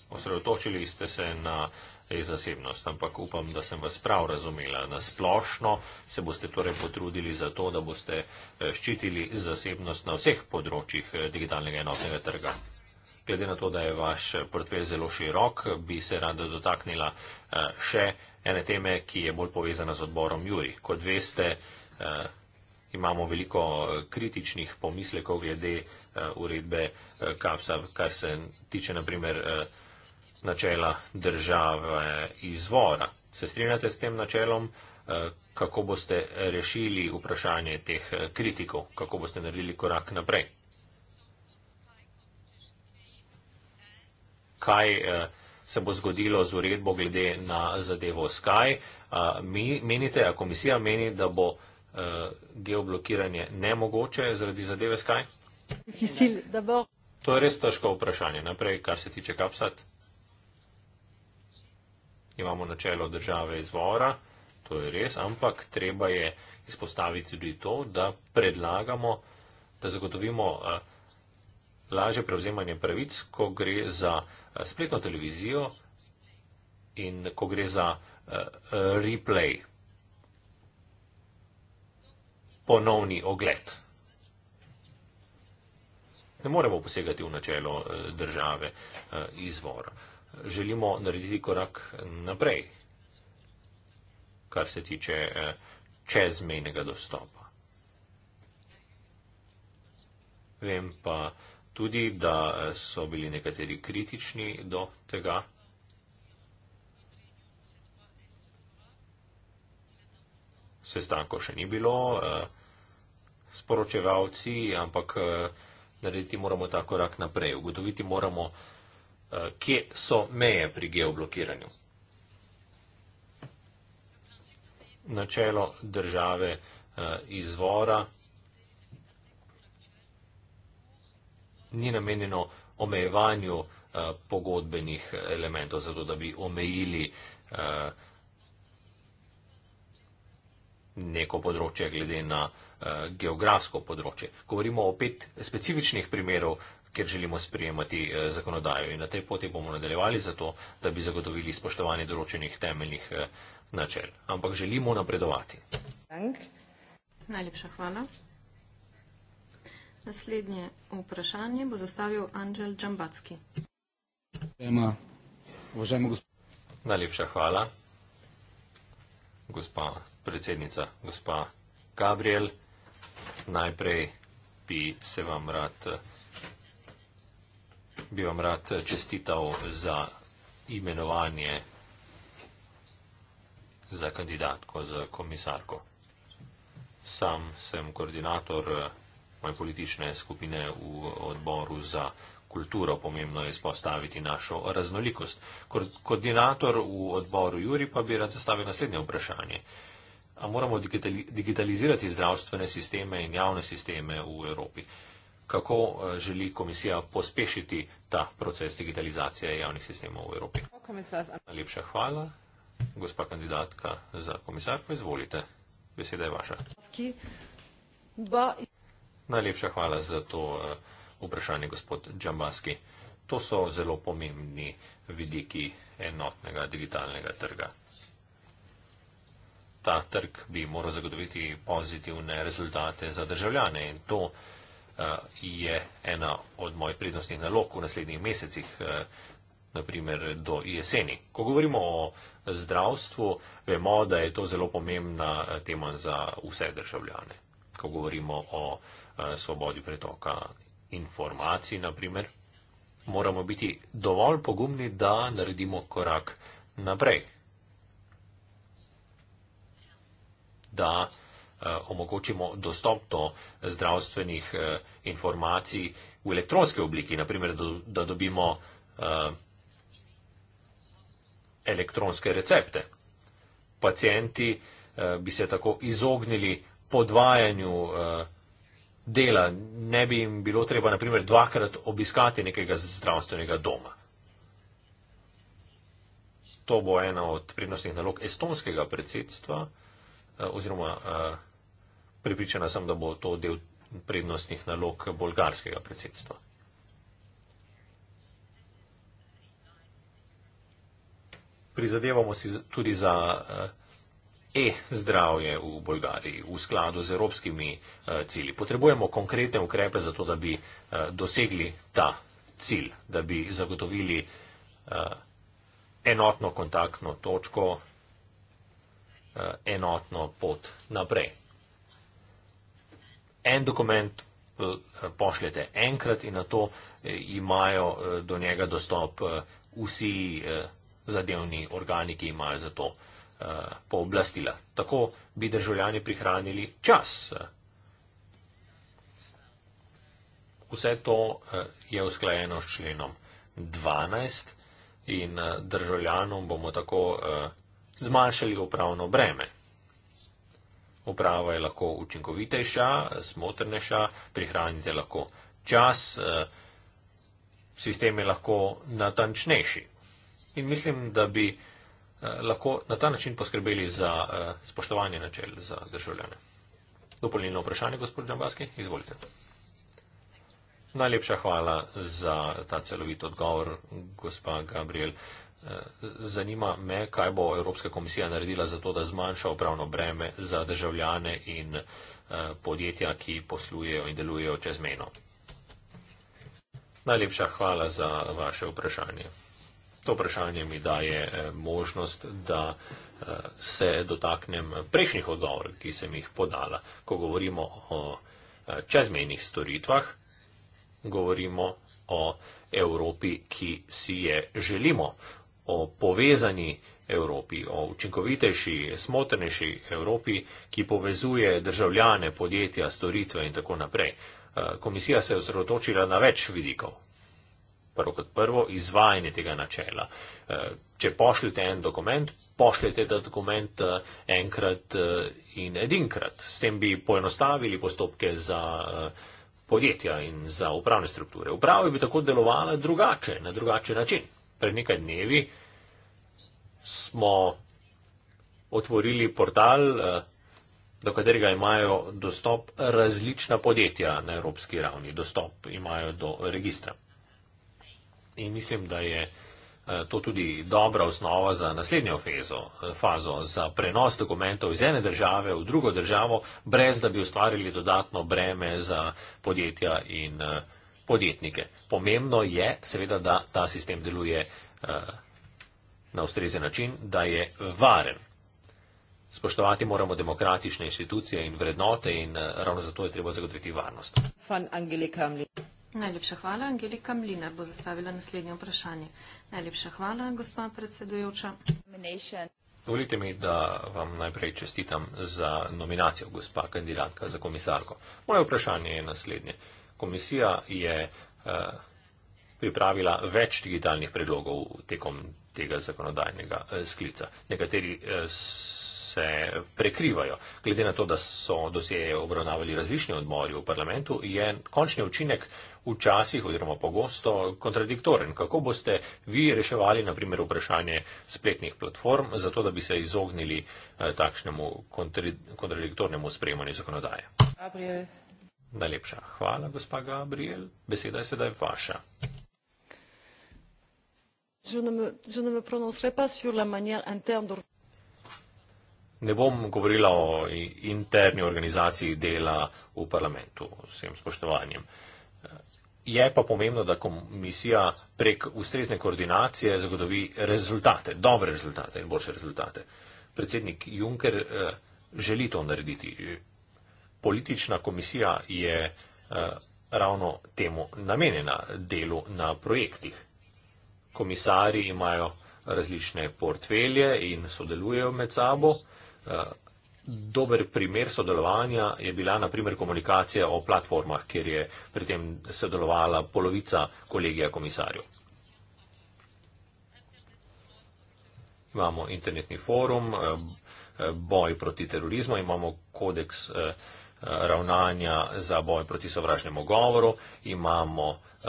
osredotočili ste se na e-zasebnost, ampak upam, da sem vas prav razumela. Na splošno se boste torej potrudili za to, da boste eh, ščitili zasebnost na vseh področjih eh, digitalnega enotnega trga. Glede na to, da je vaš eh, portfel zelo širok, bi se rada dotaknila še ene teme, ki je bolj povezana z odborom Juri. Kot veste, imamo veliko kritičnih pomislekov glede uredbe KAPSA, kar se tiče naprimer načela države izvora. Se strinjate s tem načelom, eh, kako boste rešili vprašanje teh eh, kritikov, kako boste naredili korak naprej? Kaj eh, se bo zgodilo z uredbo glede na zadevo Sky? Menite, a komisija meni, da bo geoblokiranje nemogoče zaradi zadeve Sky? To je res težko vprašanje. Naprej, kar se tiče kapsat imamo načelo države izvora, to je res, ampak treba je izpostaviti tudi to, da predlagamo, da zagotovimo eh, laže prevzemanje pravic, ko gre za eh, spletno televizijo in ko gre za eh, replay, ponovni ogled. Ne moremo posegati v načelo države izvora želimo narediti korak naprej, kar se tiče eh, čezmejnega dostopa. Vem pa tudi, da eh, so bili nekateri kritični do tega. Sestanko še ni bilo, eh, sporočevalci, ampak narediti moramo ta korak naprej. Ugotoviti moramo, Eh, kje so meje pri geoblokiranju. Načelo države eh, izvora ni namenjeno omejevanju eh, pogodbenih elementov, zato da bi omejili neko področje glede na geografsko področje. Govorimo o pet specifičnih primerov kjer želimo sprejemati eh, zakonodajo. In na tej poti bomo nadaljevali zato, da bi zagotovili spoštovanje določenih temeljnih eh, načel. Ampak želimo napredovati. Najlepša hvala. Naslednje vprašanje bo zastavil Anđel Džambacki. Najlepša hvala. Gospa predsednica, gospa Gabriel, najprej bi se vam rad eh, bi vam rad eh, čestital za imenovanje za kandidatko, za komisarko. Sam sem koordinator eh, moje politične skupine v odboru za kulturo. Pomembno je spostaviti našo raznolikost. Ko koordinator v odboru Juri pa bi rad zastavil naslednje vprašanje. A moramo digitali digitalizirati zdravstvene sisteme in javne sisteme v Evropi? Uh, kako eh, želi komisija pospešiti ta proces digitalizacije javnih sistemov v Evropi. Najlepša hvala. Gospa kandidatka za komisarko, izvolite. Beseda je vaša. Najlepša hvala za to eh, vprašanje, gospod Džambaski. To so zelo pomembni vidiki enotnega digitalnega trga. Ta trg bi moral zagotoviti pozitivne rezultate za državljane in to, Eh, je ena od mojih prednostnih nalog v naslednjih mesecih, eh, naprimer do jeseni. Ko govorimo o zdravstvu, vemo, da je to zelo pomembna eh, tema za vse državljane. Ko govorimo o svobodi pretoka informacij, naprimer, moramo biti dovolj pogumni, da naredimo korak naprej. Da Eh, omogočimo dostop do zdravstvenih eh, informacij v elektronske obliki, naprimer, da dobimo eh, elektronske recepte. Pacijenti bi se tako izognili podvajanju dela, ne bi jim bilo treba naprimer dvakrat obiskati nekega zdravstvenega doma. To bo ena od prednostnih nalog estonskega predsedstva, Eh, oziroma eh, pripričana sem, da bo to del prednostnih nalog bolgarskega predsedstva. Prizadevamo si tudi za eh, e-zdravje v Bolgariji v skladu z evropskimi cilji. Potrebujemo konkretne ukrepe za to, da bi dosegli ta cilj, da bi zagotovili enotno kontaktno točko Eh, enotno pot naprej. En dokument eh, pošljete enkrat in na to eh, imajo do njega dostop vsi zadevni organi, ki imajo za to pooblastila. Tako bi državljani prihranili čas. Vse to je usklajeno s členom 12 in državljanom bomo tako zmanjšali upravno breme. Uprava je lahko učinkovitejša, smotrnejša, prihranite lahko čas, eh, sistem je lahko natančnejši. In mislim, da bi eh, lahko na ta način poskrbeli za eh, spoštovanje načel za državljane. Dopolnilno vprašanje, gospod Džambaski, izvolite. Najlepša hvala za ta celovit odgovor, gospa Gabriel. Zanima me, kaj bo Evropska komisija naredila za to, da zmanjša upravno breme za državljane in eh, podjetja, ki poslujejo in delujejo čezmejno. Najlepša hvala za vaše vprašanje. To vprašanje mi daje eh, možnost, da eh, se dotaknem prejšnjih odgovorov, ki sem jih podala. Ko govorimo o čezmejnih storitvah, govorimo o Evropi, ki si je želimo o povezani Evropi, o učinkovitejši, smotrnejši Evropi, ki povezuje državljane, podjetja, storitve in tako naprej. Eh, komisija se je osredotočila na več vidikov. Prvo kot prvo, izvajanje tega načela. Eh, če pošljete en dokument, pošljete ta dokument eh, enkrat in edinkrat. S tem bi poenostavili postopke za podjetja in za upravne strukture. Uprava bi tako delovala drugače, na drugačen način pred nekaj dnevi smo otvorili portal, eh, do katerega imajo dostop različna podjetja na evropski ravni. Dostop imajo do registra. In mislim, da je eh, to tudi dobra osnova za naslednjo fezo, eh, fazo, za prenos dokumentov iz ene države v drugo državo, brez da bi ustvarili dodatno breme za podjetja in državo podjetnike. Pomembno je seveda, da ta sistem deluje eh, na ustrezen način, da je varen. Spoštovati moramo demokratične institucije in vrednote in eh, ravno zato je treba zagotoviti varnost. Najlepša hvala. Angelika Mlinar bo zastavila naslednje vprašanje. Najlepša hvala, gospa predsedujoča. Dovolite mi, da vam najprej čestitam za nominacijo, gospa kandidatka za komisarko. Moje vprašanje je naslednje. Komisija je eh, pripravila več digitalnih predlogov tekom tega zakonodajnega eh, sklica. Nekateri eh, se prekrivajo. Glede na to, da so dosjeje obravnavali različni odmori v parlamentu, je končni učinek včasih oziroma pogosto kontradiktoren. Kako boste vi reševali, na primer, vprašanje spletnih platform, zato da bi se izognili takšnemu kontradiktornemu spremanju zakonodaje? April. Najlepša hvala, gospa Gabriel. Beseda je sedaj vaša. Ne bom govorila o interni organizaciji dela v parlamentu, vsem spoštovanjem. Je pa pomembno, da komisija prek ustrezne koordinacije zagotovi rezultate, dobre rezultate in boljše rezultate. Predsednik Juncker eh, želi to narediti, politična komisija je eh, ravno temu namenjena delu na projektih. Komisari imajo različne portfelje in sodelujejo med sabo. Eh, dober primer sodelovanja je bila naprimer komunikacija o platformah, kjer je pri tem sodelovala polovica kolegija komisarjev. Imamo internetni forum, eh, boj proti terorizmu, imamo kodeks Eh, ravnanja za boj proti sovražnemu govoru, imamo eh,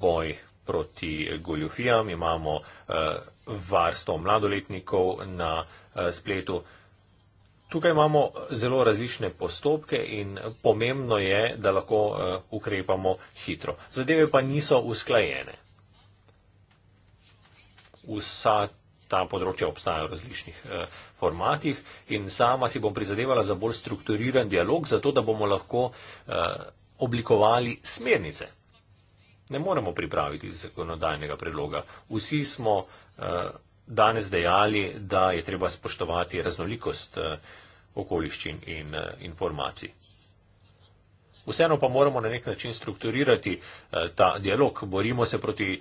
boj proti goljufijam, imamo eh, varstvo mladoletnikov na spletu. Tukaj imamo zelo različne postopke in pomembno je, da lahko ukrepamo hitro. Zadeve pa niso usklajene. Vsa tam področja obstajajo v različnih eh, formatih in sama si bom prizadevala za bolj strukturiran dialog, zato da bomo lahko eh, oblikovali smernice. Ne moremo pripraviti zakonodajnega predloga. Vsi smo eh, danes dejali, da je treba spoštovati raznolikost okoliščin in informacij. Vseeno pa moramo na nek način strukturirati ta dialog. Borimo se proti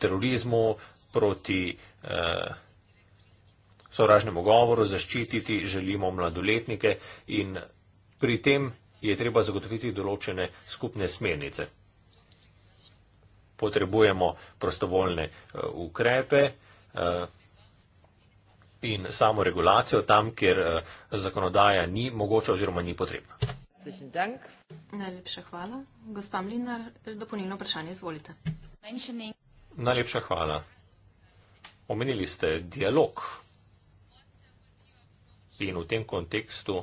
terorizmu, proti eh, sovražnemu govoru, zaščititi želimo mladoletnike in pri tem je treba zagotoviti določene skupne smernice. Potrebujemo prostovoljne eh, ukrepe. Eh, In samo regulacijo tam, kjer eh, zakonodaja ni mogoča oziroma ni potrebna. Najlepša hvala. Gospa Mlinar, dopolnilno vprašanje, izvolite. Najlepša hvala. Omenili ste dialog in v tem kontekstu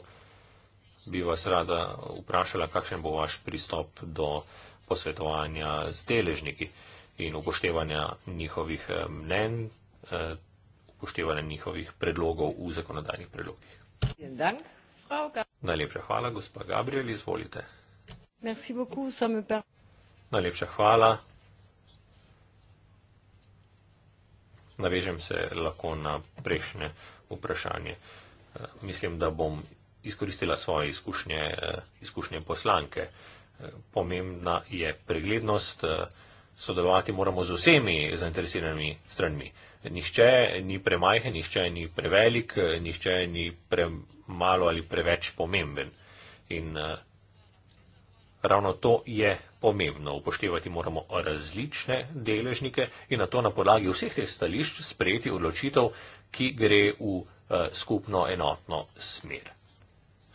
bi vas rada vprašala, kakšen bo vaš pristop do posvetovanja z deležniki in upoštevanja njihovih eh, mnen, eh, upoštevanja njihovih predlogov v zakonodajnih predlogih. Najlepša hvala, gospod Gabriel, izvolite. Najlepša hvala. navežem se lahko na prejšnje vprašanje. Eh, mislim, da bom izkoristila svoje izkušnje, eh, izkušnje poslanke. Eh, pomembna je preglednost, sodelovati moramo z vsemi zainteresiranimi stranmi. Nihče ni premajhen, nihče ni prevelik, nihče ni premalo ali preveč pomemben. In ravno to je pomembno. Upoštevati moramo različne deležnike in na to na podlagi vseh teh stališč sprejeti odločitev, ki gre v eh, skupno enotno smer.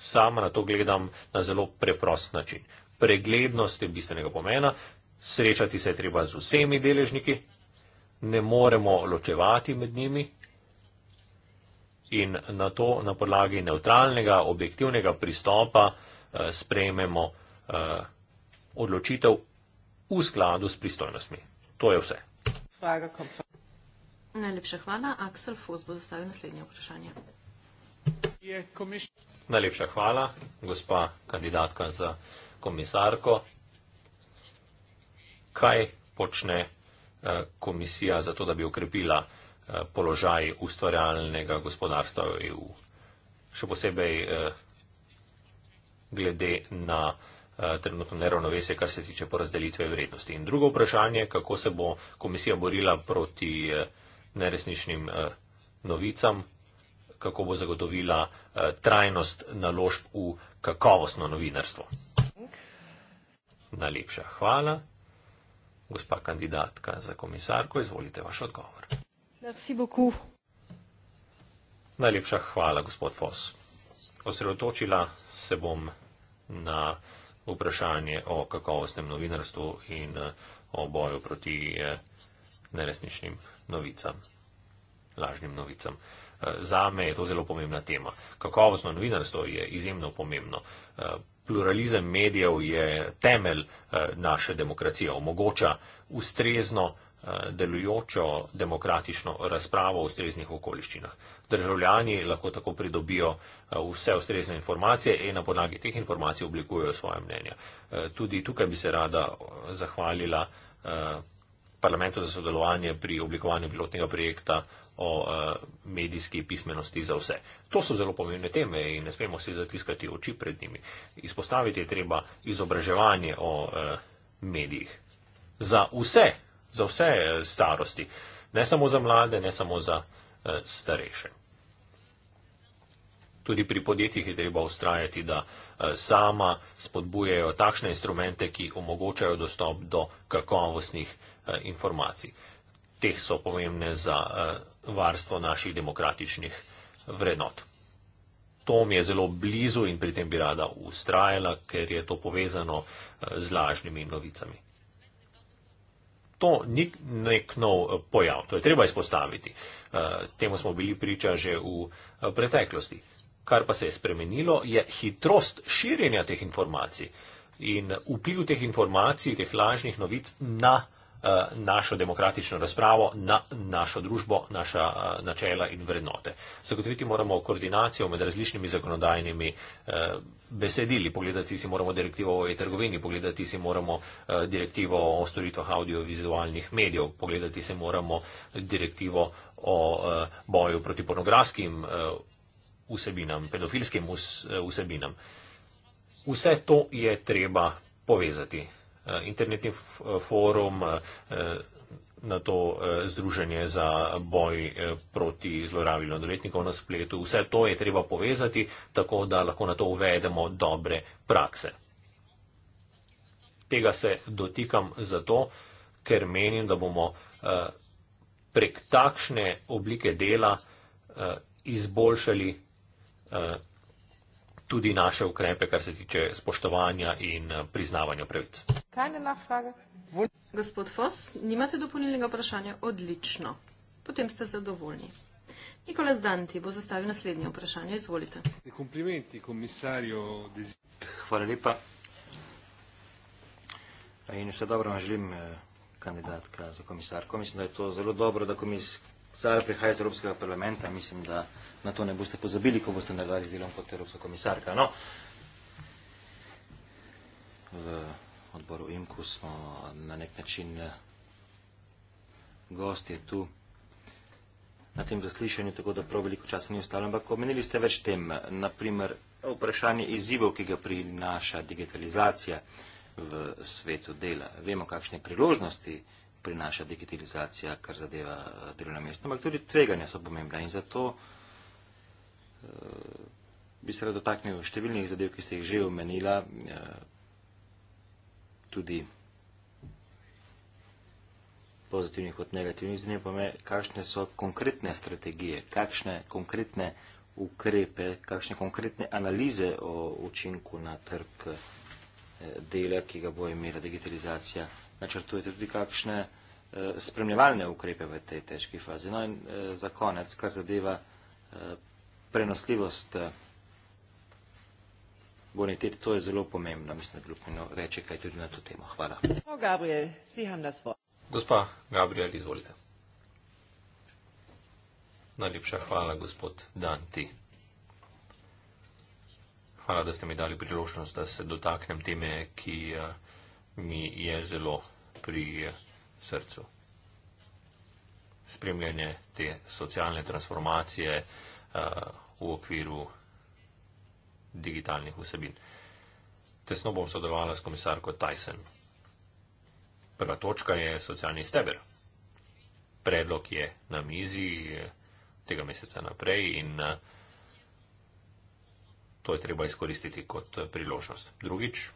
Sam na to gledam na zelo preprost način. Preglednost je bistvenega pomena, srečati se je treba z vsemi deležniki, ne moremo ločevati med njimi in na to na podlagi neutralnega, objektivnega pristopa eh, sprejmemo odločitev uh, odločitev v skladu s pristojnostmi. To je vse. Hvala, Najlepša hvala. Aksel Fos bo zastavil naslednje vprašanje. Najlepša hvala, gospa kandidatka za komisarko. Kaj počne eh, komisija za to, da bi okrepila eh, položaj ustvarjalnega gospodarstva v EU? Še posebej glede na Eh, trenutno neravnovesje, kar se tiče porazdelitve vrednosti. In drugo vprašanje, kako se bo komisija borila proti eh, neresničnim eh, novicam, kako bo zagotovila trajnost naložb v kakovostno novinarstvo. Najlepša hvala. Gospa kandidatka za komisarko, izvolite vaš odgovor. Merci beaucoup. Najlepša hvala, gospod Fos. Osredotočila se bom na vprašanje o kakovostnem novinarstvu in eh, o boju proti eh, neresničnim novicam, lažnim novicam. Eh, Za me je to zelo pomembna tema. Kakovostno novinarstvo je izjemno pomembno. Pluralizem medijev je temelj naše demokracije, omogoča ustrezno Eh, delujočo demokratično razpravo v ustreznih okoliščinah. Državljani lahko tako pridobijo eh, vse ustrezne informacije in na podlagi teh informacij oblikujejo svoje mnenje. Eh, tudi tukaj bi se rada zahvalila parlamentu za sodelovanje pri oblikovanju pilotnega projekta o medijski pismenosti za vse. To so zelo pomembne teme in ne smemo se zatiskati oči pred njimi. Izpostaviti je treba izobraževanje o medijih. Za vse za vse eh, starosti, ne samo za mlade, ne samo za eh, starejše. Tudi pri podjetjih je treba ustrajati, da eh, sama spodbujajo takšne instrumente, ki omogočajo dostop do kakovostnih informacij. Teh so pomembne za varstvo naših demokratičnih vrednot. To mi je zelo blizu in pri tem bi rada ustrajala, ker je to povezano z lažnimi novicami to ni nek nov eh, pojav, to je treba izpostaviti. Eh, temu smo bili priča že v eh, preteklosti. Kar pa se je spremenilo, je hitrost širjenja teh informacij in vpliv teh informacij, teh lažnih novic na. Eh, našo demokratično razpravo, na našo družbo, naša eh, načela in vrednote. Zagotoviti moramo koordinacijo med različnimi zakonodajnimi eh, besedili, pogledati si moramo direktivo o e-trgovini, pogledati si moramo direktivo o storitvah audiovizualnih medijev, pogledati si moramo direktivo o boju proti pornografskim vsebinam, pedofilskim vsebinam. Vse to je treba povezati. Eh, internetni eh, forum, eh, na to združenje za boj proti zlorabi mladoletnikov na spletu. Vse to je treba povezati, tako da lahko na to uvedemo dobre prakse. Tega se dotikam zato, ker menim, da bomo prek takšne oblike dela izboljšali tudi naše ukrepe, kar se tiče spoštovanja in eh, priznavanja pravic. Gospod Fos, nimate dopolnilnega vprašanja? Odlično. Potem ste zadovoljni. Nikola Zdanti bo zastavil naslednje vprašanje. Izvolite. Hvala lepa. In vse dobro vam želim, eh, kandidatka za komisarko. Mislim, da je to zelo dobro, da komisar prihaja iz Evropskega parlamenta. Mislim, da na to ne boste pozabili, ko boste nadali z delom kot Evropska komisarka. No. V odboru IMKU smo na nek način eh, gosti tu na tem zaslišanju, tako da prav veliko časa ni ostalo, ampak omenili ste več tem, naprimer vprašanje izzivov, ki ga prinaša digitalizacija v svetu dela. Vemo, kakšne priložnosti prinaša digitalizacija, kar zadeva eh, delovna mesta, ampak tudi tveganja so pomembna in zato Eh, bi se rad dotaknil številnih zadev, ki ste jih že omenila, eh, tudi pozitivnih kot negativnih. Zanima pa me, kakšne so konkretne strategije, kakšne konkretne ukrepe, kakšne konkretne analize o učinku na trg eh, dela, ki ga bo imela digitalizacija. Načrtujete tudi kakšne spremljevalne ukrepe v tej težki fazi. No in za konec, kar zadeva prenosljivost eh, bonitet, to je zelo pomembno, mislim, da Glupino reče kaj tudi na to temo. Hvala. Gabriel, Gospa Gabriel, izvolite. Najlepša hvala, gospod Danti. Hvala, da ste mi dali priložnost, da se dotaknem teme, ki eh, mi je zelo pri eh, srcu. Spremljanje te socialne transformacije, Eh, v okviru digitalnih vsebin. Tesno bom sodelovala s komisarko Tyson. Prva točka je socialni steber. Predlog je na mizi eh, tega meseca naprej in eh, to je treba izkoristiti kot priložnost. Drugič.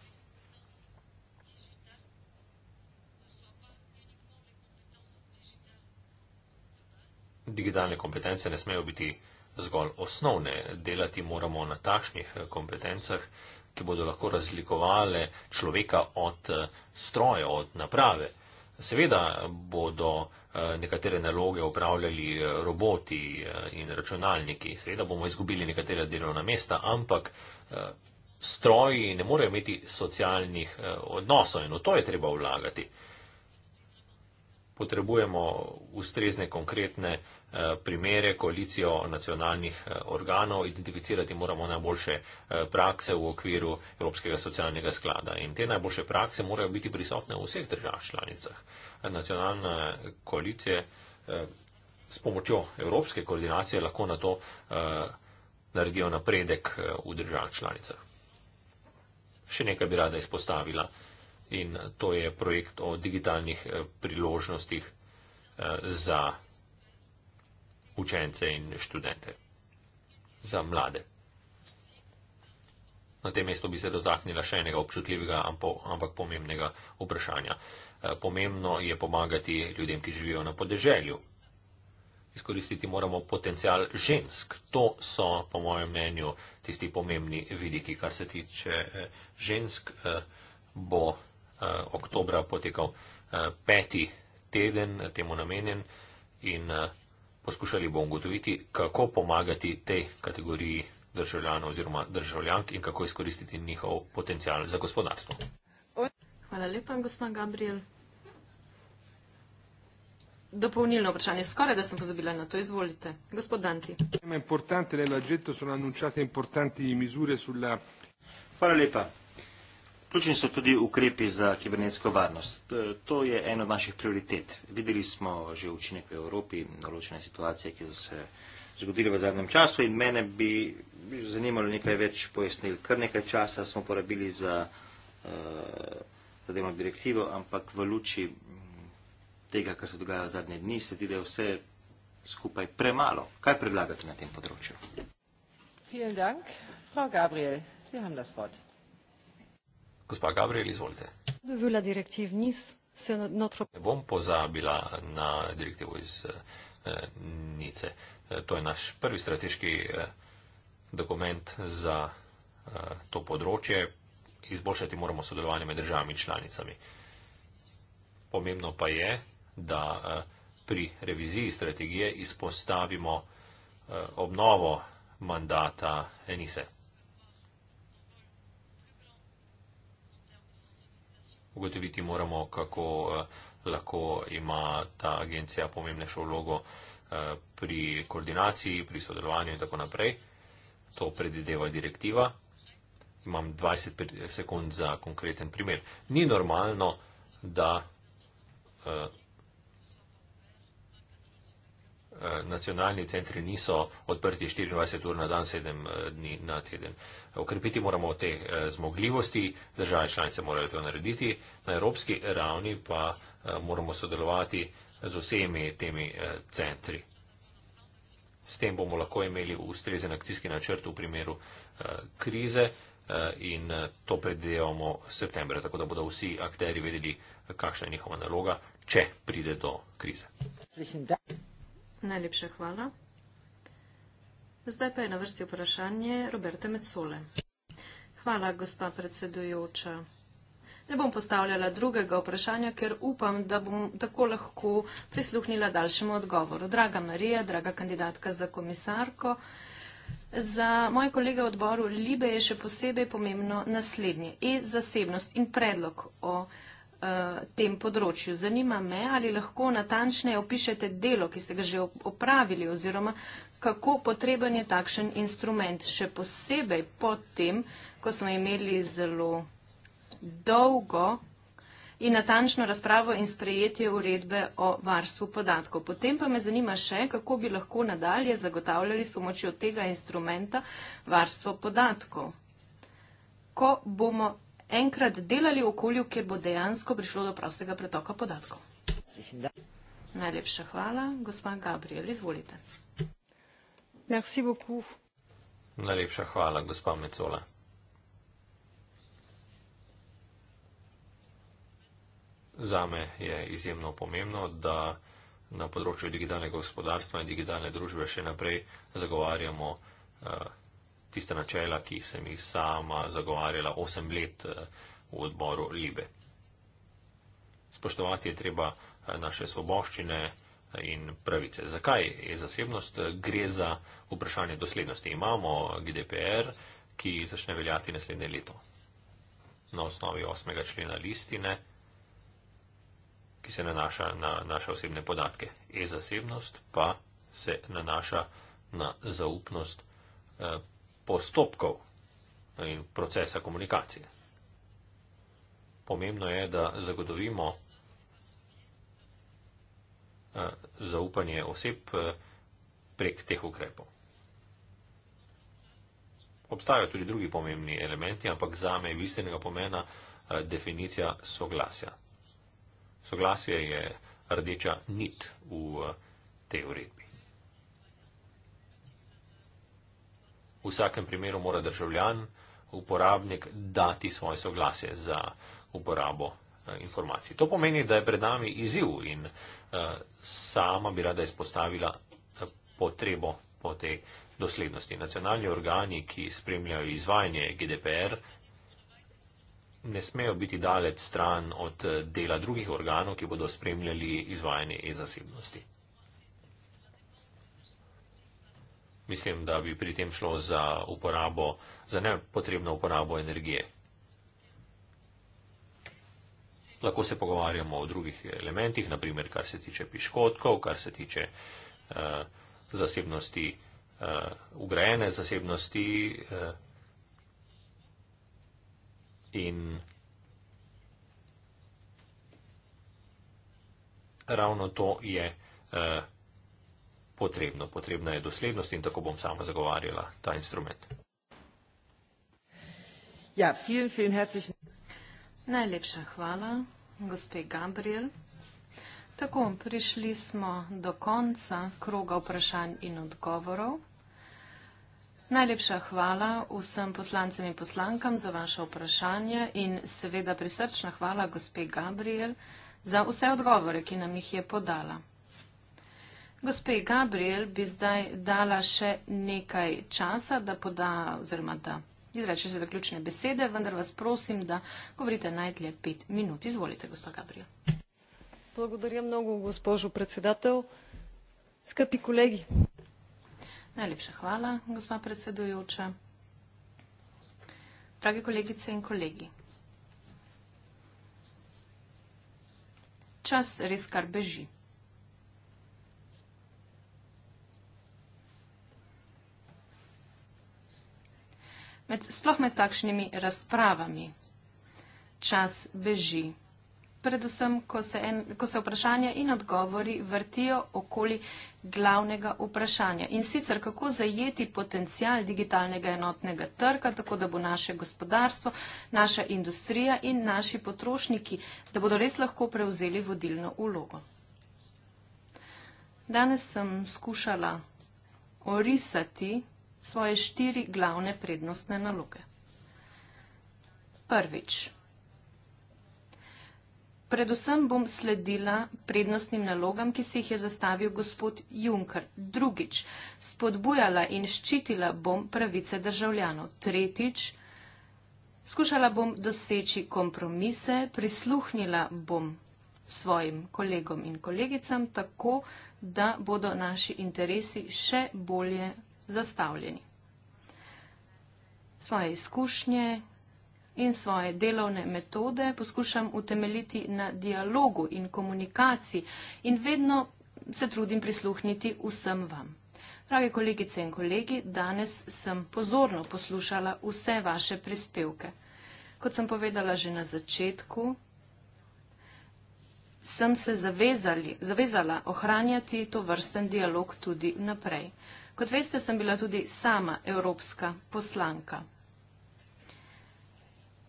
Digitalne kompetence ne smejo biti zgolj osnovne. Delati moramo na takšnih eh, kompetencah, ki bodo lahko razlikovale človeka od eh, stroja, od naprave. Seveda bodo eh, nekatere naloge upravljali roboti in računalniki, seveda bomo izgubili nekatera delovna mesta, ampak stroji ne morejo imeti socialnih odnosov in v to je treba vlagati. Potrebujemo ustrezne konkretne Eh, primere, koalicijo nacionalnih eh, organov, identificirati moramo najboljše eh, prakse v okviru Evropskega socialnega sklada. In te najboljše prakse morajo biti prisotne v vseh državah članicah. Nacionalne koalicije s pomočjo Evropske koordinacije lahko na to naredijo napredek v državah članicah. Še nekaj bi rada izpostavila in to je projekt o digitalnih priložnostih za učence in študente. Za mlade. Na tem mestu bi se dotaknila še enega občutljivega, ampak pomembnega vprašanja. Eh, pomembno je pomagati ljudem, ki živijo na podeželju. Izkoristiti moramo potencial žensk. To so, po mojem mnenju, tisti pomembni vidiki, kar se tiče eh, žensk. Eh, bo oktobra potekal peti teden temu namenjen in Poskušali bomo ugotoviti, kako pomagati tej kategoriji državljanov oziroma državljank in kako izkoristiti njihov potencial za gospodarstvo. Hvala lepa, gospod Gabriel. Dopolnilno vprašanje, skoraj da sem pozabila na to, izvolite. Gospod Danci. Hvala lepa. Vključeni so tudi ukrepi za kibernetsko varnost. E, to je eno od naših prioritet. Videli smo že učinek v Evropi, določene situacije, ki so se zgodile v zadnjem času in mene bi zanimalo nekaj več pojasnil. Kar nekaj časa smo porabili za, e, za delno direktivo, ampak v luči mm, tega, kar se dogaja v zadnje dni, se ti da je vse skupaj premalo. Kaj predlagate na tem področju? Hvala, Gabriel. Vi imate besedo. Gospa Gabriel, izvolite. Bom pozabila na direktivo iz eh, Nice. Eh, to je naš prvi strateški eh, dokument za to področje. Izboljšati moramo sodelovanje med državami in članicami. Pomembno pa je, da pri reviziji strategije izpostavimo obnovo mandata Enise. ugotoviti moramo, kako eh, lahko ima ta agencija pomembnejšo vlogo eh, pri koordinaciji, pri sodelovanju in tako naprej. To predvideva direktiva. Imam 20 sekund za konkreten primer. Ni normalno, da eh, Eh, nacionalni centri niso odprti 24 ur na dan, 7 eh, dni na teden. Okrepiti moramo te eh, zmogljivosti, države članice morajo to narediti, na evropski ravni pa moramo sodelovati z vsemi temi centri. S tem bomo lahko imeli ustrezen akcijski načrt v primeru krize in to predvidevamo v septembru, tako da bodo vsi akteri vedeli, kakšna je njihova naloga, če pride do krize. Vsi, Najlepša hvala. Zdaj pa je na vrsti vprašanje Roberta Mecole. Hvala, gospa predsedujoča. Ne bom postavljala drugega vprašanja, ker upam, da bom tako lahko prisluhnila daljšemu odgovoru. Draga Marija, draga kandidatka za komisarko, za moje kolege v odboru Libe je še posebej pomembno naslednje. E-zasebnost in predlog o komisarko uh, tem področju. Zanima me, ali lahko natančneje opišete delo, ki ste ga že opravili oziroma kako potreben je takšen instrument, še posebej po tem, ko smo imeli zelo dolgo in natančno razpravo in sprejetje uredbe o varstvu podatkov. Potem pa me zanima še, kako bi lahko nadalje zagotavljali s pomočjo tega instrumenta varstvo podatkov. Ko bomo enkrat delali v okolju, kjer bo dejansko prišlo do prostega pretoka podatkov. Najlepša hvala. Gospa Gabriel, izvolite. Merci beaucoup. Najlepša hvala, gospa Mecola. Zame je izjemno pomembno, da na področju digitalnega gospodarstva in digitalne družbe še naprej zagovarjamo uh, tiste načela, ki sem jih sama zagovarjala osem let eh, v odboru Libe. Spoštovati je treba eh, naše svoboščine eh, in pravice. Zakaj je zasebnost? Gre za vprašanje doslednosti. Imamo GDPR, ki začne veljati naslednje leto. Na osnovi osmega člena listine, ki se nanaša na naše osebne podatke. E-zasebnost pa se nanaša na zaupnost postopkov in procesa komunikacije. Pomembno je, da zagotovimo eh, zaupanje oseb eh, prek teh ukrepov. Obstajajo tudi drugi pomembni elementi, ampak za me je bistvenega pomena eh, definicija soglasja. Soglasje je rdeča nit v tej uredbi. V vsakem primeru mora državljan, uporabnik dati svoje soglasje za uporabo eh, informacij. To pomeni, da je pred nami izziv in eh, sama bi rada izpostavila eh, potrebo po tej doslednosti. Nacionalni organi, ki spremljajo izvajanje GDPR, ne smejo biti daleč stran od dela drugih organov, ki bodo spremljali izvajanje e-zasebnosti. mislim, da bi pri tem šlo za uporabo, za nepotrebno uporabo energije. Lahko se pogovarjamo o drugih elementih, naprimer, kar se tiče piškotkov, kar se tiče uh, zasebnosti, uh, ugrajene zasebnosti uh, in ravno to je uh, potrebno. Potrebna je doslednost in tako bom sama zagovarjala ta instrument. Ja, vielen, vielen herzlichen. Najlepša hvala, gospe Gabriel. Tako, prišli smo do konca kroga vprašanj in odgovorov. Najlepša hvala vsem poslancem in poslankam za vaše vprašanje in seveda prisrčna hvala gospe Gabriel za vse odgovore, ki nam jih je podala. Gospe Gabriel bi zdaj dala še nekaj časa, da poda oziroma da izreče se zaključne besede, vendar vas prosim, da govorite najtlje pet minut. Izvolite, gospa Gabriel. Благодаря много, госпожо председател. Скъпи колеги! Najlepša hvala, gospa predsedujoča. Dragi kolegice in kolegi. Čas res kar beži. med, sploh med takšnimi razpravami. Čas beži. Predvsem, ko se, en, ko se vprašanja in odgovori vrtijo okoli glavnega vprašanja. In sicer, kako zajeti potencial digitalnega enotnega trga, tako da bo naše gospodarstvo, naša industrija in naši potrošniki, da bodo res lahko prevzeli vodilno ulogo. Danes sem skušala orisati svoje štiri glavne prednostne naloge. Prvič. Predvsem bom sledila prednostnim nalogam, ki si jih je zastavil gospod Juncker. Drugič. Spodbujala in ščitila bom pravice državljanov. Tretjič. Skušala bom doseči kompromise, prisluhnila bom svojim kolegom in kolegicam tako, da bodo naši interesi še bolje zastavljeni. Svoje izkušnje in svoje delovne metode poskušam utemeliti na dialogu in komunikaciji in vedno se trudim prisluhniti vsem vam. Dragi kolegice in kolegi, danes sem pozorno poslušala vse vaše prispevke. Kot sem povedala že na začetku, sem se zavezali, zavezala ohranjati to vrsten dialog tudi naprej. Kot veste, sem bila tudi sama evropska poslanka.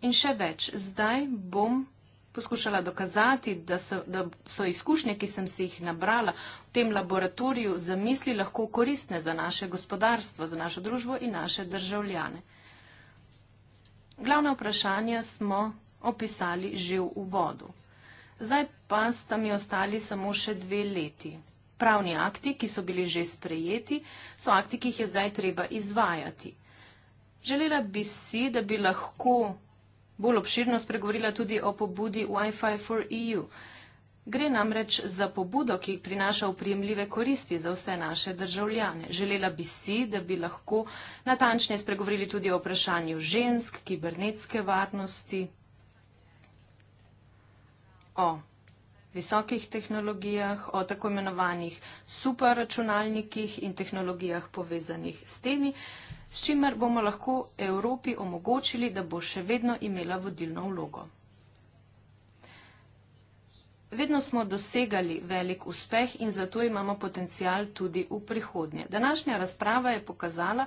In še več, zdaj bom poskušala dokazati, da so, da so izkušnje, ki sem si jih nabrala v tem laboratoriju, za misli lahko koristne za naše gospodarstvo, za našo družbo in naše državljane. Glavna vprašanja smo opisali že v uvodu. Zdaj pa sta mi ostali samo še dve leti pravni akti, ki so bili že sprejeti, so akti, ki jih je zdaj treba izvajati. Želela bi si, da bi lahko bolj obširno spregovorila tudi o pobudi Wi-Fi for EU. Gre namreč za pobudo, ki prinaša upremljive koristi za vse naše državljane. Želela bi si, da bi lahko natančneje spregovorili tudi o vprašanju žensk, kibernetske varnosti, o visokih tehnologijah, o tako imenovanih superračunalnikih in tehnologijah povezanih s temi, s čimer bomo lahko Evropi omogočili, da bo še vedno imela vodilno vlogo. Vedno smo dosegali velik uspeh in zato imamo potencial tudi v prihodnje. Današnja razprava je pokazala,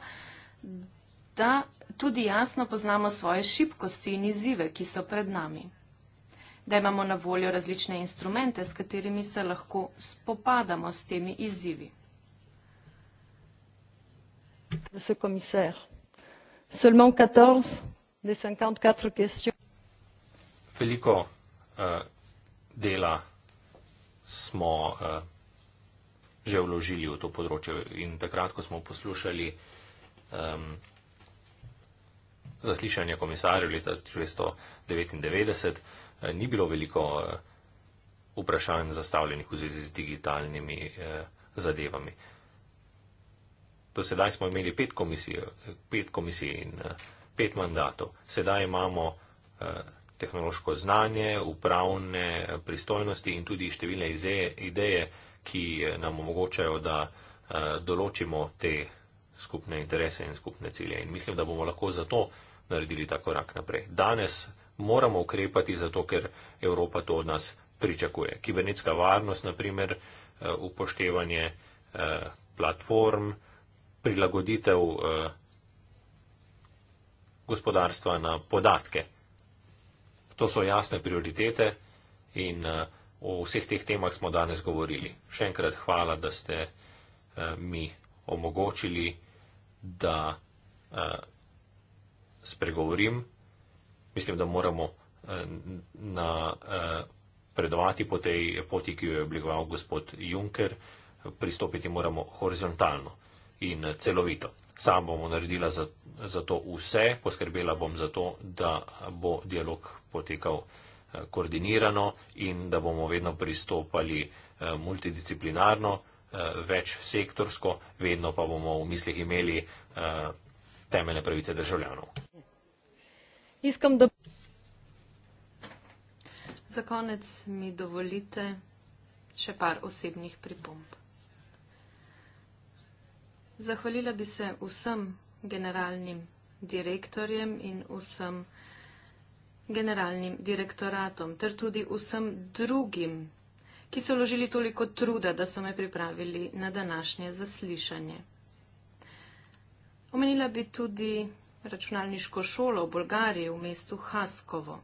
da tudi jasno poznamo svoje šibkosti in izzive, ki so pred nami da imamo na voljo različne instrumente, s katerimi se lahko spopadamo s temi izzivi. Veliko uh, dela smo uh, že vložili v to področje in takrat, ko smo poslušali um, zaslišanje komisarjev leta 1999, Eh, ni bilo veliko eh, vprašanj zastavljenih v zvezi z digitalnimi eh, zadevami. Do sedaj smo imeli pet komisij, pet komisij in pet mandatov. Sedaj imamo tehnološko znanje, upravne pristojnosti in tudi številne ideje, ki nam omogočajo, da določimo te skupne interese in skupne cilje. In mislim, da bomo lahko zato naredili tako rak naprej. Danes moramo ukrepati zato, ker Evropa to od nas pričakuje. Kibernetska varnost, naprimer, eh, upoštevanje eh, platform, prilagoditev eh, gospodarstva na podatke. To so jasne prioritete in o vseh teh temah smo danes govorili. Še enkrat hvala, da ste mi omogočili, da spregovorim mislim, da moramo eh, napredovati eh, po tej poti, ki jo je oblikoval gospod Juncker, pristopiti moramo horizontalno in celovito. Sam bom naredila za, za to vse, poskrbela bom za to, da bo dialog potekal eh, koordinirano in da bomo vedno pristopali multidisciplinarno, več sektorsko, vedno pa bomo v mislih imeli temeljne pravice državljanov. Iskam, da... Za konec mi dovolite še par osebnih pripomb. Zahvalila bi se vsem generalnim direktorjem in vsem generalnim direktoratom, ter tudi vsem drugim, ki so vložili toliko truda, da so me pripravili na današnje zaslišanje. Omenila bi tudi računalniško šolo v Bolgariji v mestu Haskovo.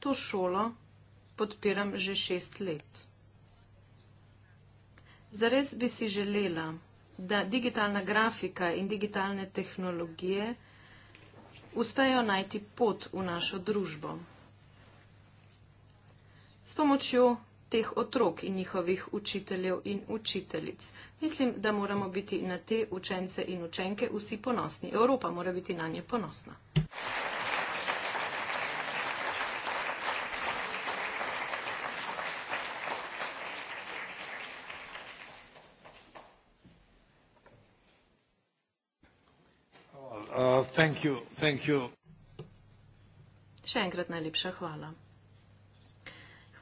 To šolo podpiram že šest let. Zares bi si želela, da digitalna grafika in digitalne tehnologije uspejo najti pot v našo družbo. S pomočjo teh otrok in njihovih učiteljev in učiteljic. Mislim, da moramo biti na te učence in učenke vsi ponosni. Evropa mora biti na nje ponosna. Uh, thank you, thank you. Še enkrat najlepša hvala.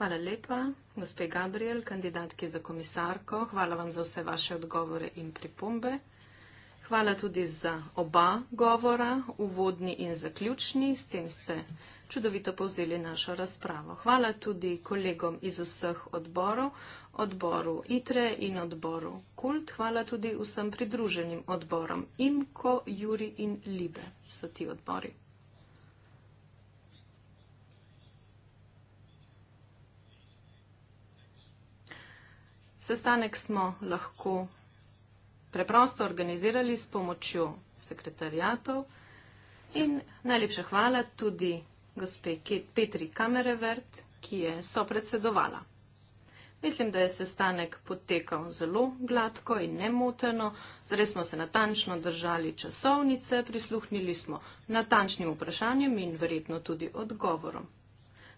Hvala lepa, gospe Gabriel, kandidatki za komisarko. Hvala vam za vse vaše odgovore in pripombe. Hvala tudi za oba govora, uvodni in zaključni. S tem ste čudovito povzeli našo razpravo. Hvala tudi kolegom iz vseh odborov, odboru ITRE in odboru KULT. Hvala tudi vsem pridruženim odborom IMKO, JURI in LIBE so ti odbori. Sestanek smo lahko preprosto organizirali s pomočjo sekretarjatov in najlepša hvala tudi gospe Petri Kamerevert, ki je sopredsedovala. Mislim, da je sestanek potekal zelo gladko in nemoteno, zdaj smo se natančno držali časovnice, prisluhnili smo natančnim vprašanjem in verjetno tudi odgovorom.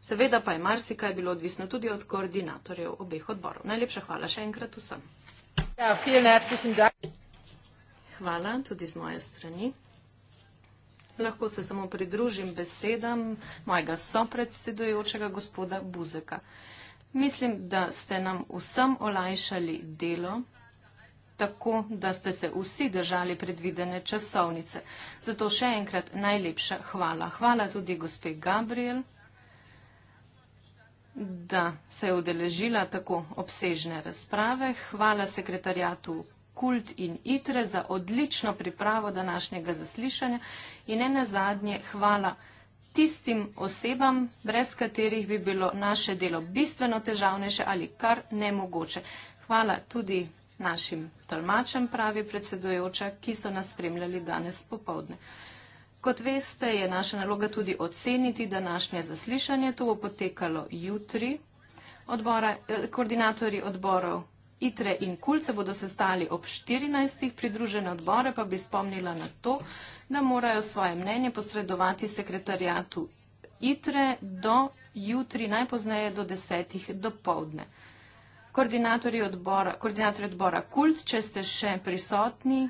Seveda pa je marsikaj bilo odvisno tudi od koordinatorjev obeh odborov. Najlepša hvala še enkrat vsem. Ja, hvala tudi z moje strani. Lahko se samo pridružim besedam mojega sopredsedujočega gospoda Buzeka. Mislim, da ste nam vsem olajšali delo tako, da ste se vsi držali predvidene časovnice. Zato še enkrat najlepša hvala. Hvala tudi gospe Gabriel da se je udeležila tako obsežne razprave. Hvala sekretarjatu Kult in ITRE za odlično pripravo današnjega zaslišanja in ne nazadnje hvala tistim osebam, brez katerih bi bilo naše delo bistveno težavnejše ali kar nemogoče. Hvala tudi našim tolmačem, pravi predsedujoča, ki so nas spremljali danes popovdne. Kot veste, je naša naloga tudi oceniti današnje zaslišanje. To bo potekalo jutri. Odbora, eh, koordinatori odborov ITRE in KUL se bodo sestali ob 14. Pridružene odbore pa bi spomnila na to, da morajo svoje mnenje posredovati sekretarijatu ITRE do jutri, najpozneje do 10. do povdne. Koordinatorji odbora, koordinatorji odbora KULT, če ste še prisotni,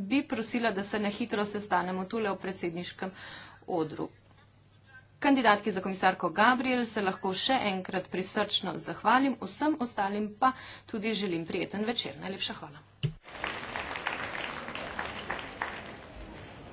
bi prosila, da se na hitro sestanemo tule v predsedniškem odru. Kandidatki za komisarko Gabriel se lahko še enkrat prisrčno zahvalim, vsem ostalim pa tudi želim prijeten večer. Najlepša hvala.